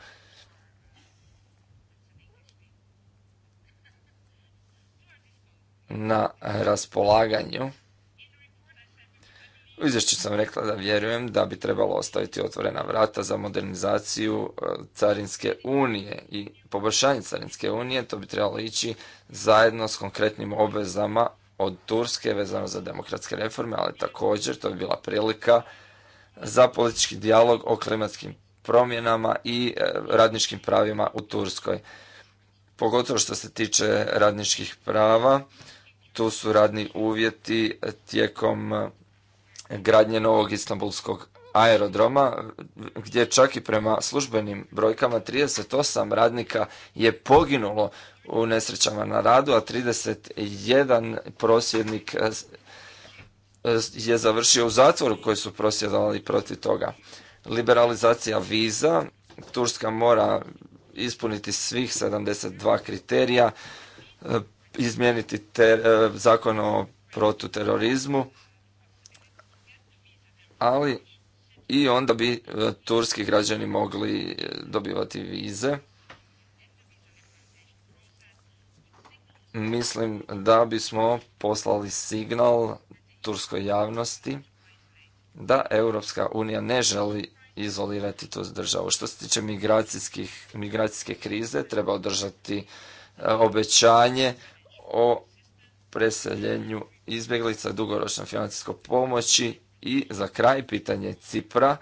na raspolaganju u izvješću sam rekla da vjerujem da bi trebalo ostaviti otvorena vrata za modernizaciju e, Carinske unije i poboljšanje Carinske unije. To bi trebalo ići zajedno s konkretnim obvezama od Turske vezano za demokratske reforme, ali također to bi bila prilika za politički dijalog o klimatskim promjenama i e, radničkim pravima u Turskoj. Pogotovo što se tiče radničkih prava, tu su radni uvjeti tijekom gradnje novog Istanbulskog aerodroma, gdje čak i prema službenim brojkama 38 radnika je poginulo u nesrećama na radu, a 31 prosvjednik e, e, je završio u zatvoru koji su prosvjedovali protiv toga. Liberalizacija viza, Turska mora ispuniti svih 72 kriterija, e, izmijeniti zakon o protuterorizmu, ali i onda bi e, turski građani mogli e, dobivati vize. Mislim da bismo poslali signal turskoj javnosti da Europska unija ne želi izolirati tu državu. Što se tiče migracijskih, migracijske krize, treba održati e, obećanje o preseljenju izbjeglica, dugoročnoj financijskoj pomoći i za kraj pitanje Cipra.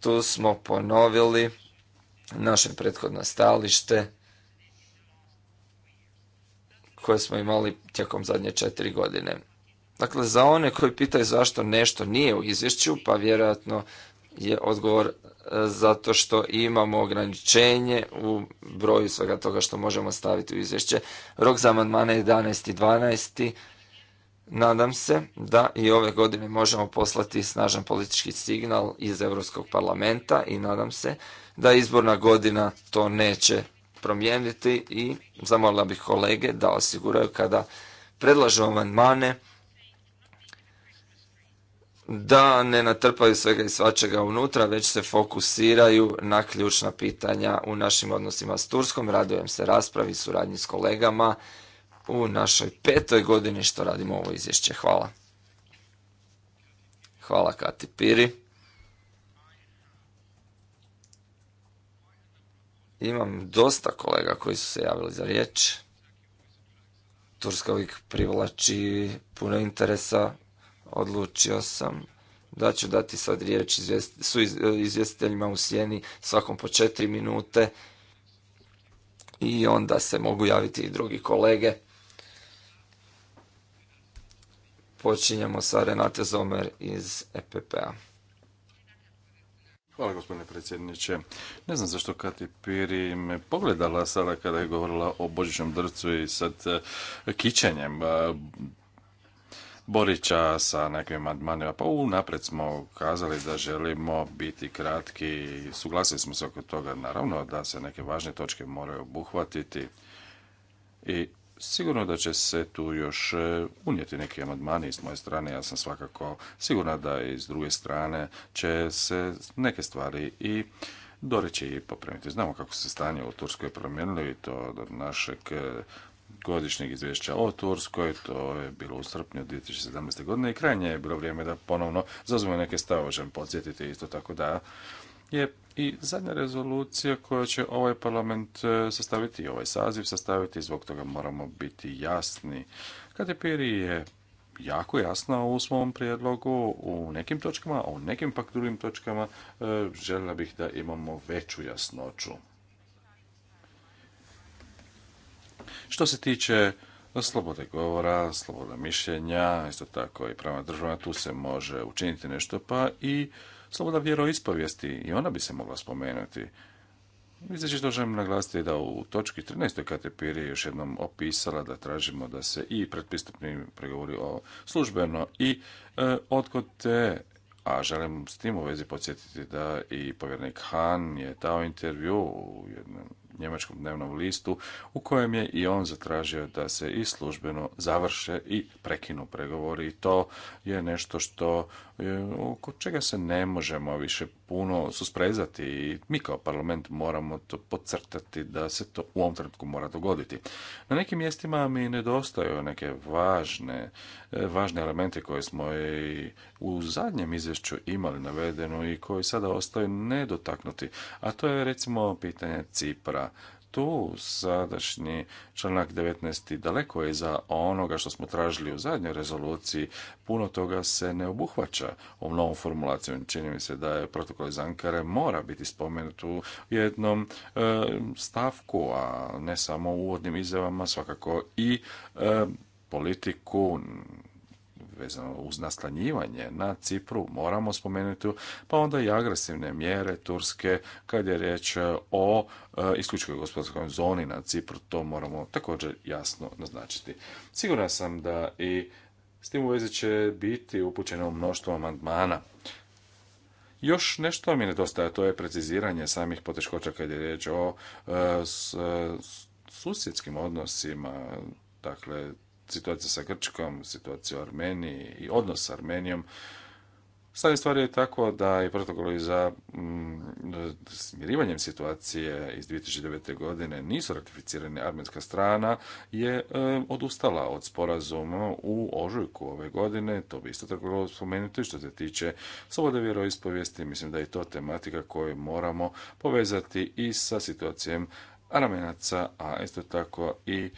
Tu smo ponovili naše prethodno stalište koje smo imali tijekom zadnje četiri godine. Dakle, za one koji pitaju zašto nešto nije u izvješću, pa vjerojatno je odgovor zato što imamo ograničenje u broju svega toga što možemo staviti u izvješće. Rok za amandmane 11. i 12. Nadam se da i ove godine možemo poslati snažan politički signal iz Europskog parlamenta i nadam se da izborna godina to neće promijeniti i zamolila bih kolege da osiguraju kada predlažu amandmane da ne natrpaju svega i svačega unutra, već se fokusiraju na ključna pitanja u našim odnosima s Turskom. Radujem se raspravi i suradnji s kolegama u našoj petoj godini što radimo ovo izvješće. Hvala. Hvala Kati Piri. Imam dosta kolega koji su se javili za riječ. Turska uvijek privlači puno interesa odlučio sam da ću dati sad riječ izvjest, su izvjestiteljima u sjeni svakom po četiri minute i onda se mogu javiti i drugi kolege. Počinjemo sa Renate Zomer iz EPP-a. Hvala gospodine predsjedniče. Ne znam zašto Kati Piri me pogledala sada kada je govorila o božićnom drcu i sad e, kićenjem. Borića sa nekim amandmanima. Pa unaprijed smo kazali da želimo biti kratki i suglasili smo se oko toga. Naravno da se neke važne točke moraju obuhvatiti i sigurno da će se tu još e, unijeti neki amandmani s moje strane. Ja sam svakako sigurna da i s druge strane će se neke stvari i doreći i popremiti. Znamo kako se stanje u Turskoj promijenilo i to od našeg e, godišnjeg izvješća o Turskoj, to je bilo u srpnju 2017. godine i krajnje je bilo vrijeme da ponovno zazvoj neke stave, želim podsjetiti isto tako da je i zadnja rezolucija koja će ovaj parlament e, sastaviti, ovaj saziv sastaviti, zbog toga moramo biti jasni. Katepiri je jako jasna u svom prijedlogu u nekim točkama, a u nekim pak drugim točkama e, željela bih da imamo veću jasnoću. Što se tiče slobode govora, sloboda mišljenja, isto tako i prava država, tu se može učiniti nešto, pa i sloboda vjeroispovijesti, i ona bi se mogla spomenuti. Izreći što želim naglasiti da u točki 13. katepirije još jednom opisala da tražimo da se i predpristupni pregovori o službeno i e, te a želim s tim u vezi podsjetiti da i povjernik Han je dao intervju u jednom njemačkom dnevnom listu u kojem je i on zatražio da se i službeno završe i prekinu pregovori i to je nešto što e, oko čega se ne možemo više puno susprezati i mi kao parlament moramo to podcrtati da se to u ovom trenutku mora dogoditi. Na nekim mjestima mi nedostaju neke važne, e, važne elemente koje smo i u zadnjem izvješću imali navedeno i koji sada ostaju nedotaknuti, a to je recimo pitanje Cipra tu sadašnji članak 19. daleko je za onoga što smo tražili u zadnjoj rezoluciji. Puno toga se ne obuhvaća u novom formulacijom. Čini mi se da je protokol iz Ankare mora biti spomenut u jednom e, stavku, a ne samo u uvodnim izjavama, svakako i e, politiku vezano uz naslanjivanje na Cipru moramo spomenuti, pa onda i agresivne mjere Turske kad je riječ e, o e, isključivoj gospodarskoj zoni na Cipru, to moramo također jasno naznačiti. Siguran sam da i s tim u vezi će biti upućeno mnoštvo amandmana. Još nešto mi nedostaje, to je preciziranje samih poteškoća kad je riječ o e, susjedskim odnosima, dakle situacija sa Grčkom, situacija u Armeniji i odnos sa Armenijom, Stanje stvari je tako da je i za mm, smirivanjem situacije iz 2009. godine nisu ratificirane. Armenska strana je odustala od sporazuma u ožujku ove godine. To bi isto tako spomenuti što se tiče slobode vjeroispovijesti. Mislim da je to tematika koju moramo povezati i sa situacijom Armenaca, a isto tako i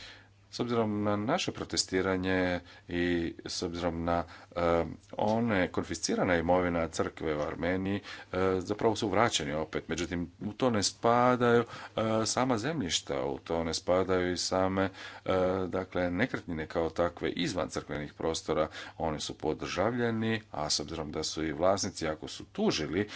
s obzirom na naše protestiranje i s obzirom na Ehm, one konfiscirana imovina crkve u Armeniji eh, zapravo su vraćeni opet. Međutim, u to ne spadaju eh, sama zemljišta, u to ne spadaju i same eh, dakle, nekretnine kao takve izvan crkvenih prostora. Oni su podržavljeni, a s obzirom da su i vlasnici, ako su tužili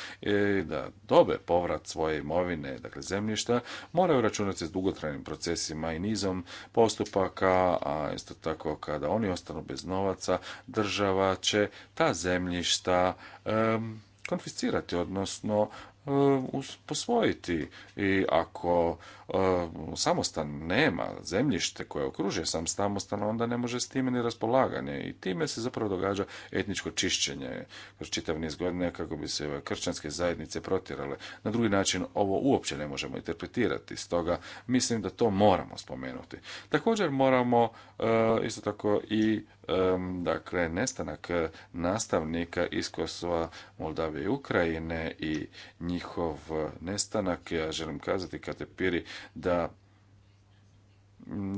da dobe povrat svoje imovine, dakle zemljišta, moraju računati s dugotrajnim procesima i nizom postupaka, a isto tako kada oni ostanu bez novaca, država država će ta zemljišta konfiscirati, odnosno posvojiti i ako E, samostan nema zemljište koje okružuje sam samostan, onda ne može s time ni raspolaganje i time se zapravo događa etničko čišćenje kroz čitav niz godina kako bi se kršćanske zajednice protirale. Na drugi način ovo uopće ne možemo interpretirati, stoga mislim da to moramo spomenuti. Također moramo e, isto tako i e, dakle nestanak nastavnika iz Kosova, Moldavije i Ukrajine i njihov nestanak, ja želim kazati Katepiri da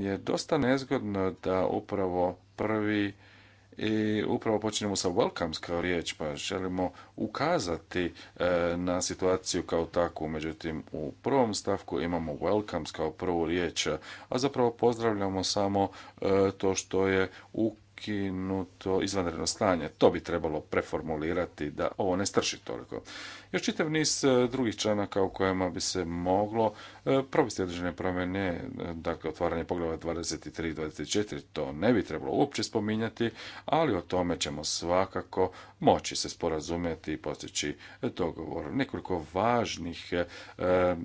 je dosta nezgodno da upravo prvi i upravo počinjemo sa welcomes kao riječ, pa želimo ukazati e, na situaciju kao takvu. Međutim, u prvom stavku imamo welcomes kao prvu riječ, a zapravo pozdravljamo samo e, to što je u ukinuto izvanredno stanje. To bi trebalo preformulirati da ovo ne strši toliko. Još čitav niz e, drugih članaka u kojima bi se moglo e, provesti određene promjene, e, dakle otvaranje poglava 23 i 24, to ne bi trebalo uopće spominjati, ali o tome ćemo svakako moći se sporazumjeti i postići dogovor. Nekoliko važnih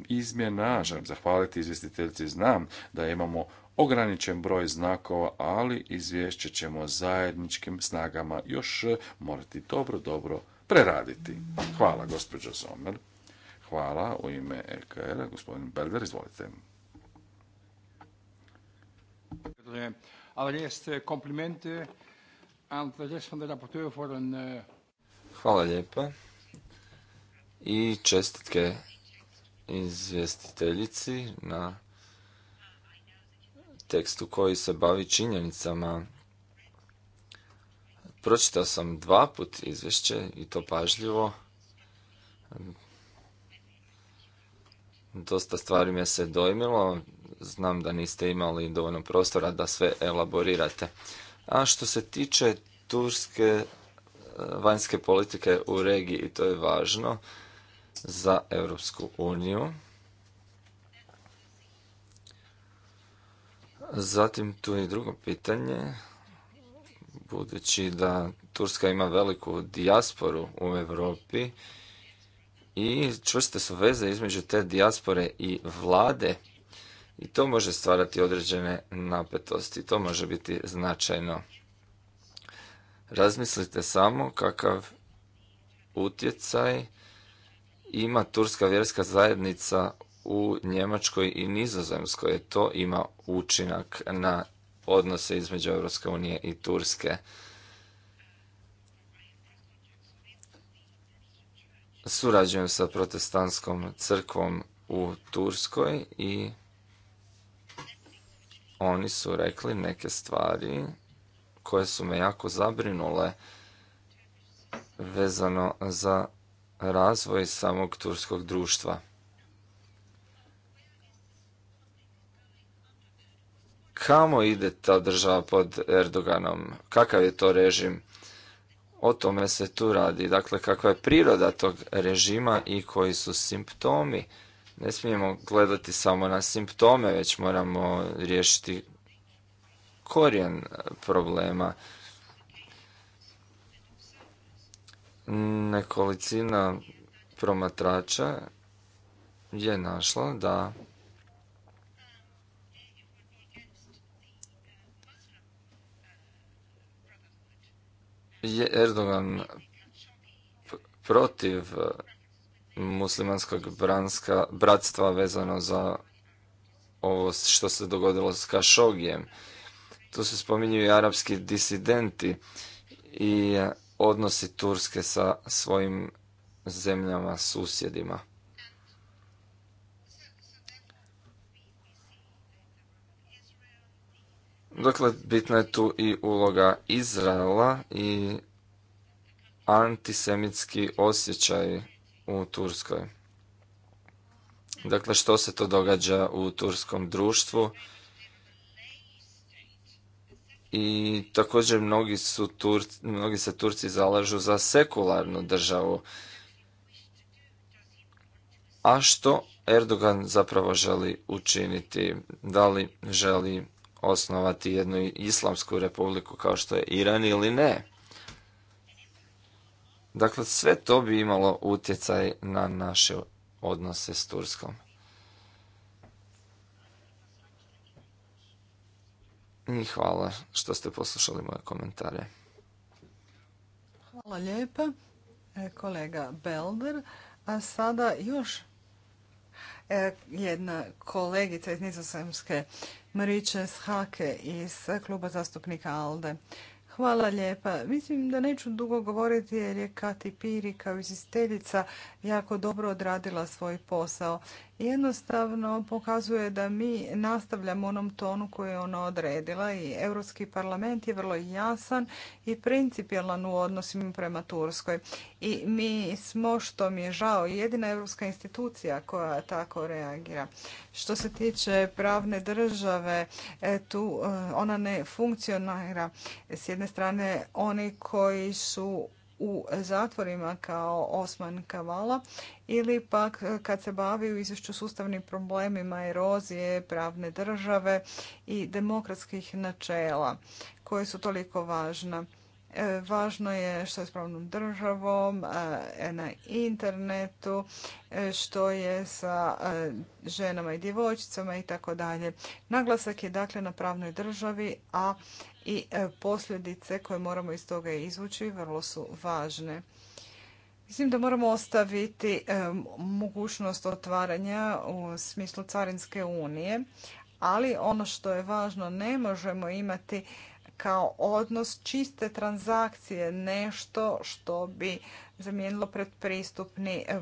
izmjena, želim zahvaliti izvjestiteljci, znam da imamo ograničen broj znakova, ali izvješće ćemo zajedničkim snagama još morati dobro, dobro preraditi. Hvala, gospođo Sommer. Hvala u ime ekr gospodin Belder, izvolite. Allereerst complimenten aan de rapporteur voor een... Hvala lijepa. I čestitke izvjestiteljici na tekstu koji se bavi činjenicama. Pročitao sam dva put izvješće i to pažljivo. Dosta stvari me se dojmilo. Znam da niste imali dovoljno prostora da sve elaborirate. A što se tiče turske e, vanjske politike u regiji, to je važno za Europsku uniju. Zatim tu je drugo pitanje, budući da Turska ima veliku dijasporu u Europi i čvrste su veze između te dijaspore i vlade i to može stvarati određene napetosti, to može biti značajno. Razmislite samo kakav utjecaj ima turska vjerska zajednica u Njemačkoj i Nizozemskoj to ima učinak na odnose između Europske unije i Turske. Surađujem sa protestantskom crkvom u Turskoj i oni su rekli neke stvari koje su me jako zabrinule vezano za razvoj samog turskog društva. Kamo ide ta država pod Erdoganom? Kakav je to režim? O tome se tu radi. Dakle, kakva je priroda tog režima i koji su simptomi? Ne smijemo gledati samo na simptome, već moramo riješiti korijen problema. Nekolicina promatrača je našla da je Erdogan protiv eh, muslimanskog branska, bratstva vezano za ovo što se dogodilo s Kašogijem. Tu se spominjuju i arapski disidenti i eh, odnosi Turske sa svojim zemljama, susjedima. Dakle, bitna je tu i uloga Izraela i antisemitski osjećaj u Turskoj. Dakle, što se to događa u turskom društvu? I također mnogi, su Turci, mnogi se Turci zalažu za sekularnu državu. A što Erdogan zapravo želi učiniti? Da li želi osnovati jednu islamsku republiku kao što je Iran ili ne. Dakle, sve to bi imalo utjecaj na naše odnose s Turskom. I hvala što ste poslušali moje komentare. Hvala lijepa, e, kolega Belder. A sada još e, jedna kolegica iz Nizozemske Mariće Hake iz kluba zastupnika ALDE. Hvala lijepa. Mislim da neću dugo govoriti jer je Kati Piri kao izisteljica jako dobro odradila svoj posao jednostavno pokazuje da mi nastavljamo onom tonu koji je ona odredila i Europski parlament je vrlo jasan i principijelan u odnosima prema Turskoj. I mi smo, što mi je žao, jedina europska institucija koja tako reagira. Što se tiče pravne države, e, tu e, ona ne funkcionira. S jedne strane, oni koji su u zatvorima kao Osman Kavala ili pak kad se bavi u izvješću sustavnim problemima erozije, pravne države i demokratskih načela koje su toliko važna. E, važno je što je s pravnom državom, e, na internetu, e, što je sa ženama i djevojčicama i tako dalje. Naglasak je dakle na pravnoj državi, a i e, posljedice koje moramo iz toga izvući vrlo su važne. Mislim da moramo ostaviti e, mogućnost otvaranja u smislu Carinske unije, ali ono što je važno, ne možemo imati kao odnos čiste transakcije nešto što bi zamijenilo predpristupni e,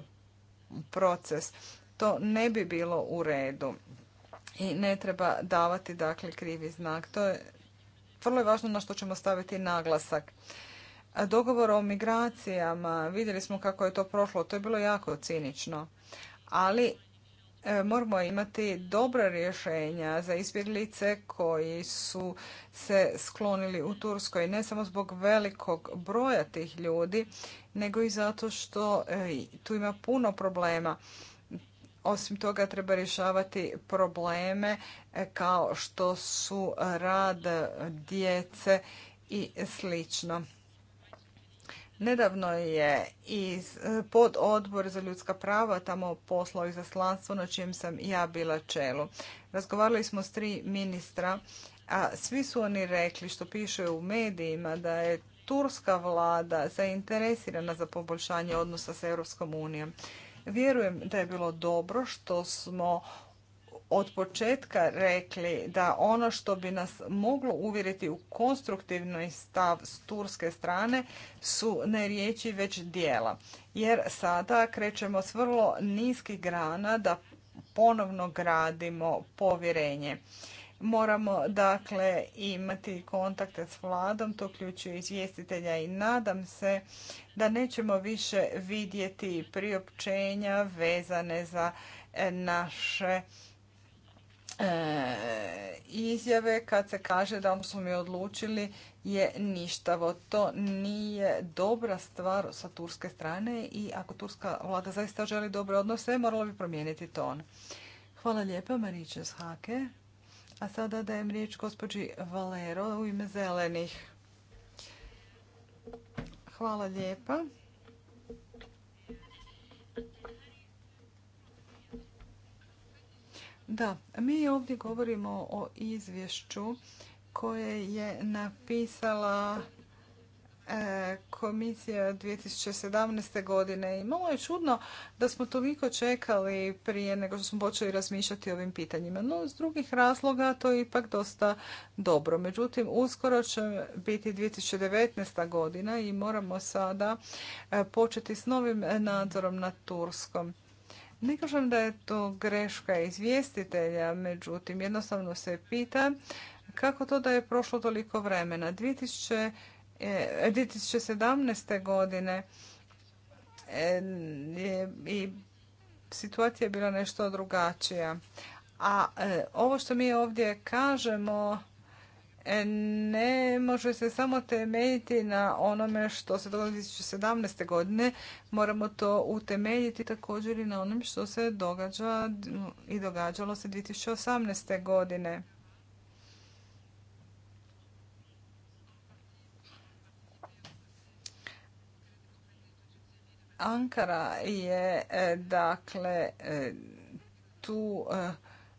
proces. To ne bi bilo u redu i ne treba davati dakle krivi znak. To je vrlo je važno na što ćemo staviti naglasak. Dogovor o migracijama, vidjeli smo kako je to prošlo, to je bilo jako cinično. Ali e, moramo imati dobra rješenja za izbjeglice koji su se sklonili u Turskoj, ne samo zbog velikog broja tih ljudi, nego i zato što e, tu ima puno problema. Osim toga treba rješavati probleme e, kao što su rad djece i slično. Nedavno je iz e, pod odbor za ljudska prava tamo poslao izaslanstvo na čijem sam ja bila čelu. Razgovarali smo s tri ministra, a svi su oni rekli što piše u medijima da je turska vlada zainteresirana za poboljšanje odnosa s Europskom unijom. Vjerujem da je bilo dobro što smo od početka rekli da ono što bi nas moglo uvjeriti u konstruktivni stav s turske strane su ne riječi već dijela. Jer sada krećemo s vrlo niskih grana da ponovno gradimo povjerenje. Moramo dakle imati kontakte s vladom, to uključuje izvjestitelja i nadam se da nećemo više vidjeti priopćenja vezane za e, naše e, izjave kad se kaže da ono smo mi odlučili je ništavo. To nije dobra stvar sa turske strane i ako turska vlada zaista želi dobre odnose, moralo bi promijeniti ton. Hvala lijepa, Maričas Hake. A sada dajem riječ gospođi Valero u ime zelenih. Hvala lijepa. Da, mi ovdje govorimo o izvješću koje je napisala E, komisija 2017. godine i malo je čudno da smo toliko čekali prije nego što smo počeli razmišljati o ovim pitanjima. No, s drugih razloga to je ipak dosta dobro. Međutim, uskoro će biti 2019. godina i moramo sada e, početi s novim nadzorom na Turskom. Ne kažem da je to greška izvjestitelja, međutim, jednostavno se pita kako to da je prošlo toliko vremena. 2017. godine e, i situacija je bila nešto drugačija. A e, ovo što mi ovdje kažemo e, ne može se samo temeljiti na onome što se dogodilo 2017. godine. Moramo to utemeljiti također i na onome što se događa i događalo se 2018. godine. Ankara je e, dakle e, tu e,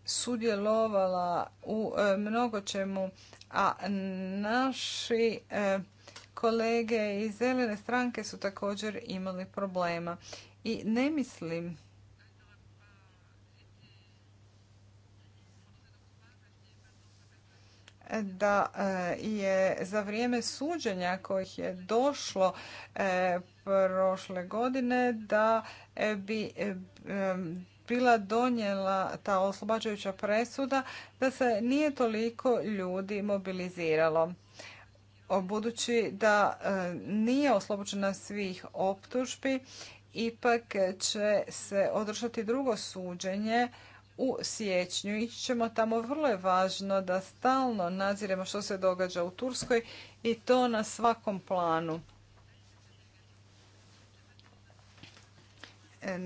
sudjelovala u mnogo čemu, a naši kolege iz zelene stranke su također imali problema. I ne mislim da e, je za vrijeme suđenja kojih je došlo e, prošle godine da e, bi bila donijela ta oslobađajuća presuda da se nije toliko ljudi mobiliziralo. Budući da nije oslobođena svih optužbi, ipak će se održati drugo suđenje u siječnju. Ići ćemo tamo. Vrlo je važno da stalno naziremo što se događa u Turskoj i to na svakom planu. E,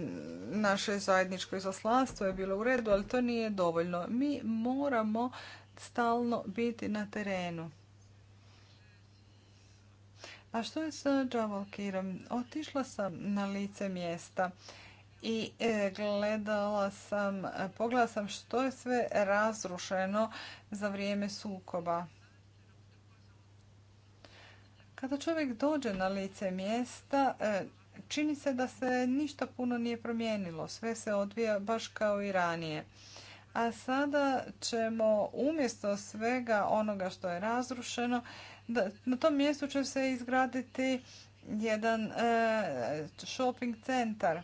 naše zajedničko izaslanstvo je bilo u redu, ali to nije dovoljno. Mi moramo stalno biti na terenu. A što je sa mjesta. Otišla sam na lice mjesta i e, gledala sam, pogledala sam što je sve razrušeno za vrijeme sukoba. Kada čovjek dođe na lice mjesta, e, čini se da se ništa puno nije promijenilo. Sve se odvija baš kao i ranije. A sada ćemo umjesto svega onoga što je razrušeno, na tom mjestu će se izgraditi jedan e, shopping centar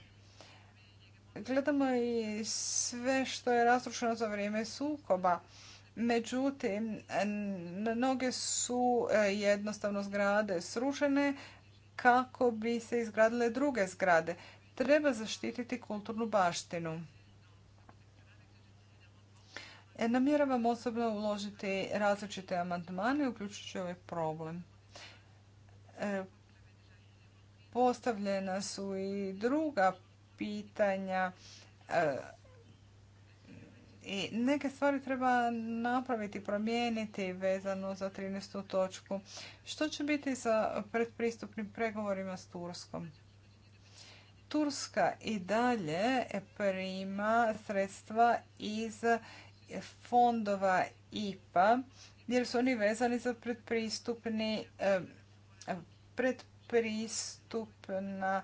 Gledamo i sve što je razrušeno za vrijeme sukoba. Međutim, mnoge su e, jednostavno zgrade srušene kako bi se izgradile druge zgrade. Treba zaštititi kulturnu baštinu. E, namjeravam osobno uložiti različite amandmane, uključujući ovaj problem. E, postavljena su i druga pitanja e, i neke stvari treba napraviti, promijeniti vezano za 13. točku. Što će biti sa predpristupnim pregovorima s Turskom? Turska i dalje prima sredstva iz fondova IPA jer su oni vezani za predpristupni e, predpristupna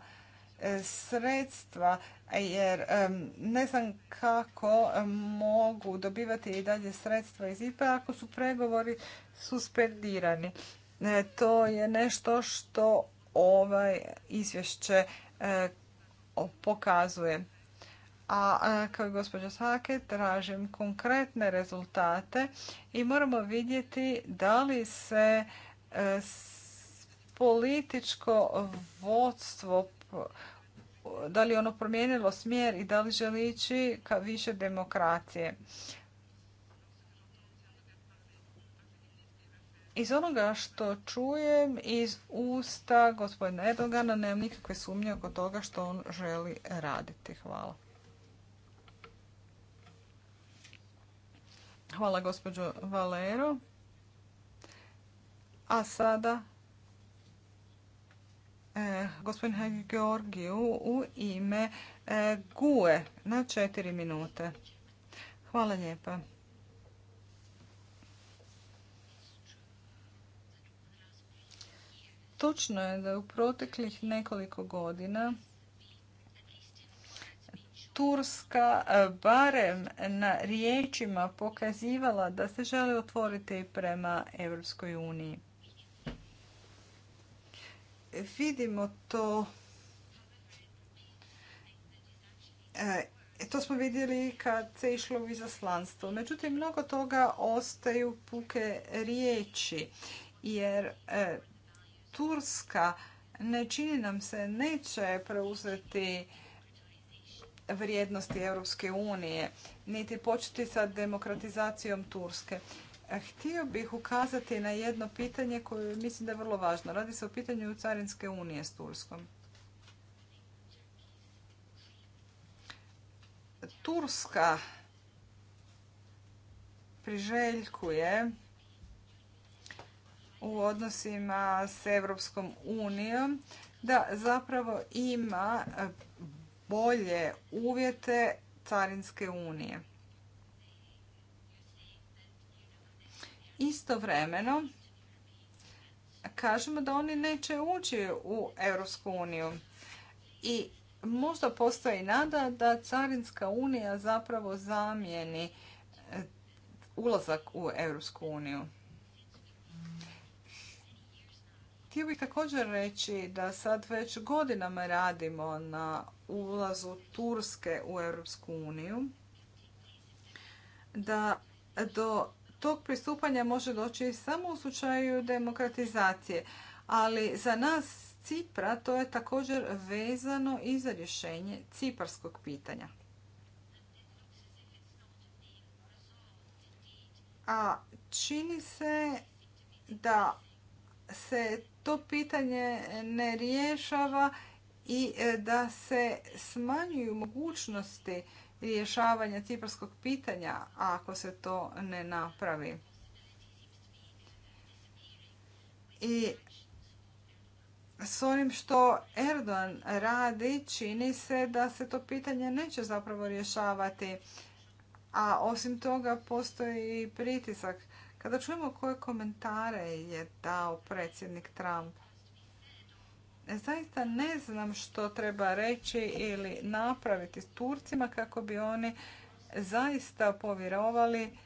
sredstva jer ne znam kako mogu dobivati i dalje sredstva iz IPA ako su pregovori suspendirani. E, to je nešto što ovaj izvješće e, pokazuje. A e, kao i gospođa Sake tražim konkretne rezultate i moramo vidjeti da li se političko vodstvo da li ono promijenilo smjer i da li želi ići ka više demokracije. Iz onoga što čujem iz usta gospodina Erdogana nemam nikakve sumnje oko toga što on želi raditi. Hvala. Hvala gospođo Valero. A sada E, gospodin Hagi Georgiju u ime e, GUE na četiri minute. Hvala lijepa. Točno je da u proteklih nekoliko godina Turska e, barem na riječima pokazivala da se želi otvoriti prema eu uniji vidimo to e, to smo vidjeli kad se išlo u izaslanstvo. Međutim, mnogo toga ostaju puke riječi, jer e, Turska ne čini nam se neće preuzeti vrijednosti Europske unije, niti početi sa demokratizacijom Turske. Htio bih ukazati na jedno pitanje koje mislim da je vrlo važno. Radi se o pitanju Carinske unije s Turskom. Turska priželjkuje u odnosima s Evropskom unijom da zapravo ima bolje uvjete Carinske unije. istovremeno kažemo da oni neće ući u Europsku uniju. I možda postoji nada da Carinska unija zapravo zamijeni e, ulazak u Europsku uniju. Htio bih također reći da sad već godinama radimo na ulazu Turske u Europsku uniju, da do tog pristupanja može doći samo u slučaju demokratizacije. Ali za nas Cipra to je također vezano i za rješenje ciparskog pitanja. A čini se da se to pitanje ne rješava i e, da se smanjuju mogućnosti rješavanja ciparskog pitanja ako se to ne napravi. I s onim što Erdogan radi, čini se da se to pitanje neće zapravo rješavati. A osim toga postoji i pritisak. Kada čujemo koje komentare je dao predsjednik Trump, Zaista ne znam što treba reći ili napraviti s Turcima kako bi oni zaista povjerovali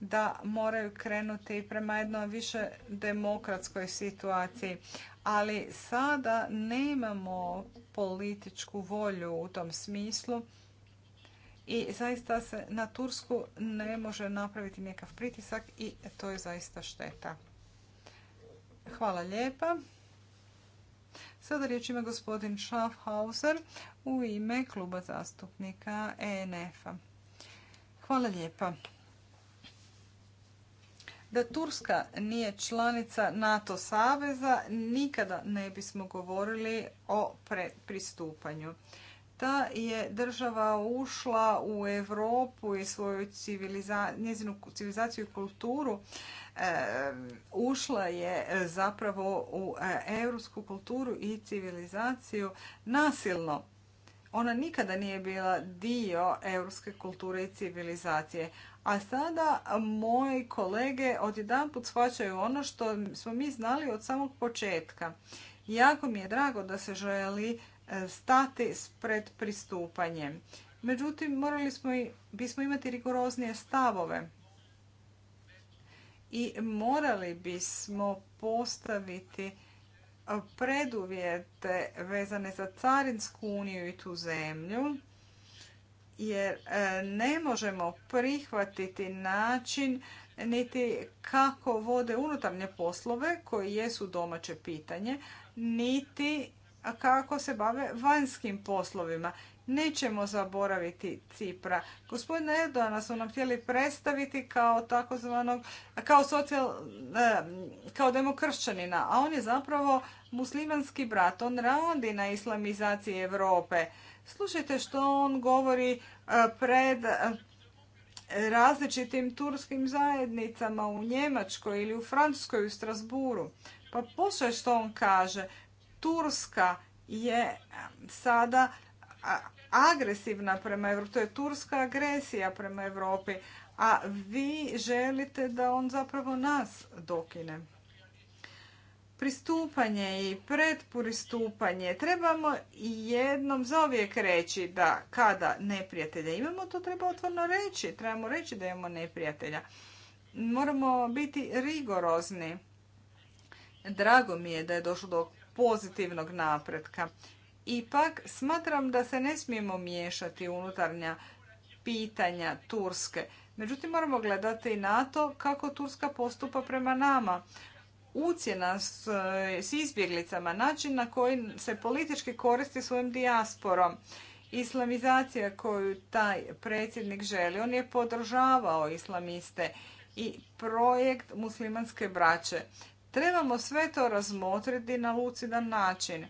da moraju krenuti prema jednoj više demokratskoj situaciji. Ali sada nemamo političku volju u tom smislu i zaista se na Tursku ne može napraviti nekakav pritisak i to je zaista šteta. Hvala lijepa. Sada riječ ima gospodin Schaffhauser u ime kluba zastupnika ENF-a. Hvala lijepa. Da Turska nije članica NATO saveza, nikada ne bismo govorili o pristupanju da je država ušla u Europu i svoju njezinu civilizaciju i kulturu e, ušla je zapravo u e, europsku kulturu i civilizaciju nasilno. Ona nikada nije bila dio europske kulture i civilizacije. A sada moji kolege put shvaćaju ono što smo mi znali od samog početka. Jako mi je drago da se želi stati pred pristupanjem. Međutim, morali smo i, bismo imati rigoroznije stavove i morali bismo postaviti preduvjete vezane za carinsku uniju i tu zemlju, jer e, ne možemo prihvatiti način niti kako vode unutarnje poslove koji jesu domaće pitanje, niti kako se bave vanjskim poslovima. Nećemo zaboraviti Cipra. Gospodina Erdoana su nam htjeli predstaviti kao takozvanog, kao, socijal, e, kao demokršćanina, a on je zapravo muslimanski brat. On radi na islamizaciji Europe. Slušajte što on govori e, pred e, različitim turskim zajednicama u Njemačkoj ili u Francuskoj u Strasburu. Pa poslušaj što on kaže. Turska je sada agresivna prema Evropi. to je turska agresija prema Europi, a vi želite da on zapravo nas dokine. Pristupanje i predpristupanje trebamo jednom zauvijek reći da kada neprijatelja imamo, to treba otvorno reći. Trebamo reći da imamo neprijatelja. Moramo biti rigorozni. Drago mi je da je došlo do pozitivnog napretka. Ipak smatram da se ne smijemo miješati unutarnja pitanja Turske. Međutim, moramo gledati i na to kako Turska postupa prema nama. Ucjena s, s izbjeglicama, način na koji se politički koristi svojim dijasporom, islamizacija koju taj predsjednik želi, on je podržavao islamiste i projekt muslimanske braće. Trebamo sve to razmotriti na lucidan način.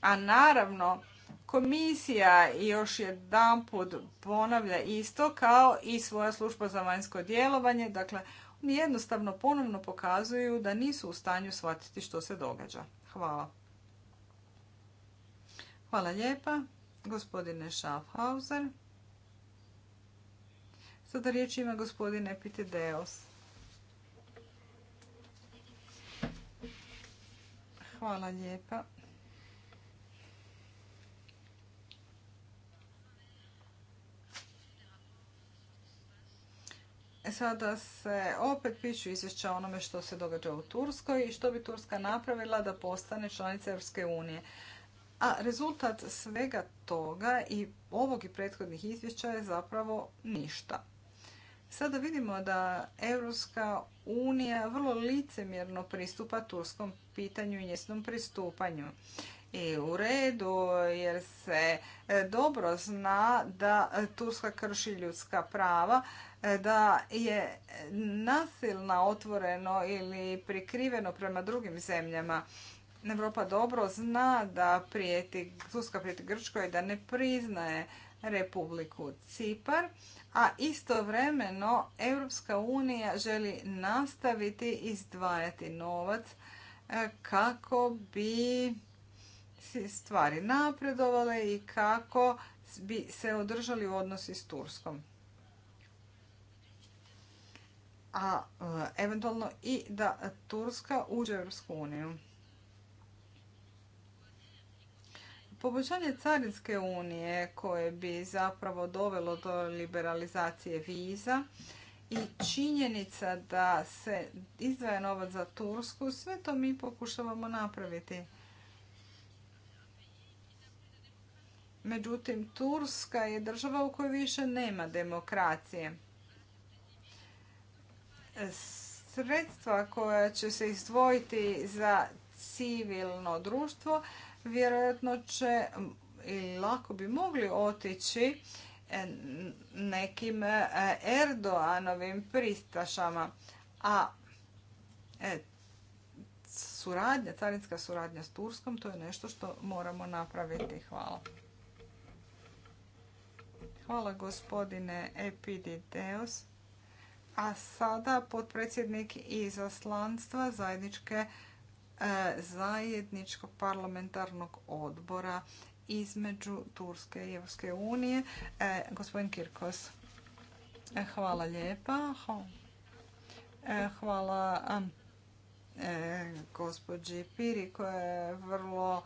A naravno, komisija još jedan put ponavlja isto kao i svoja služba za vanjsko djelovanje. Dakle, oni jednostavno ponovno pokazuju da nisu u stanju shvatiti što se događa. Hvala. Hvala lijepa, gospodine Schaffhauser. Sada riječ ima gospodine Pitedeos. Hvala lijepa. Sada se opet pišu izvješća o onome što se događa u Turskoj i što bi Turska napravila da postane članica Europske unije. A rezultat svega toga i ovog i prethodnih izvješća je zapravo ništa. Sada vidimo da Europska unija vrlo licemjerno pristupa turskom pitanju i njesnom pristupanju. I u redu, jer se e, dobro zna da Turska krši ljudska prava, e, da je nasilna otvoreno ili prikriveno prema drugim zemljama. Evropa dobro zna da prijeti, Turska prijeti Grčkoj, da ne priznaje Republiku Cipar, a istovremeno Europska unija želi nastaviti izdvajati novac e, kako bi se stvari napredovale i kako bi se održali u odnosi s Turskom. A e, eventualno i da Turska uđe u Europsku uniju. Poboljšanje carinske unije koje bi zapravo dovelo do liberalizacije viza i činjenica da se izdvaja novac za Tursku, sve to mi pokušavamo napraviti. Međutim, Turska je država u kojoj više nema demokracije. Sredstva koja će se izdvojiti za civilno društvo vjerojatno će i lako bi mogli otići e, nekim e, Erdoanovim pristašama. A e, suradnja, carinska suradnja s Turskom, to je nešto što moramo napraviti. Hvala. Hvala gospodine Epidideos. A sada potpredsjednik izaslanstva zajedničke E, zajedničkog parlamentarnog odbora između Turske i Evropske unije. E, gospodin Kirkos. E, hvala lijepa. Hvala gospođi Piri koja je vrlo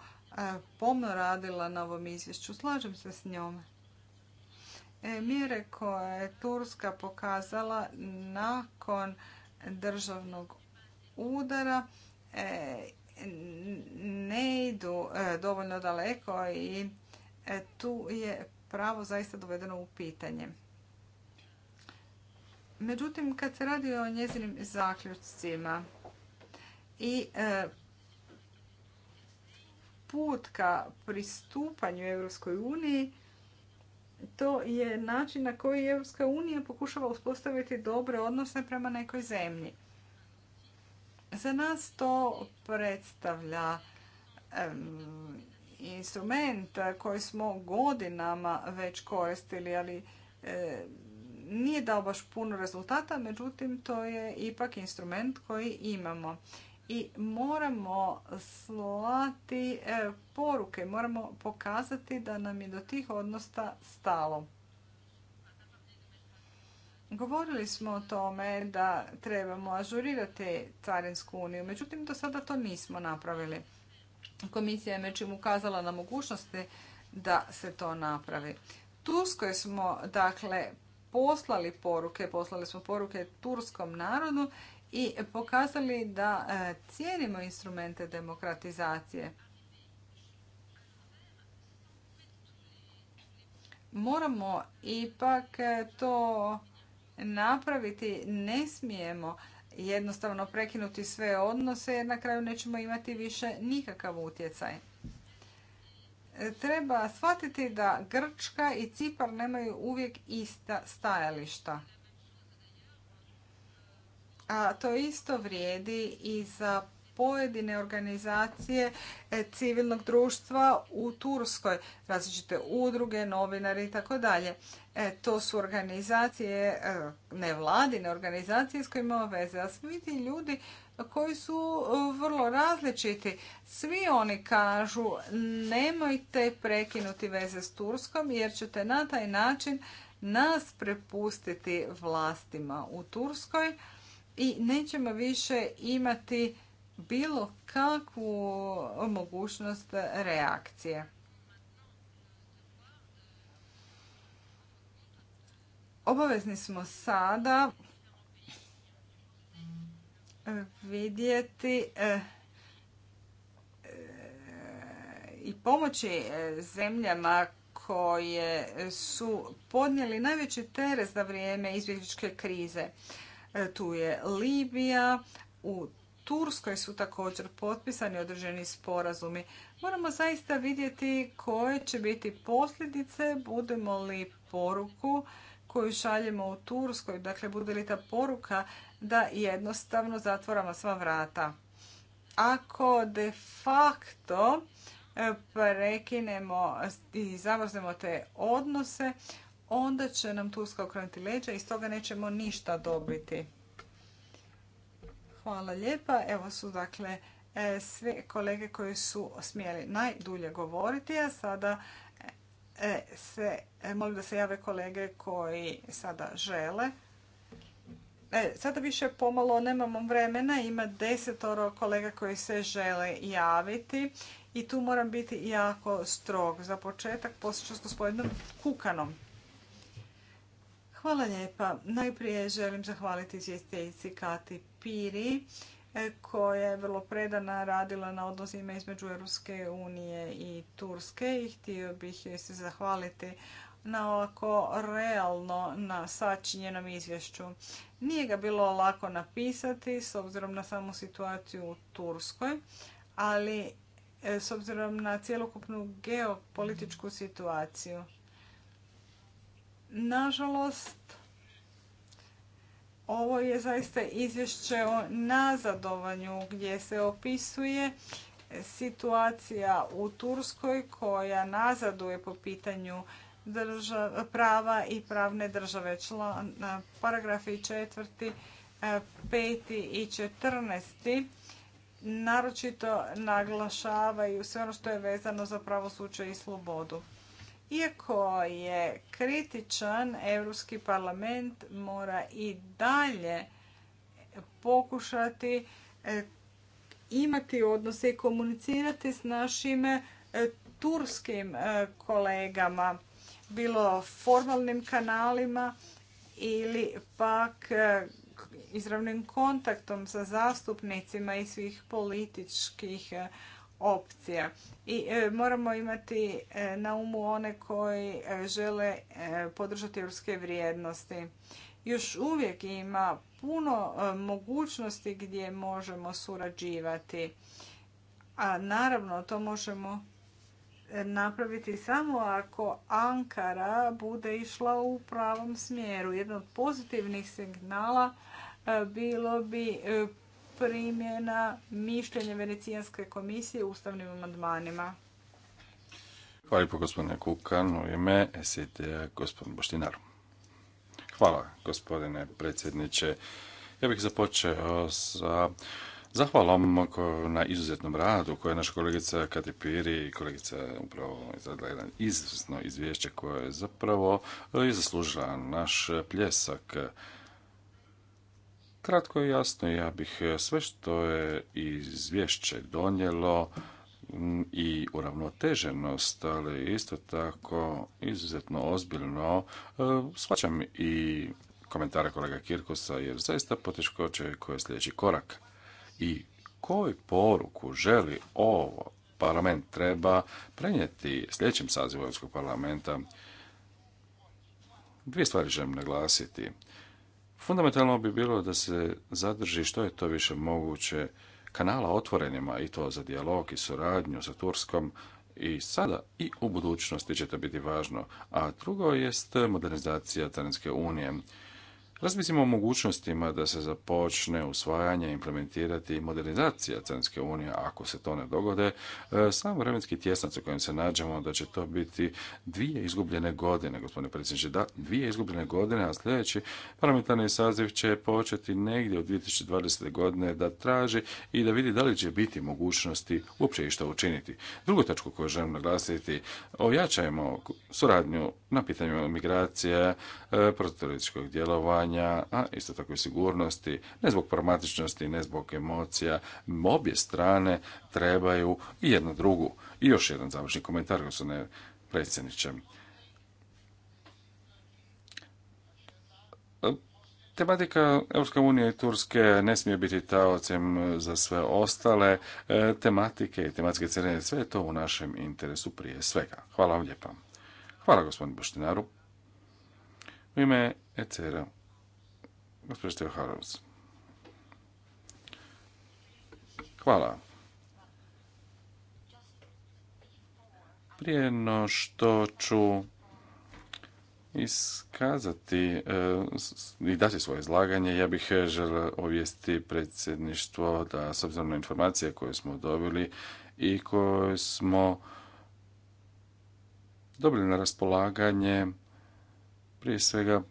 pomno radila na ovom izvješću. Slažem se s njom. Mjere koje je Turska pokazala nakon državnog udara E, ne idu e, dovoljno daleko i e, tu je pravo zaista dovedeno u pitanje. Međutim, kad se radi o njezinim zaključcima i put ka pristupanju Europskoj uniji, to je način na koji Europska unija pokušava uspostaviti dobre odnose prema nekoj zemlji. Za nas to predstavlja instrument koji smo godinama već koristili, ali e, nije dao baš puno rezultata, međutim to je ipak instrument koji imamo. I moramo slati e, poruke, moramo pokazati da nam je do tih odnosa stalo. Govorili smo o tome da trebamo ažurirati Carinsku uniju, međutim do sada to nismo napravili. Komisija je međutim ukazala na mogućnosti da se to napravi. Turskoj smo dakle poslali poruke, poslali smo poruke turskom narodu i pokazali da e, cijenimo instrumente demokratizacije. Moramo ipak e, to napraviti. Ne smijemo jednostavno prekinuti sve odnose jer na kraju nećemo imati više nikakav utjecaj. E, treba shvatiti da Grčka i Cipar nemaju uvijek ista stajališta. A to isto vrijedi i za pojedine organizacije e, civilnog društva u Turskoj, različite udruge, novinari i tako dalje. E, to su organizacije, e, nevladine organizacije s kojima imamo veze, a svi ti ljudi koji su vrlo različiti. Svi oni kažu nemojte prekinuti veze s Turskom jer ćete na taj način nas prepustiti vlastima u Turskoj i nećemo više imati bilo kakvu mogućnost reakcije. Obavezni smo sada vidjeti e, e, i pomoći e, zemljama koje su podnijeli najveći teret za vrijeme izbjegličke krize. Tu je Libija, u Turskoj su također potpisani određeni sporazumi. Moramo zaista vidjeti koje će biti posljedice, budemo li poruku koju šaljemo u Turskoj, dakle bude li ta poruka da jednostavno zatvoramo sva vrata. Ako de facto e, prekinemo i zavrznemo te odnose, onda će nam Turska okrenuti leđa i stoga nećemo ništa dobiti. Hvala lijepa. Evo su dakle e, sve kolege koji su smjeli najdulje govoriti, a sada e, se, e, molim da se jave kolege koji sada žele. E, sada više pomalo nemamo vremena, ima desetoro kolega koji se žele javiti i tu moram biti jako strog. Za početak poslije ću s gospodinom Kukanom. Hvala lijepa. Najprije želim zahvaliti izvjestiteljici Kati Piri e, koja je vrlo predana radila na odnosima između Europske unije i Turske i htio bih joj se zahvaliti na ovako realno na sačinjenom izvješću. Nije ga bilo lako napisati s obzirom na samu situaciju u Turskoj, ali e, s obzirom na cjelokupnu geopolitičku situaciju. Nažalost, ovo je zaista izvješće o nazadovanju gdje se opisuje situacija u Turskoj koja nazaduje po pitanju prava i pravne države. Član, paragrafi četvrti, peti i četrnesti naročito naglašavaju sve ono što je vezano za pravo i slobodu. Iako je kritičan, Europski parlament mora i dalje pokušati e, imati odnose i komunicirati s našim e, turskim e, kolegama, bilo formalnim kanalima ili pak izravnim kontaktom sa zastupnicima i svih političkih opcija. I e, moramo imati e, na umu one koji e, žele podržati europske vrijednosti. Još uvijek ima puno mogućnosti gdje možemo surađivati. A naravno to možemo napraviti samo ako Ankara bude išla u pravom smjeru. Jedan od pozitivnih signala bilo bi primjena mišljenja Venecijanske komisije ustavnim amandmanima. Hvala lijepo gospodine Kukan, u ime SID gospodin Boštinar. Hvala gospodine predsjedniče. Ja bih započeo sa Zahvalom na izuzetnom radu koje je naša kolegica Katipiri i kolegica upravo izradila jedan izvrsno izvješće koje je zapravo i zaslužila naš pljesak. Kratko i jasno, ja bih e, sve što je izvješće donijelo i uravnoteženost, ali isto tako izuzetno ozbiljno e, shvaćam i komentare kolega Kirkosa, jer zaista poteškoće koje je sljedeći korak i koju poruku želi ovo parlament treba prenijeti sljedećem sazivu Europskog parlamenta. Dvije stvari želim naglasiti. Fundamentalno bi bilo da se zadrži što je to više moguće kanala otvorenima i to za dijalog i suradnju sa Turskom i sada i u budućnosti će to biti važno. A drugo jest modernizacija Carinske unije. Razmislimo o mogućnostima da se započne usvajanje, implementirati i modernizacija Crnske unije. Ako se to ne dogode, e, sam vremenski tjesnac u kojem se nađemo da će to biti dvije izgubljene godine, gospodine predsjedniče. Da, dvije izgubljene godine, a sljedeći parlamentarni saziv će početi negdje od 2020. godine da traži i da vidi da li će biti mogućnosti uopće išta učiniti. Drugu točku koju želim naglasiti, ojačajmo suradnju na pitanju migracije, E, protivterorističkog djelovanja, a isto tako i sigurnosti, ne zbog pragmatičnosti, ne zbog emocija. Obje strane trebaju i jednu drugu. I još jedan završni komentar, gospodine predsjedniče. Tematika EU i Turske ne smije biti taocem za sve ostale e, tematike i tematske crne. Sve je to u našem interesu prije svega. Hvala vam lijepa. Hvala gospodinu Boštinaru. U ime ECR-a, gospođa Steoharovs. Hvala. Prije no što ću iskazati e, i dati svoje izlaganje. Ja bih e, želio ovijesti predsjedništvo da s obzirom na informacije koje smo dobili i koje smo dobili na raspolaganje prije svega,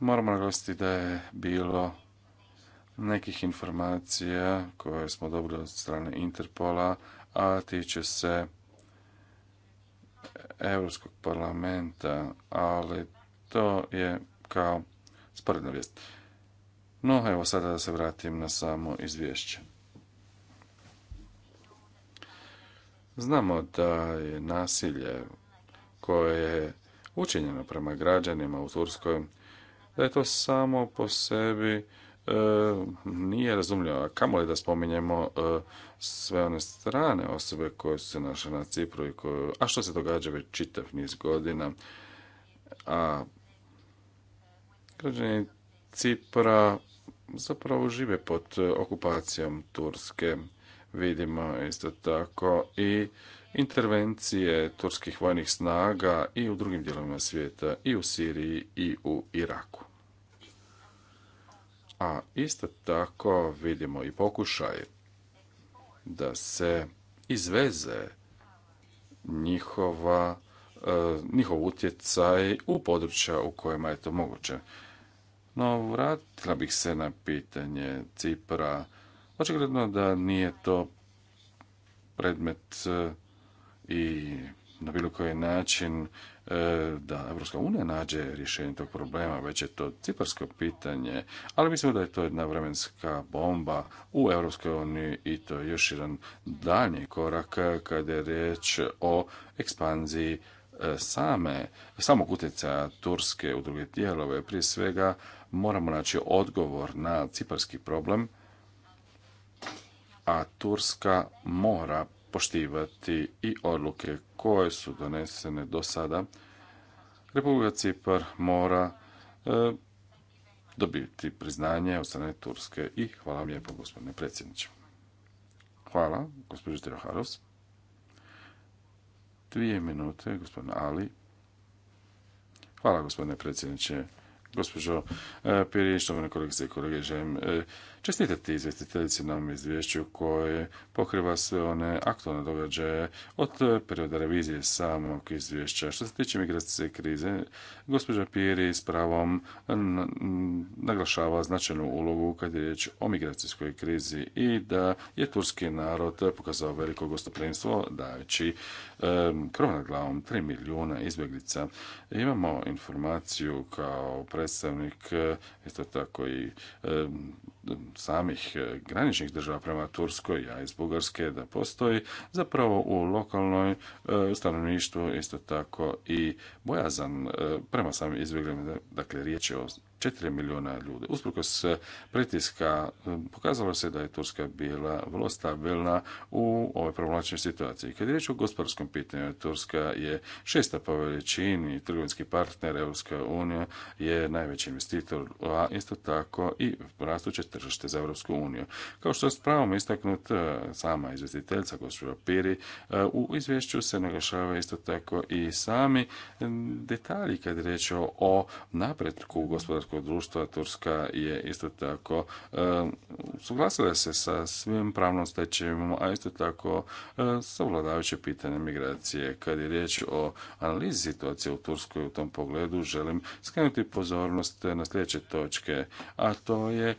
moramo naglasiti da je bilo nekih informacija koje smo dobili od strane Interpola, a tiče se Europskog parlamenta, ali to je kao sporedna vijest. No, evo sada da se vratim na samo izvješće. Znamo da je nasilje koje je učinjeno prema građanima u Turskoj, da je to samo po sebi e, nije razumljivo. A kamo li da spominjemo e, sve one strane osobe koje su se našle na Cipru i koje, a što se događa već čitav niz godina, a građani Cipra zapravo žive pod okupacijom Turske. Vidimo isto tako i intervencije turskih vojnih snaga i u drugim dijelovima svijeta, i u Siriji i u Iraku. A isto tako vidimo i pokušaj da se izveze njihova, eh, njihov utjecaj u područja u kojima je to moguće. No, vratila bih se na pitanje Cipra. Očigledno da nije to predmet eh, i na bilo koji način e, da Evropska unija nađe rješenje tog problema, već je to ciparsko pitanje, ali mislimo da je to jedna vremenska bomba u Evropskoj uniji i to je još jedan daljnji korak kada je riječ o ekspanziji e, same, samog utjecaja Turske u druge dijelove. Prije svega moramo naći odgovor na ciparski problem, a Turska mora poštivati i odluke koje su donesene do sada. Republika Cipar mora e, dobiti priznanje od strane Turske i hvala vam lijepo gospodine predsjedniče. Hvala, gospođo Haros. Dvije minute, gospodine Ali. Hvala, gospodine predsjedniče. Gospođo e, Pirić, kolegice i kolege, e, čestitati izvjestiteljici na ovom izvješću koje pokriva sve one aktualne događaje od perioda revizije samog izvješća. Što se tiče migracijske krize, gospođa Piri s pravom naglašava značajnu ulogu kad je riječ o migracijskoj krizi i da je turski narod pokazao veliko gostoprimstvo dajući krov nad glavom 3 milijuna izbjeglica. Imamo informaciju kao predstavnik isto tako i samih e, graničnih država prema Turskoj, a iz Bugarske, da postoji zapravo u lokalnoj e, stanovništvu isto tako i bojazan e, prema samim izbjeglim, dakle riječ je o 4 milijuna ljudi. Usprkos e, pritiska e, pokazalo se da je Turska bila vrlo stabilna u ovoj problematičnoj situaciji. Kad je riječ o gospodarskom pitanju, Turska je šesta po veličini trgovinski partner Europske unija je najveći investitor, a isto tako i rastuće tržište za Europsku uniju. Kao što je s pravom istaknut e, sama izvjestiteljica gospođa Piri, u izvješću se naglašava isto tako i sami detalji kad je riječ o napretku gospodarskog društva Turska je isto tako suglasila se sa svim pravnom stečevinom, a isto tako vladajuće pitanje migracije. Kad je riječ o analizi situacije u Turskoj u tom pogledu, želim skrenuti pozornost na sljedeće točke, a to je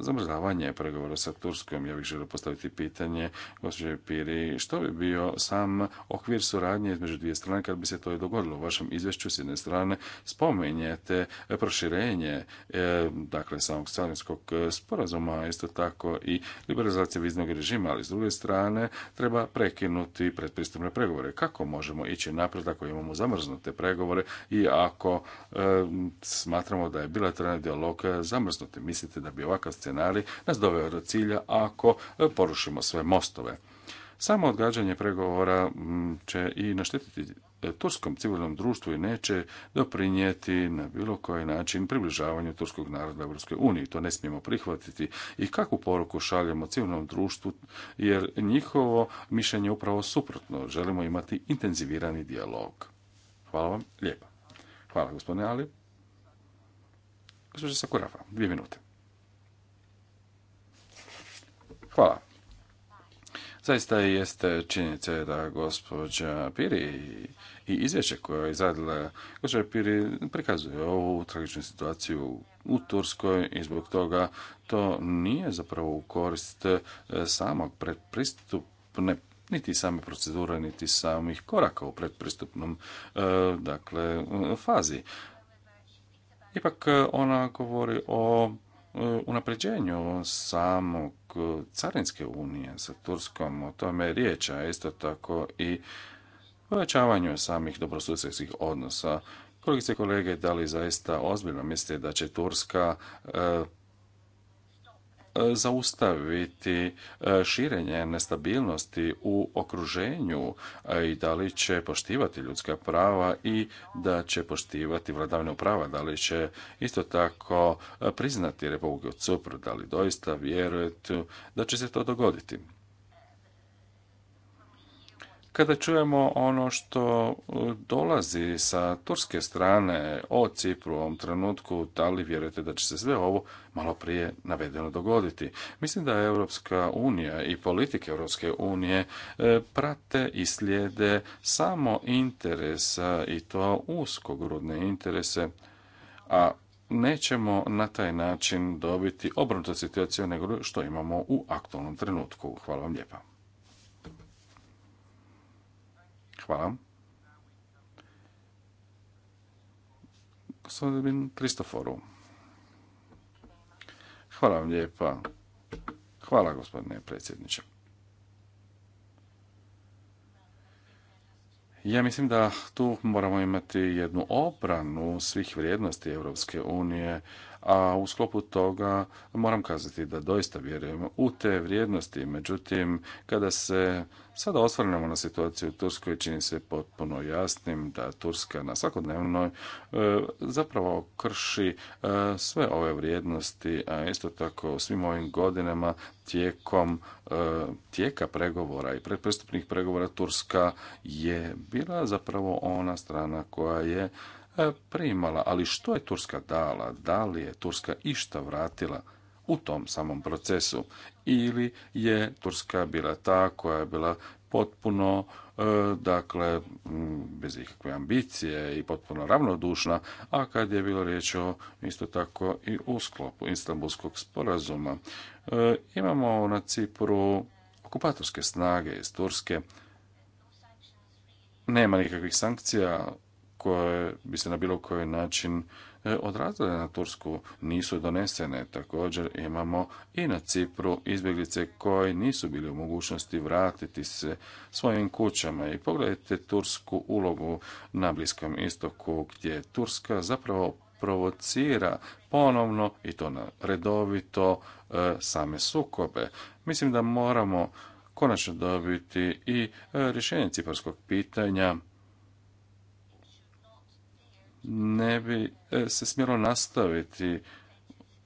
zamrzavanje pregovora sa Turskom. Ja bih želio postaviti pitanje gospođe Piri, što bi bio sam okvir suradnje između dvije strane kad bi se to i dogodilo? U vašem izvješću s jedne strane spomenjete proširenje e, dakle samog stalinskog e, sporazuma, isto tako i liberalizacija viznog režima, ali s druge strane treba prekinuti predpristupne pregovore. Kako možemo ići naprijed ako imamo zamrznute pregovore i ako e, smatramo da je bilateralni dijalog zamrznut? Mislite da bi ovakav scenarij nas doveo do cilja ako porušimo sve mostove? Samo odgađanje pregovora će i naštetiti E, turskom civilnom društvu i neće doprinijeti na bilo koji način približavanju turskog naroda Europskoj uniji. To ne smijemo prihvatiti. I kakvu poruku šaljemo civilnom društvu, jer njihovo mišljenje je upravo suprotno. Želimo imati intenzivirani dijalog. Hvala vam lijepo Hvala gospodine Ali. Gospodine Sakurafa, dvije minute. Hvala. Zaista jeste činjenica da gospođa Piri i izvješće koje je izradila gospođa Piri prikazuje ovu tragičnu situaciju u Turskoj i zbog toga to nije zapravo u korist e, samog predpristupne niti same procedure, niti samih koraka u predpristupnom e, dakle, fazi. Ipak e, ona govori o unapređenju samog E, carinske unije sa Turskom, o tome je riječ, a isto tako i povećavanju samih dobrosusjedskih odnosa. Kolegice i kolege, da li zaista ozbiljno mislite da će Turska e, zaustaviti e, širenje nestabilnosti u okruženju i da li će poštivati ljudska prava i da će poštivati vladavnu prava, da li će isto tako e, priznati Republiku Cipru, da li doista vjerujete da će se to dogoditi. Kada čujemo ono što e, dolazi sa turske strane o Cipru u ovom trenutku, da li vjerujete da će se sve ovo malo prije navedeno dogoditi? Mislim da je Europska unija i politike Europske unije e, prate i slijede samo interesa i to uskogrudne interese, a nećemo na taj način dobiti obrnutu situaciju nego što imamo u aktualnom trenutku. Hvala vam lijepa. Hvala. Gospodin Kristoforu. Hvala vam lijepa. Hvala gospodine predsjedniče. Ja mislim da tu moramo imati jednu obranu svih vrijednosti Europske unije, a u sklopu toga moram kazati da doista vjerujem u te vrijednosti. Međutim, kada se sada osvrnemo na situaciju u Turskoj, čini se potpuno jasnim da Turska na svakodnevnoj e, zapravo krši e, sve ove vrijednosti, a isto tako u svim ovim godinama tijekom e, tijeka pregovora i predpristupnih pregovora Turska je bila zapravo ona strana koja je E, primala, ali što je Turska dala? Da li je Turska išta vratila u tom samom procesu? Ili je Turska bila ta koja je bila potpuno e, dakle, bez ikakve ambicije i potpuno ravnodušna, a kad je bilo riječ o isto tako i u sklopu Istanbulskog sporazuma. E, imamo na Cipru okupatorske snage iz Turske, nema nikakvih sankcija koje bi se na bilo koji način e, odrazile na Tursku nisu donesene. Također imamo i na Cipru izbjeglice koji nisu bili u mogućnosti vratiti se svojim kućama. I pogledajte tursku ulogu na Bliskom istoku gdje Turska zapravo provocira ponovno i to na redovito e, same sukobe. Mislim da moramo konačno dobiti i e, rješenje ciparskog pitanja ne bi e, se smjelo nastaviti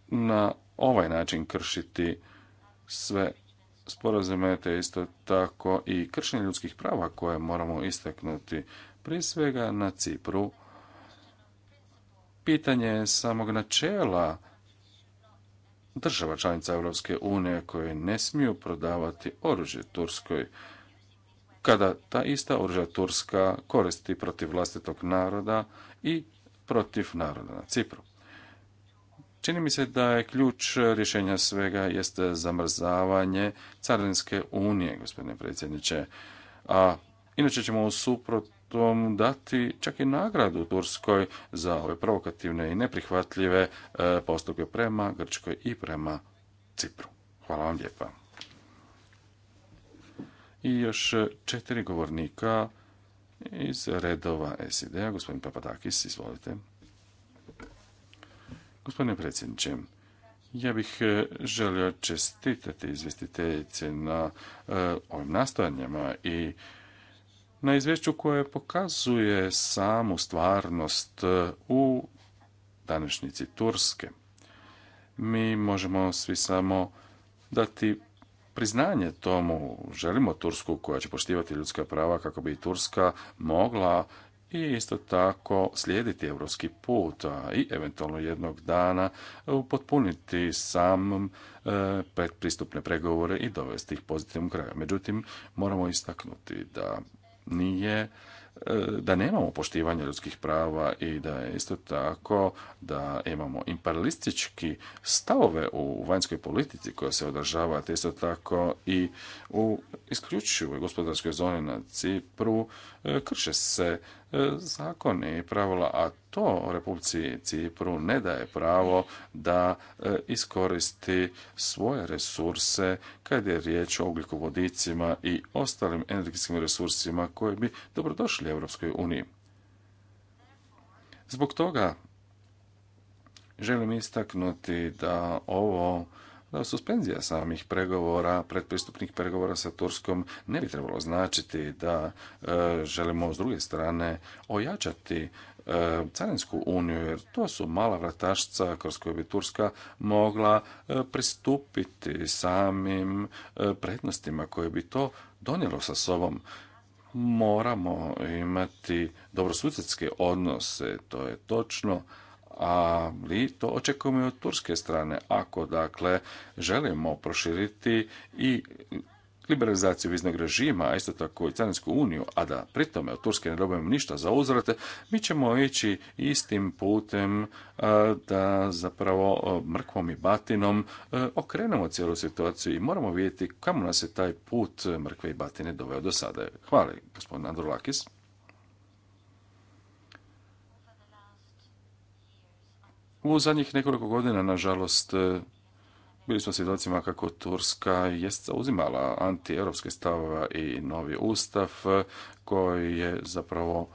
na ovaj način kršiti sve sporazume, te isto tako i kršenje ljudskih prava koje moramo istaknuti prije svega na Cipru. Pitanje samog načela država članica Europske unije koje ne smiju prodavati oružje Turskoj kada ta ista oružja Turska koristi protiv vlastitog naroda i protiv naroda na Cipru. Čini mi se da je ključ rješenja svega jeste zamrzavanje carinske unije, gospodine predsjedniče. A inače ćemo u suprotnom dati čak i nagradu Turskoj za ove provokativne i neprihvatljive e, postupke prema Grčkoj i prema Cipru. Hvala vam lijepa i još e, četiri govornika iz redova SID-a. Gospodin Papadakis, izvolite. Gospodine predsjedniče, ja bih e, želio čestitati izvestiteljice na e, ovim nastojanjima i na izvješću koje pokazuje samu stvarnost u današnjici Turske. Mi možemo svi samo dati priznanje tomu. Želimo Tursku koja će poštivati ljudska prava kako bi Turska mogla i isto tako slijediti europski put i eventualno jednog dana upotpuniti sam e, predpristupne pregovore i dovesti ih pozitivnom kraju. Međutim, moramo istaknuti da nije E, da nemamo poštivanje ljudskih prava i da je isto tako da imamo imperialistički stavove u vanjskoj politici koja se održava te isto tako i u isključivoj gospodarskoj zoni na Cipru e, krše se E, zakoni i pravila, a to Republici Cipru ne daje pravo da e, iskoristi svoje resurse kad je riječ o ugljikovodicima i ostalim energetskim resursima koji bi dobrodošli Europskoj uniji. Zbog toga želim istaknuti da ovo suspenzija samih pregovora, predpristupnih pregovora sa Turskom ne bi trebalo značiti da e, želimo s druge strane ojačati e, carinsku uniju, jer to su mala vratašca kroz koju bi Turska mogla e, pristupiti samim prednostima koje bi to donijelo sa sobom. Moramo imati dobrosusjedske odnose, to je točno, a ali to očekujemo i od turske strane. Ako dakle želimo proširiti i liberalizaciju viznog režima, a isto tako i Carinsku uniju, a da pritome od Turske ne dobijemo ništa za uzvrate, mi ćemo ići istim putem da zapravo mrkvom i batinom okrenemo cijelu situaciju i moramo vidjeti kamo nas je taj put mrkve i batine doveo do sada. Hvala, gospodin Androlakis. U zadnjih nekoliko godina, nažalost, e, bili smo svjedocima kako Turska jest zauzimala antieuropske stavova i novi ustav e, koji je zapravo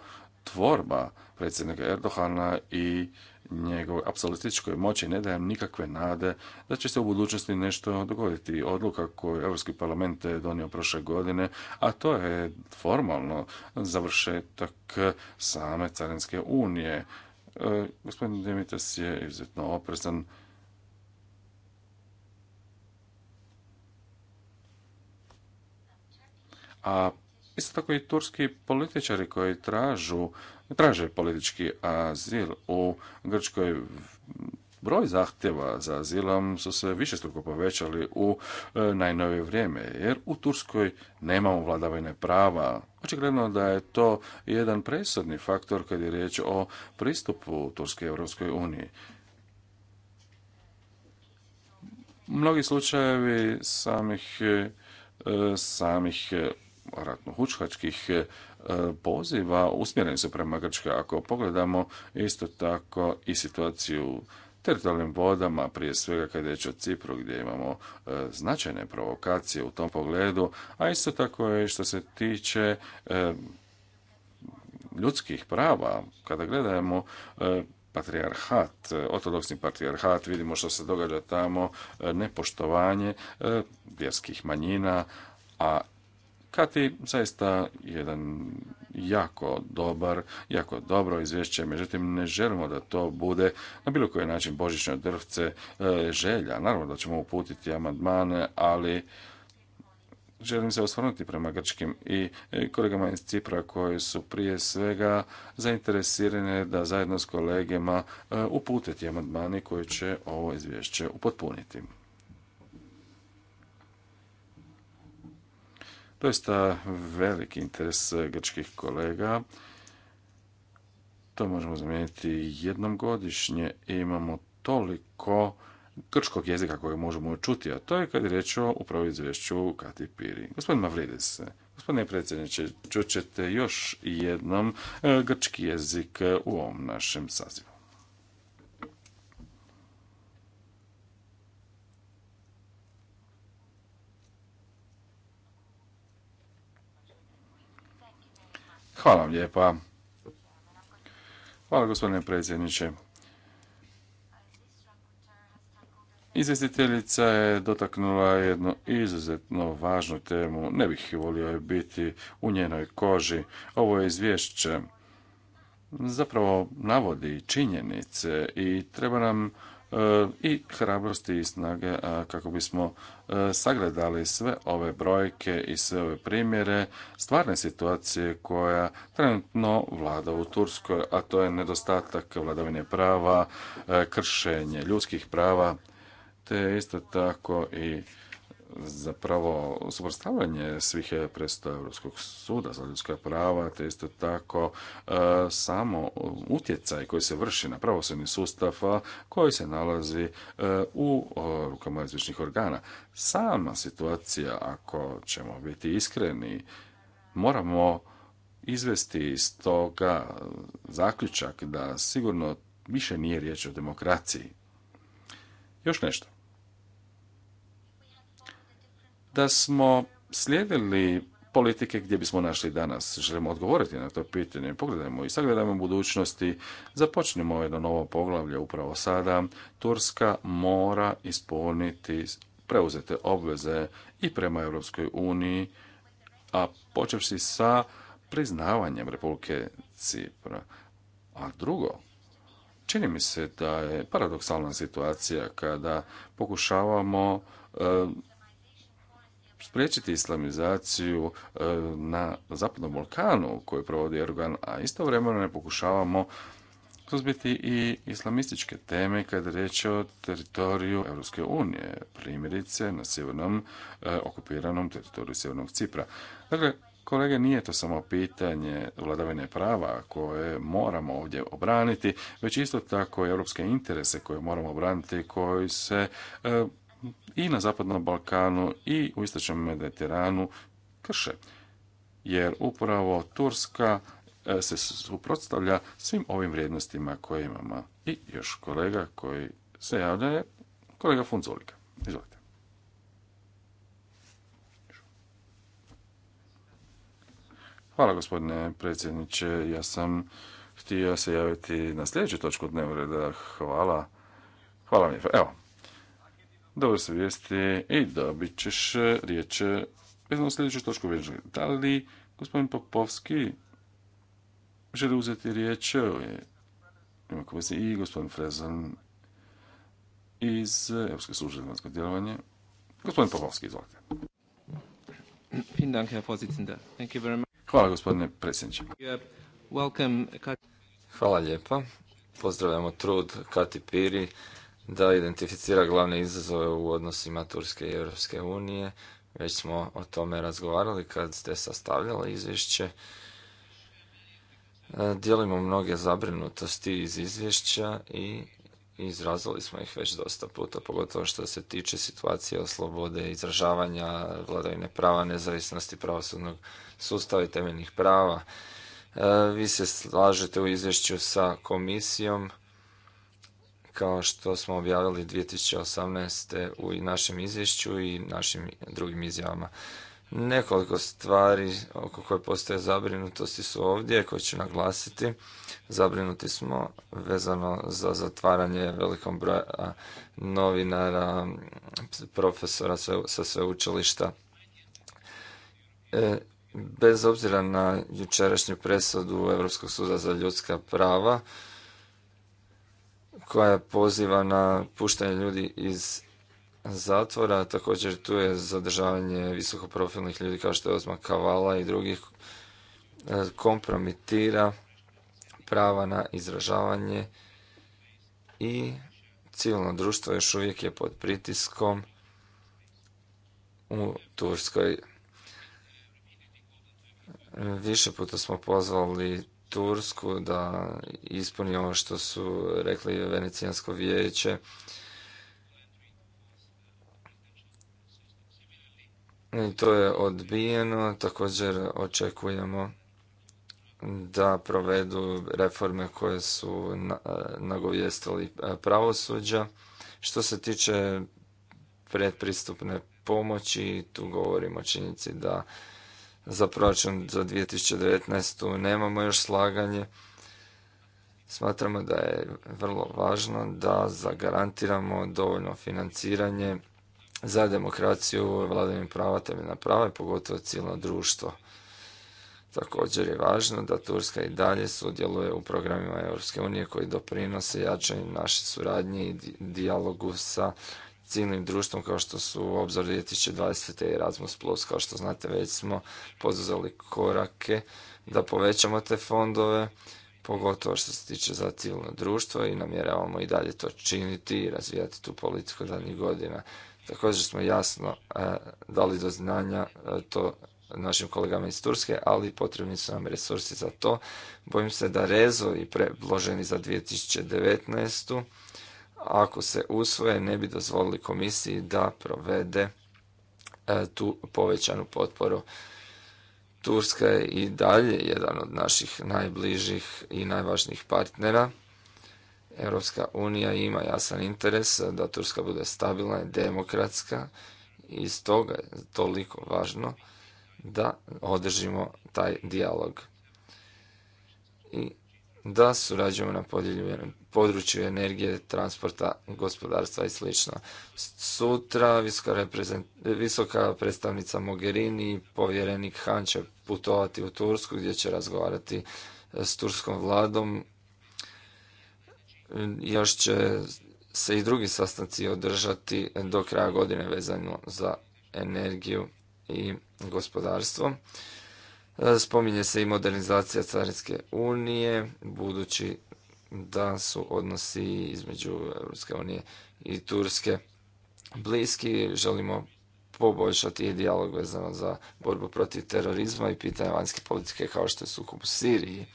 tvorba predsjednika Erdohana i njegove apsolutističkoj moći ne dajem nikakve nade da će se u budućnosti nešto dogoditi. Odluka koju Europski parlament je donio prošle godine, a to je formalno završetak same Carinske unije. E, gospodin Demitas je izuzetno oprezan. A isto tako i turski političari koji tražu, traže politički azil u Grčkoj broj zahtjeva za azilom su se višestruko povećali u e, najnovije vrijeme, jer u Turskoj nemamo vladavine prava. Očigledno da je to jedan presudni faktor kad je riječ o pristupu Turske Europskoj uniji. Mnogi slučajevi samih e, samih ratno-hučkačkih e, poziva usmjereni su prema Grčkoj. Ako pogledamo isto tako i situaciju teritorijalnim vodama, prije svega kada je o Cipru gdje imamo e, značajne provokacije u tom pogledu, a isto tako je što se tiče e, ljudskih prava, kada gledamo e, patrijarhat, ortodoksni patrijarhat, vidimo što se događa tamo, nepoštovanje vjerskih manjina, a Kati, zaista jedan jako dobar, jako dobro izvješće, međutim ne želimo da to bude na bilo koji način božićno drvce e, želja. Naravno da ćemo uputiti amandmane, ali želim se osvrnuti prema grčkim i e, kolegama iz Cipra koji su prije svega zainteresirane da zajedno s kolegama e, uputiti amandmani koji će ovo izvješće upotpuniti. doista veliki interes eh, grčkih kolega. To možemo zamijeniti jednom godišnje. Imamo toliko grčkog jezika koje možemo čuti, a to je kad je riječ o upravo izvješću Kati Piri. Gospodin Mavridis, eh, Gospodine predsjedniče, čućete još jednom eh, grčki jezik u ovom našem sazivu. Hvala vam lijepa. Hvala gospodine predsjedniče. Izvjestiteljica je dotaknula jednu izuzetno važnu temu. Ne bih volio biti u njenoj koži. Ovo je izvješće zapravo navodi činjenice i treba nam E, i hrabrosti i snage kako bismo e, sagledali sve ove brojke i sve ove primjere stvarne situacije koja trenutno vlada u Turskoj, a to je nedostatak vladavine prava, e, kršenje ljudskih prava, te isto tako i zapravo suprotstavljanje svih presuda Europskog suda za ljudska prava, te isto tako e, samo utjecaj koji se vrši na pravosudni sustav koji se nalazi e, u rukama izvršnih organa. Sama situacija, ako ćemo biti iskreni, moramo izvesti iz toga zaključak da sigurno više nije riječ o demokraciji. Još nešto da smo slijedili politike gdje bismo našli danas. Želimo odgovoriti na to pitanje. Pogledajmo i sagledajmo budućnosti. započnimo jedno novo poglavlje upravo sada. Turska mora ispuniti preuzete obveze i prema Europskoj uniji, a počevši sa priznavanjem Republike Cipra. A drugo, čini mi se da je paradoksalna situacija kada pokušavamo e, spriječiti islamizaciju e, na Zapadnom Balkanu koju provodi Erdogan, a istovremeno ne pokušavamo suzbiti i islamističke teme kada je o teritoriju Europske unije, primjerice na sjevernom e, okupiranom teritoriju Sjevernog Cipra. Dakle, kolege, nije to samo pitanje vladavine prava koje moramo ovdje obraniti, već isto tako i europske interese koje moramo obraniti, koji se e, i na Zapadnom Balkanu i u Istočnom Mediteranu krše. Jer upravo Turska e, se suprotstavlja svim ovim vrijednostima koje imamo. I još kolega koji se javlja je kolega Funzolika. Izvolite. Hvala gospodine predsjedniče. Ja sam htio se javiti na sljedeću točku dnevnog reda. Hvala. Hvala vam Evo, dobro se vijesti i dobit ćeš e, riječ e, vezano sljedeću točku vježbe. Da li gospodin Popovski želi uzeti riječ? Ima i gospodin Frezan iz e, Europske službe za vanjsko djelovanje. Gospodin Popovski, izvolite. Hvala gospodine predsjedniče. Hvala lijepa. Pozdravljamo trud Kati Piri da identificira glavne izazove u odnosima Turske i Europske unije. Već smo o tome razgovarali kad ste sastavljali izvješće. E, dijelimo mnoge zabrinutosti iz izvješća i izrazili smo ih već dosta puta, pogotovo što se tiče situacije o slobode izražavanja, vladavine prava, nezavisnosti pravosudnog sustava i temeljnih prava. E, vi se slažete u izvješću sa komisijom kao što smo objavili 2018. u našem izvješću i našim drugim izjavama. Nekoliko stvari oko koje postoje zabrinutosti su ovdje koje ću naglasiti. Zabrinuti smo vezano za zatvaranje velikog broja novinara, profesora sa sveučilišta. E, bez obzira na jučerašnju presudu Europskog suda za ljudska prava, koja poziva na puštanje ljudi iz zatvora. Također tu je zadržavanje visokoprofilnih ljudi kao što je Ozma Kavala i drugih e, kompromitira prava na izražavanje i civilno društvo još uvijek je pod pritiskom u Turskoj. Više puta smo pozvali Tursku da ispuni ovo što su rekli Venecijansko vijeće. I to je odbijeno. Također očekujemo da provedu reforme koje su nagovjestili e, pravosuđa. Što se tiče predpristupne pomoći, tu govorimo o činjenici da za proračun za 2019. nemamo još slaganje. Smatramo da je vrlo važno da zagarantiramo dovoljno financiranje za demokraciju, vladavinu prava, temeljna prava i pogotovo cijelo društvo. Također je važno da Turska i dalje sudjeluje u programima Europske unije koji doprinose jačanju naše suradnje i dijalogu sa ciljnim društvom kao što su Obzor 2020. i Erasmus Plus, kao što znate već smo poduzeli korake da povećamo te fondove, pogotovo što se tiče za civilno društvo i namjeravamo i dalje to činiti i razvijati tu politiku danih godina. Također smo jasno e, dali do znanja e, to našim kolegama iz Turske, ali potrebni su nam resursi za to. Bojim se da rezovi predloženi za 2019 ako se usvoje ne bi dozvolili komisiji da provede e, tu povećanu potporu. Turska je i dalje jedan od naših najbližih i najvažnijih partnera. Europska unija ima jasan interes da Turska bude stabilna i demokratska i stoga je toliko važno da održimo taj dijalog i da surađujemo na području energije, transporta, gospodarstva i sl. Sutra visoka, predstavnica Mogherini i povjerenik Han će putovati u Tursku gdje će razgovarati e, s turskom vladom. Još će se i drugi sastanci održati do kraja godine vezano za energiju i gospodarstvo. E, spominje se i modernizacija Carinske unije, budući da su odnosi između Europske unije i Turske bliski. Želimo poboljšati i dijalog vezano za borbu protiv terorizma i pitanje vanjske politike kao što je sukob u Siriji.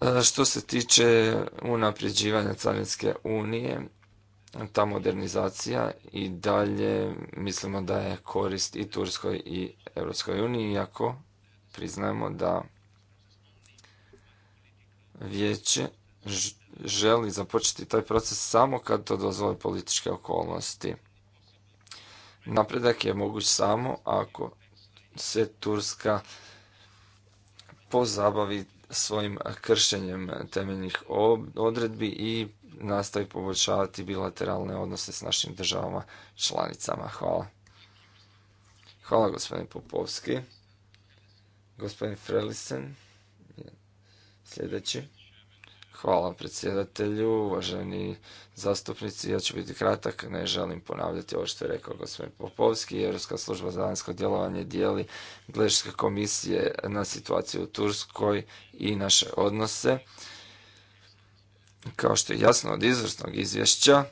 E, što se tiče unapređivanja Carinske unije, ta modernizacija i dalje mislimo da je korist i Turskoj i Europskoj uniji, iako priznajemo da vijeće želi započeti taj proces samo kad to dozvole političke okolnosti. Napredak je moguć samo ako se Turska pozabavi svojim kršenjem temeljnih odredbi i nastavi poboljšavati bilateralne odnose s našim državama članicama. Hvala. Hvala gospodin Popovski. Gospodin Frelisen. Sljedeći. Hvala predsjedatelju, uvaženi zastupnici. Ja ću biti kratak, ne želim ponavljati ovo što je rekao gospodin Popovski. Europska služba za vanjsko djelovanje dijeli Gleške komisije na situaciju u Turskoj i naše odnose. Kao što je jasno od izvrsnog izvješća,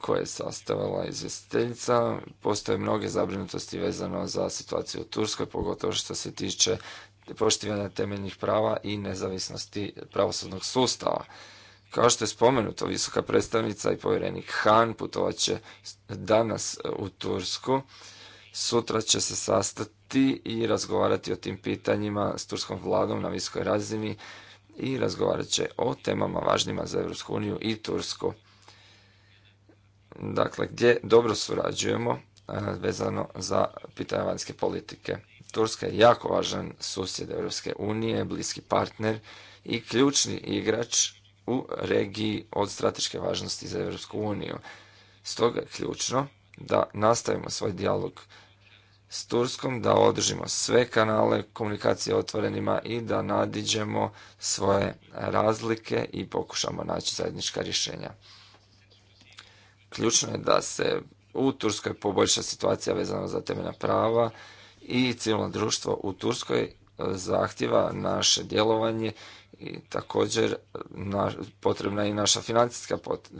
koje je sastavila izvjestiteljica. Postoje mnoge zabrinutosti vezano za situaciju u Turskoj, pogotovo što se tiče poštivanja temeljnih prava i nezavisnosti pravosudnog sustava. Kao što je spomenuto, visoka predstavnica i povjerenik Han putovat će danas e, u Tursku. Sutra će se sastati i razgovarati o tim pitanjima s turskom vladom na visokoj razini i razgovarat će o temama važnima za Europsku uniju i Tursku. Dakle, gdje dobro surađujemo e, vezano za pitanje vanjske politike. Turska je jako važan susjed Europske unije, bliski partner i ključni igrač u regiji od strateške važnosti za Europsku uniju. Stoga je ključno da nastavimo svoj dijalog s Turskom, da održimo sve kanale komunikacije otvorenima i da nadiđemo svoje razlike i pokušamo naći zajednička rješenja. Ključno je da se u Turskoj poboljša situacija vezana za temeljna prava, i civilno društvo u Turskoj e, zahtjeva naše djelovanje i također potrebna je i naša financijska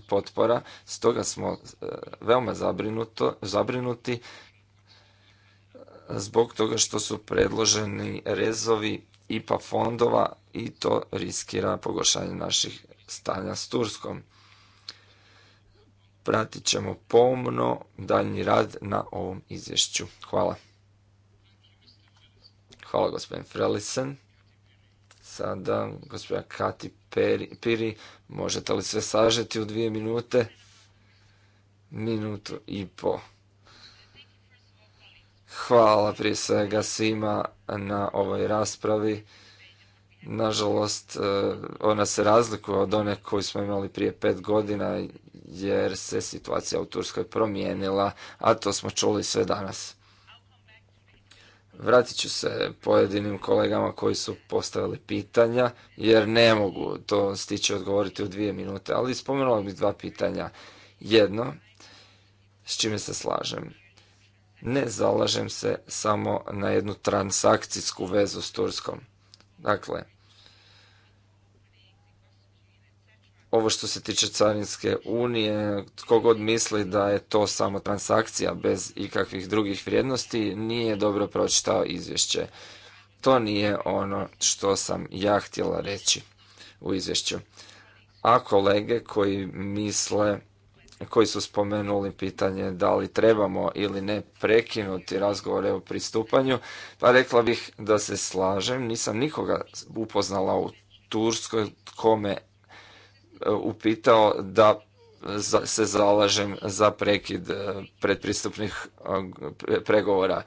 potpora, stoga smo e, veoma zabrinuto, zabrinuti e, zbog toga što su predloženi rezovi IPA fondova i to riskira pogoršanje naših stanja s Turskom. Pratit ćemo pomno daljnji rad na ovom izvješću. Hvala. Hvala gospodin Frelisen. Sada gospođa Kati Piri, možete li sve sažeti u dvije minute? Minutu i po. Hvala prije svega svima na ovoj raspravi. Nažalost, e, ona se razlikuje od one koju smo imali prije pet godina jer se situacija u Turskoj promijenila, a to smo čuli sve danas. Vratit ću se pojedinim kolegama koji su postavili pitanja, jer ne mogu to stići odgovoriti u dvije minute, ali spomenuo bih dva pitanja. Jedno, s čime se slažem. Ne zalažem se samo na jednu transakcijsku vezu s Turskom. Dakle, ovo što se tiče carinske unije, tko god misli da je to samo transakcija bez ikakvih drugih vrijednosti, nije dobro pročitao izvješće. To nije ono što sam ja htjela reći u izvješću. A kolege koji misle, koji su spomenuli pitanje da li trebamo ili ne prekinuti razgovore o pristupanju, pa rekla bih da se slažem, nisam nikoga upoznala u Turskoj kome upitao da se zalažem za prekid e, predpristupnih e, pregovora.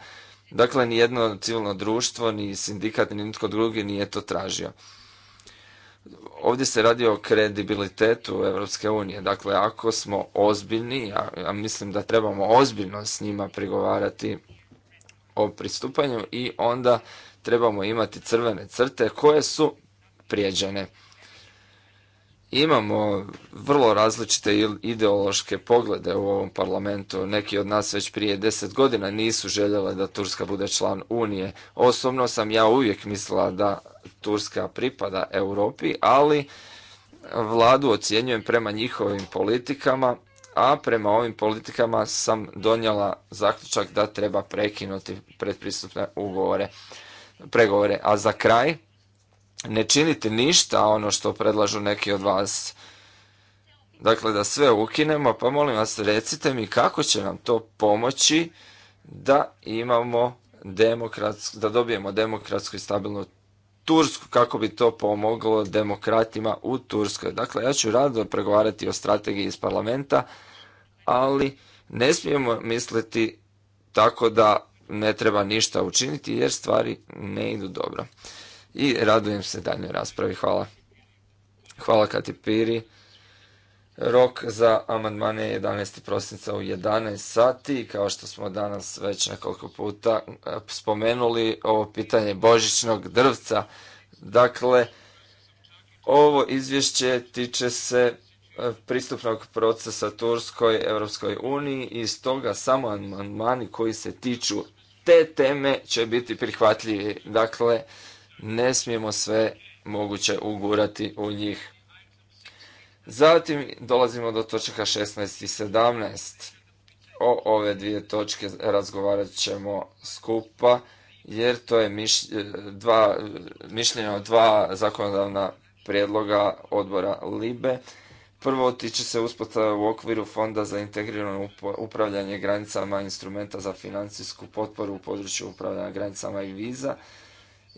Dakle, ni jedno civilno društvo, ni sindikat, ni nitko drugi nije to tražio. Ovdje se radi o kredibilitetu Europske unije. Dakle, ako smo ozbiljni, a mislim da trebamo ozbiljno s njima pregovarati o pristupanju i onda trebamo imati crvene crte koje su prijeđene. Imamo vrlo različite ideološke poglede u ovom parlamentu. Neki od nas već prije deset godina nisu željeli da Turska bude član Unije. Osobno sam ja uvijek mislila da Turska pripada Europi, ali vladu ocjenjujem prema njihovim politikama, a prema ovim politikama sam donijela zaključak da treba prekinuti predpristupne ugovore, pregovore. A za kraj, ne činiti ništa ono što predlažu neki od vas. Dakle, da sve ukinemo, pa molim vas recite mi kako će nam to pomoći da imamo da dobijemo demokratsku i stabilnu Tursku, kako bi to pomoglo demokratima u Turskoj. Dakle, ja ću rado pregovarati o strategiji iz parlamenta, ali ne smijemo misliti tako da ne treba ništa učiniti jer stvari ne idu dobro i radujem se daljnjoj raspravi. Hvala. Hvala Kati Piri. Rok za amandmane je 11. prosinca u 11 sati. Kao što smo danas već nekoliko puta e, spomenuli, ovo pitanje božićnog drvca. Dakle, ovo izvješće tiče se e, pristupnog procesa Turskoj Europskoj uniji i stoga samo amandmani koji se tiču te teme će biti prihvatljivi. Dakle, ne smijemo sve moguće ugurati u njih. Zatim dolazimo do točaka 16 i 17. O ove dvije točke razgovarat ćemo skupa, jer to je miš, dva, mišljenje o dva zakonodavna prijedloga odbora LIBE. Prvo tiče se uspostave u okviru Fonda za integrirano upravljanje granicama instrumenta za financijsku potporu u području upravljanja granicama i viza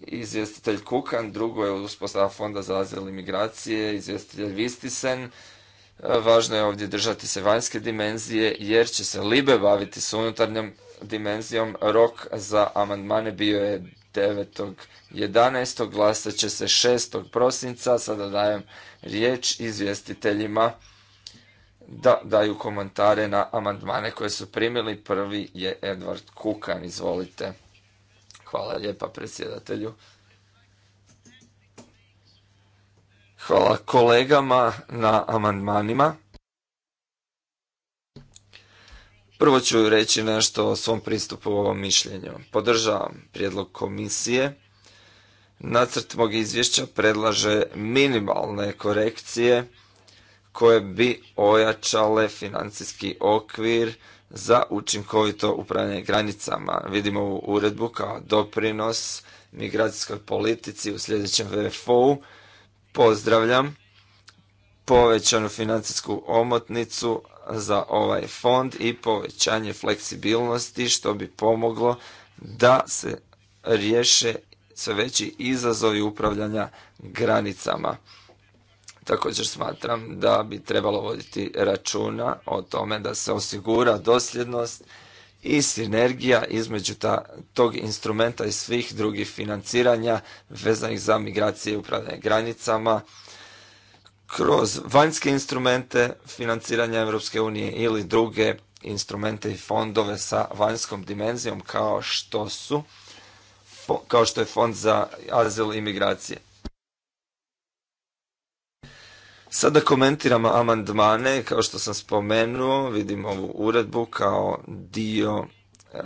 izvjestitelj Kukan, drugo je uspostava fonda za azil i migracije, izvjestitelj Vistisen. Važno je ovdje držati se vanjske dimenzije jer će se Libe baviti s unutarnjom dimenzijom. Rok za amandmane bio je 9.11. Glasat će se 6. prosinca. Sada dajem riječ izvjestiteljima da daju komentare na amandmane koje su primili. Prvi je Edward Kukan. Izvolite. Hvala lijepa predsjedatelju. Hvala kolegama na amandmanima. Prvo ću reći nešto o svom pristupu u ovom mišljenju. Podržavam prijedlog komisije. Nacrt mog izvješća predlaže minimalne korekcije koje bi ojačale financijski okvir za učinkovito upravljanje granicama. Vidimo ovu uredbu kao doprinos migracijskoj politici u sljedećem VFO-u. Pozdravljam povećanu financijsku omotnicu za ovaj fond i povećanje fleksibilnosti što bi pomoglo da se riješe sve veći izazovi upravljanja granicama. Također smatram da bi trebalo voditi računa o tome da se osigura dosljednost i sinergija između tog instrumenta i svih drugih financiranja vezanih za migracije i upravljanje granicama kroz vanjske instrumente financiranja Europske unije ili druge instrumente i fondove sa vanjskom dimenzijom kao što su kao što je fond za azil i migracije. Sada komentiramo amandmane, kao što sam spomenuo, vidim ovu uredbu kao dio e,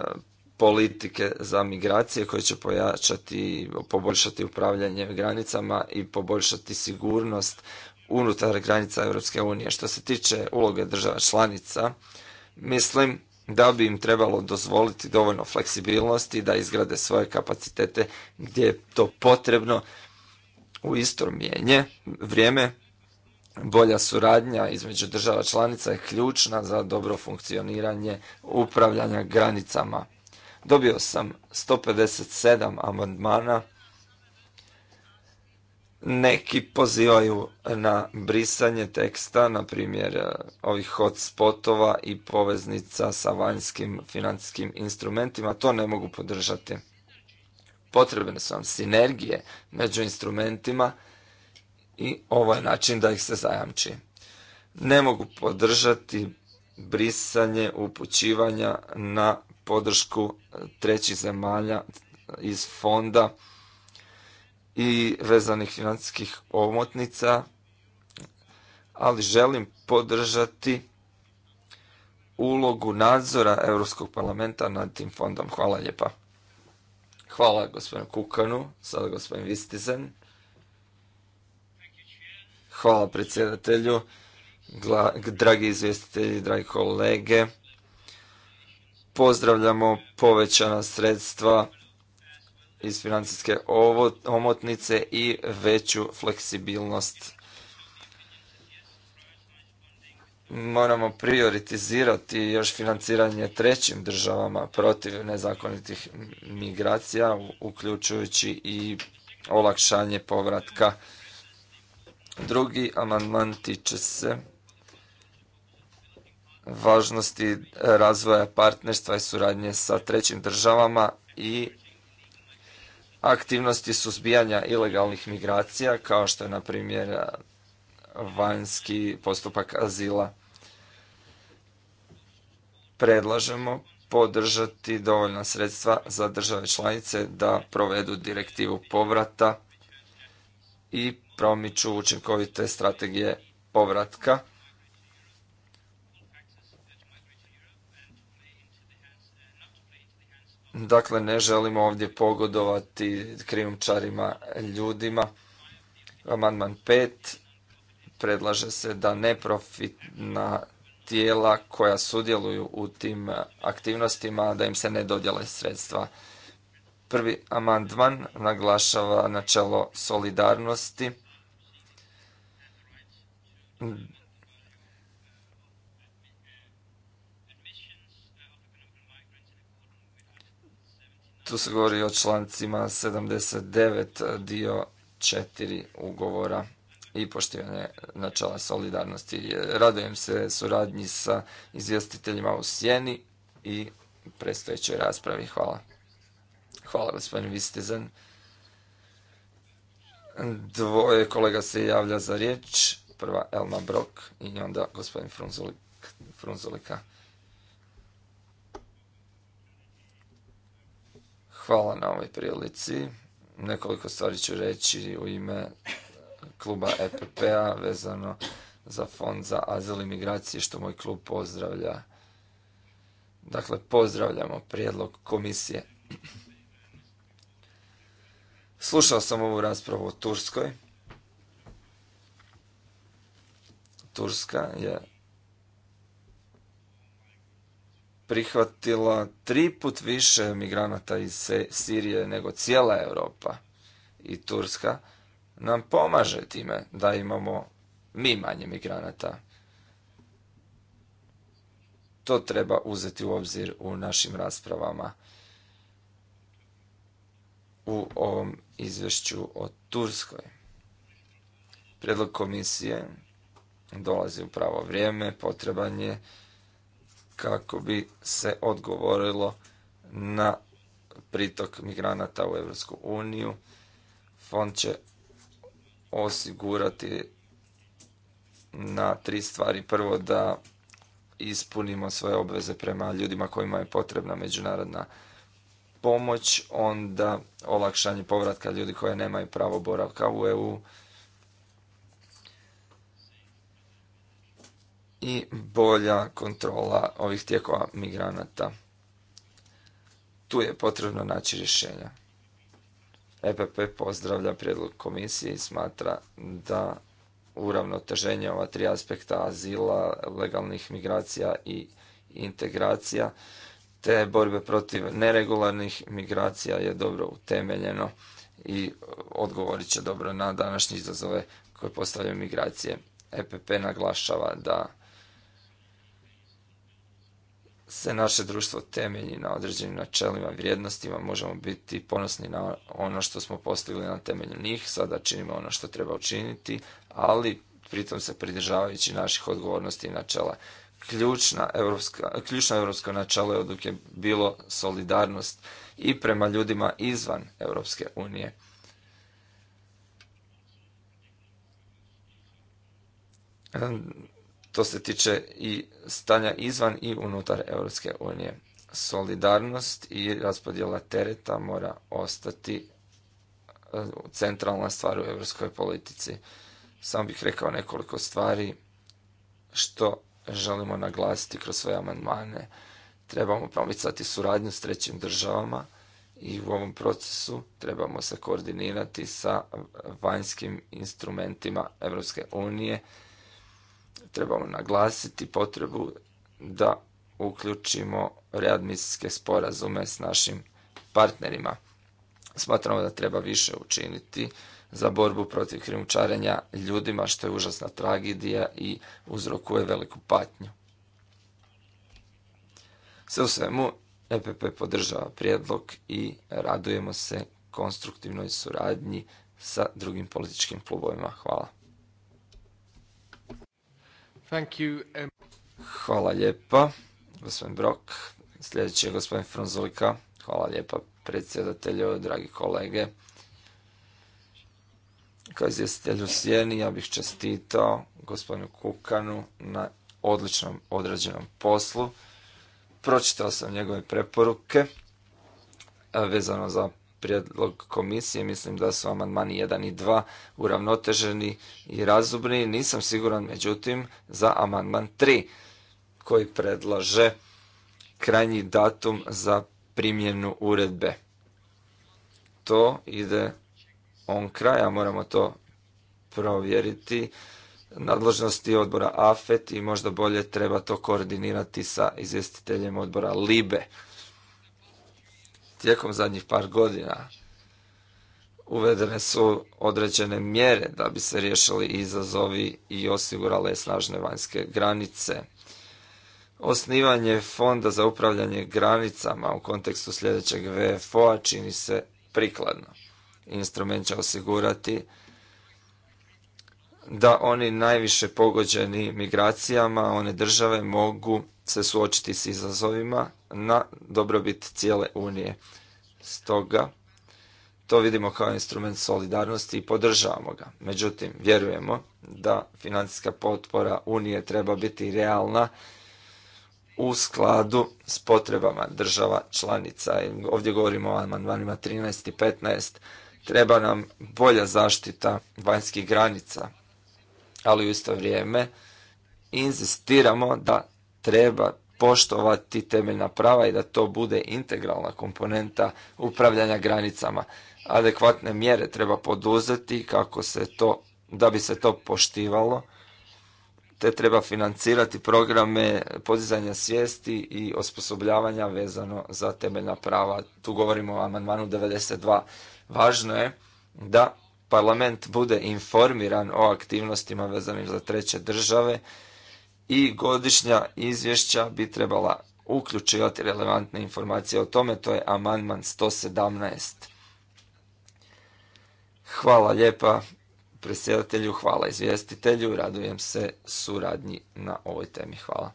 politike za migracije koje će pojačati, poboljšati upravljanje granicama i poboljšati sigurnost unutar granica Europske unije. Što se tiče uloge država članica, mislim da bi im trebalo dozvoliti dovoljno fleksibilnosti da izgrade svoje kapacitete gdje je to potrebno u isto mjenje, vrijeme Bolja suradnja između država članica je ključna za dobro funkcioniranje upravljanja granicama. Dobio sam 157 amandmana. Neki pozivaju na brisanje teksta, na primjer e, ovih hotspotova i poveznica sa vanjskim financijskim instrumentima. To ne mogu podržati. Potrebne su vam sinergije među instrumentima i ovo ovaj je način da ih se zajamči. Ne mogu podržati brisanje upućivanja na podršku trećih zemalja iz fonda i vezanih financijskih omotnica, ali želim podržati ulogu nadzora Europskog parlamenta nad tim fondom. Hvala lijepa. Hvala gospodinu Kukanu, sada gospodin Vistizen. Hvala predsjedatelju, dragi izvjestitelji, dragi kolege. Pozdravljamo povećana sredstva iz financijske omotnice i veću fleksibilnost. Moramo prioritizirati još financiranje trećim državama protiv nezakonitih migracija, uključujući i olakšanje povratka Drugi amandman tiče se važnosti razvoja partnerstva i suradnje sa trećim državama i aktivnosti suzbijanja ilegalnih migracija, kao što je, na primjer, vanjski postupak azila. Predlažemo podržati dovoljna sredstva za države članice da provedu direktivu povrata i promiču učinkovite strategije povratka. Dakle, ne želimo ovdje pogodovati krijumčarima ljudima. Amandman 5 predlaže se da neprofitna tijela koja sudjeluju u tim aktivnostima, da im se ne dodjele sredstva. Prvi amandman naglašava načelo solidarnosti tu se govori o člancima 79 dio 4 ugovora i poštivanje načela solidarnosti. Radujem se suradnji sa izvjestiteljima u Sjeni i predstojećoj raspravi. Hvala. Hvala gospodin Vistizan. Dvoje kolega se javlja za riječ prva Elma Brok i onda gospodin Frunzulik, Frunzulika. Hvala na ovoj prilici. Nekoliko stvari ću reći u ime kluba EPP-a vezano za fond za azil i migracije što moj klub pozdravlja. Dakle, pozdravljamo prijedlog komisije. Slušao sam ovu raspravu o Turskoj Turska je prihvatila tri put više migranata iz Sirije nego cijela Europa i Turska nam pomaže time da imamo mi manje migranata. To treba uzeti u obzir u našim raspravama u ovom izvješću o Turskoj. predlog komisije dolazi u pravo vrijeme, potreban je kako bi se odgovorilo na pritok migranata u Europsku uniju. Fond će osigurati na tri stvari. Prvo da ispunimo svoje obveze prema ljudima kojima je potrebna međunarodna pomoć, onda olakšanje povratka ljudi koje nemaju pravo boravka u EU, i bolja kontrola ovih tijekova migranata. Tu je potrebno naći rješenja. EPP pozdravlja prijedlog komisije i smatra da uravnoteženje ova tri aspekta azila, legalnih migracija i integracija te borbe protiv neregularnih migracija je dobro utemeljeno i odgovorit će dobro na današnje izazove koje postavljaju migracije. EPP naglašava da se naše društvo temelji na određenim načelima, vrijednostima, možemo biti ponosni na ono što smo postigli na temelju njih, sada činimo ono što treba učiniti, ali pritom se pridržavajući naših odgovornosti i načela. ključno europsko načelo je odluke bilo solidarnost i prema ljudima izvan Europske unije. To se tiče i stanja izvan i unutar Europske unije. Solidarnost i raspodjela tereta mora ostati e, centralna stvar u europskoj politici. Samo bih rekao nekoliko stvari što želimo naglasiti kroz svoje amandmane. Trebamo promicati suradnju s trećim državama i u ovom procesu trebamo se koordinirati sa vanjskim instrumentima Europske unije trebamo naglasiti potrebu da uključimo readmisijske sporazume s našim partnerima. Smatramo da treba više učiniti za borbu protiv krimučarenja ljudima, što je užasna tragedija i uzrokuje veliku patnju. Sve u svemu, EPP podržava prijedlog i radujemo se konstruktivnoj suradnji sa drugim političkim klubovima. Hvala. Um, Hvala lijepa, gospodin Brok. Sljedeći je gospodin Franzulika. Hvala lijepa predsjedatelju, dragi kolege. Kao izvjestitelju Sjeni, ja bih čestitao gospodinu Kukanu na odličnom odrađenom poslu. Pročitao sam njegove preporuke vezano za prijedlog komisije. Mislim da su amandmani 1 i 2 uravnoteženi i razumni. Nisam siguran, međutim, za amandman 3 koji predlaže krajnji datum za primjenu uredbe. To ide on kraja, moramo to provjeriti nadležnosti odbora AFET i možda bolje treba to koordinirati sa izvjestiteljem odbora LIBE tijekom zadnjih par godina uvedene su određene mjere da bi se riješili izazovi i osigurale snažne vanjske granice. Osnivanje fonda za upravljanje granicama u kontekstu sljedećeg VFO-a čini se prikladno. Instrument će osigurati da oni najviše pogođeni migracijama, one države mogu se suočiti s izazovima na dobrobit cijele Unije. Stoga, to vidimo kao instrument solidarnosti i podržavamo ga. Međutim, vjerujemo da financijska potpora Unije treba biti realna u skladu s potrebama država članica. Ovdje govorimo o amandmanima 13 i 15. Treba nam bolja zaštita vanjskih granica, ali u isto vrijeme inzistiramo da treba poštovati temeljna prava i da to bude integralna komponenta upravljanja granicama. Adekvatne mjere treba poduzeti kako se to, da bi se to poštivalo, te treba financirati programe podizanja svijesti i osposobljavanja vezano za temeljna prava. Tu govorimo o amandmanu 92. Važno je da parlament bude informiran o aktivnostima vezanim za treće države i godišnja izvješća bi trebala uključivati relevantne informacije o tome. To je amandman 117. Hvala lijepa predsjedatelju, hvala izvjestitelju, radujem se suradnji na ovoj temi. Hvala.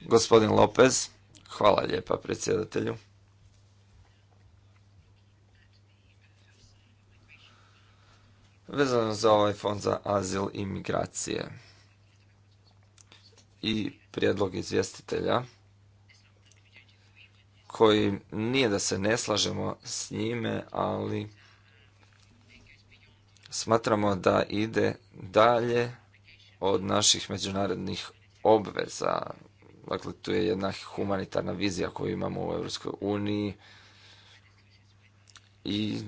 Gospodin Lopez, hvala lijepa predsjedatelju. vezano za ovaj fond za azil i migracije i prijedlog izvjestitelja koji nije da se ne slažemo s njime, ali smatramo da ide dalje od naših međunarodnih obveza. Dakle, tu je jedna humanitarna vizija koju imamo u Europskoj uniji i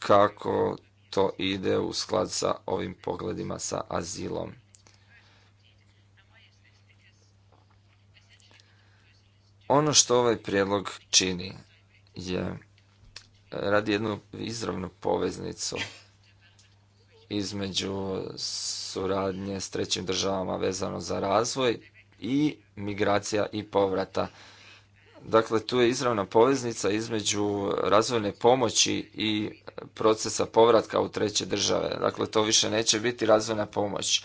kako to ide u sklad sa ovim pogledima sa azilom. Ono što ovaj prijedlog čini je radi jednu izravnu poveznicu između suradnje s trećim državama vezano za razvoj i migracija i povrata. Dakle, tu je izravna poveznica između razvojne pomoći i procesa povratka u treće države. Dakle, to više neće biti razvojna pomoć,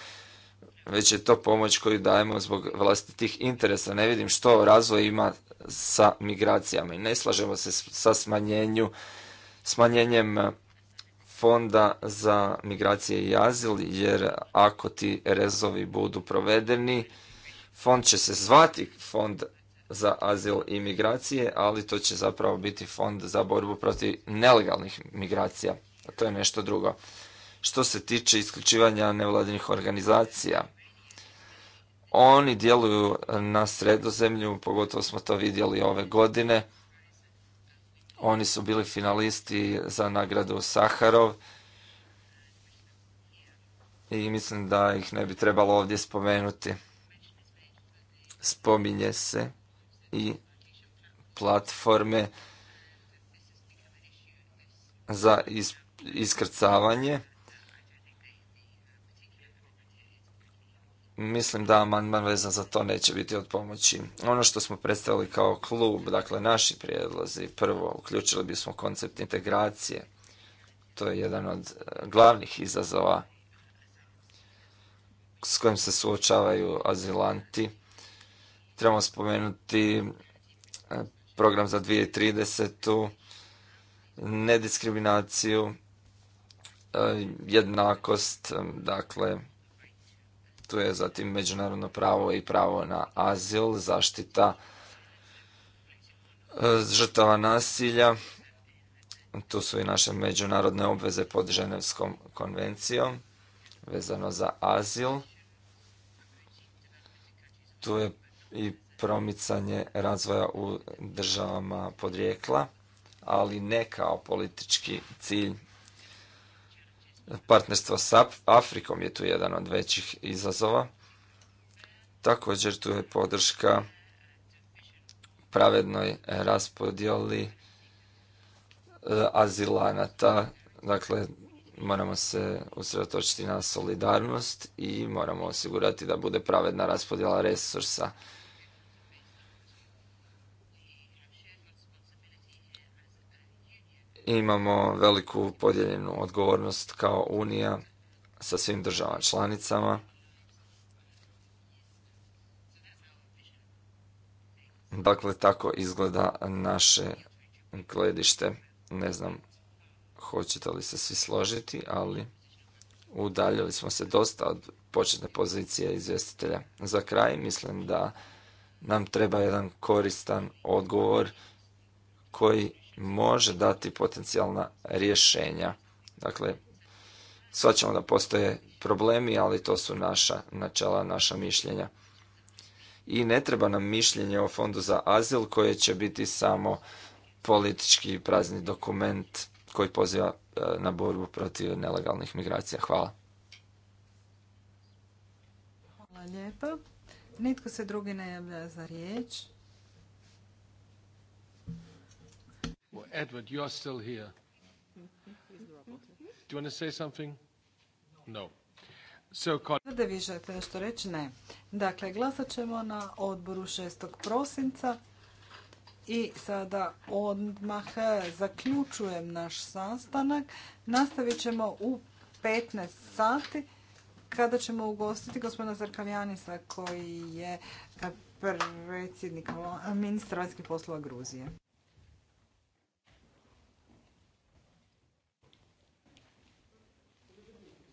već je to pomoć koju dajemo zbog vlastitih interesa. Ne vidim što razvoj ima sa migracijama i ne slažemo se sa smanjenju, smanjenjem fonda za migracije i azil, jer ako ti rezovi budu provedeni, fond će se zvati fond za azil i migracije, ali to će zapravo biti fond za borbu protiv nelegalnih migracija. A to je nešto drugo. Što se tiče isključivanja nevladinih organizacija, oni djeluju na sredozemlju, pogotovo smo to vidjeli ove godine. Oni su bili finalisti za nagradu Saharov i mislim da ih ne bi trebalo ovdje spomenuti. Spominje se i platforme za iskrcavanje. Mislim da amandman vezan za to neće biti od pomoći. Ono što smo predstavili kao klub, dakle naši prijedlozi, prvo uključili bismo koncept integracije. To je jedan od e, glavnih izazova s kojim se suočavaju azilanti Trebamo spomenuti e, program za 2030. Nediskriminaciju, e, jednakost, e, dakle, tu je zatim međunarodno pravo i pravo na azil, zaštita žrtava nasilja. Tu su i naše međunarodne obveze pod Ženevskom konvencijom vezano za azil. Tu je i promicanje razvoja u državama podrijekla, ali ne kao politički cilj. Partnerstvo s Afrikom je tu jedan od većih izazova. Također tu je podrška pravednoj raspodjeli e, azilanata. Dakle, moramo se usredotočiti na solidarnost i moramo osigurati da bude pravedna raspodjela resursa imamo veliku podijeljenu odgovornost kao Unija sa svim državama članicama. Dakle, tako izgleda naše gledište. Ne znam hoćete li se svi složiti, ali udaljili smo se dosta od početne pozicije izvjestitelja. Za kraj mislim da nam treba jedan koristan odgovor koji može dati potencijalna rješenja. Dakle, ćemo da postoje problemi, ali to su naša načela, naša mišljenja. I ne treba nam mišljenje o fondu za azil koje će biti samo politički prazni dokument koji poziva e, na borbu protiv nelegalnih migracija. Hvala. Hvala lijepa. Nitko se drugi ne javlja za riječ. Well, Edward, you're still here. Do you want to say something? No. da vi želite nešto reći? Ne. Dakle, glasat ćemo na odboru 6. prosinca i sada odmah e, zaključujem naš sastanak. Nastavit ćemo u 15 sati kada ćemo ugostiti gospodina Zarkavijanisa koji je e, predsjednik ministra vanjskih poslova Gruzije.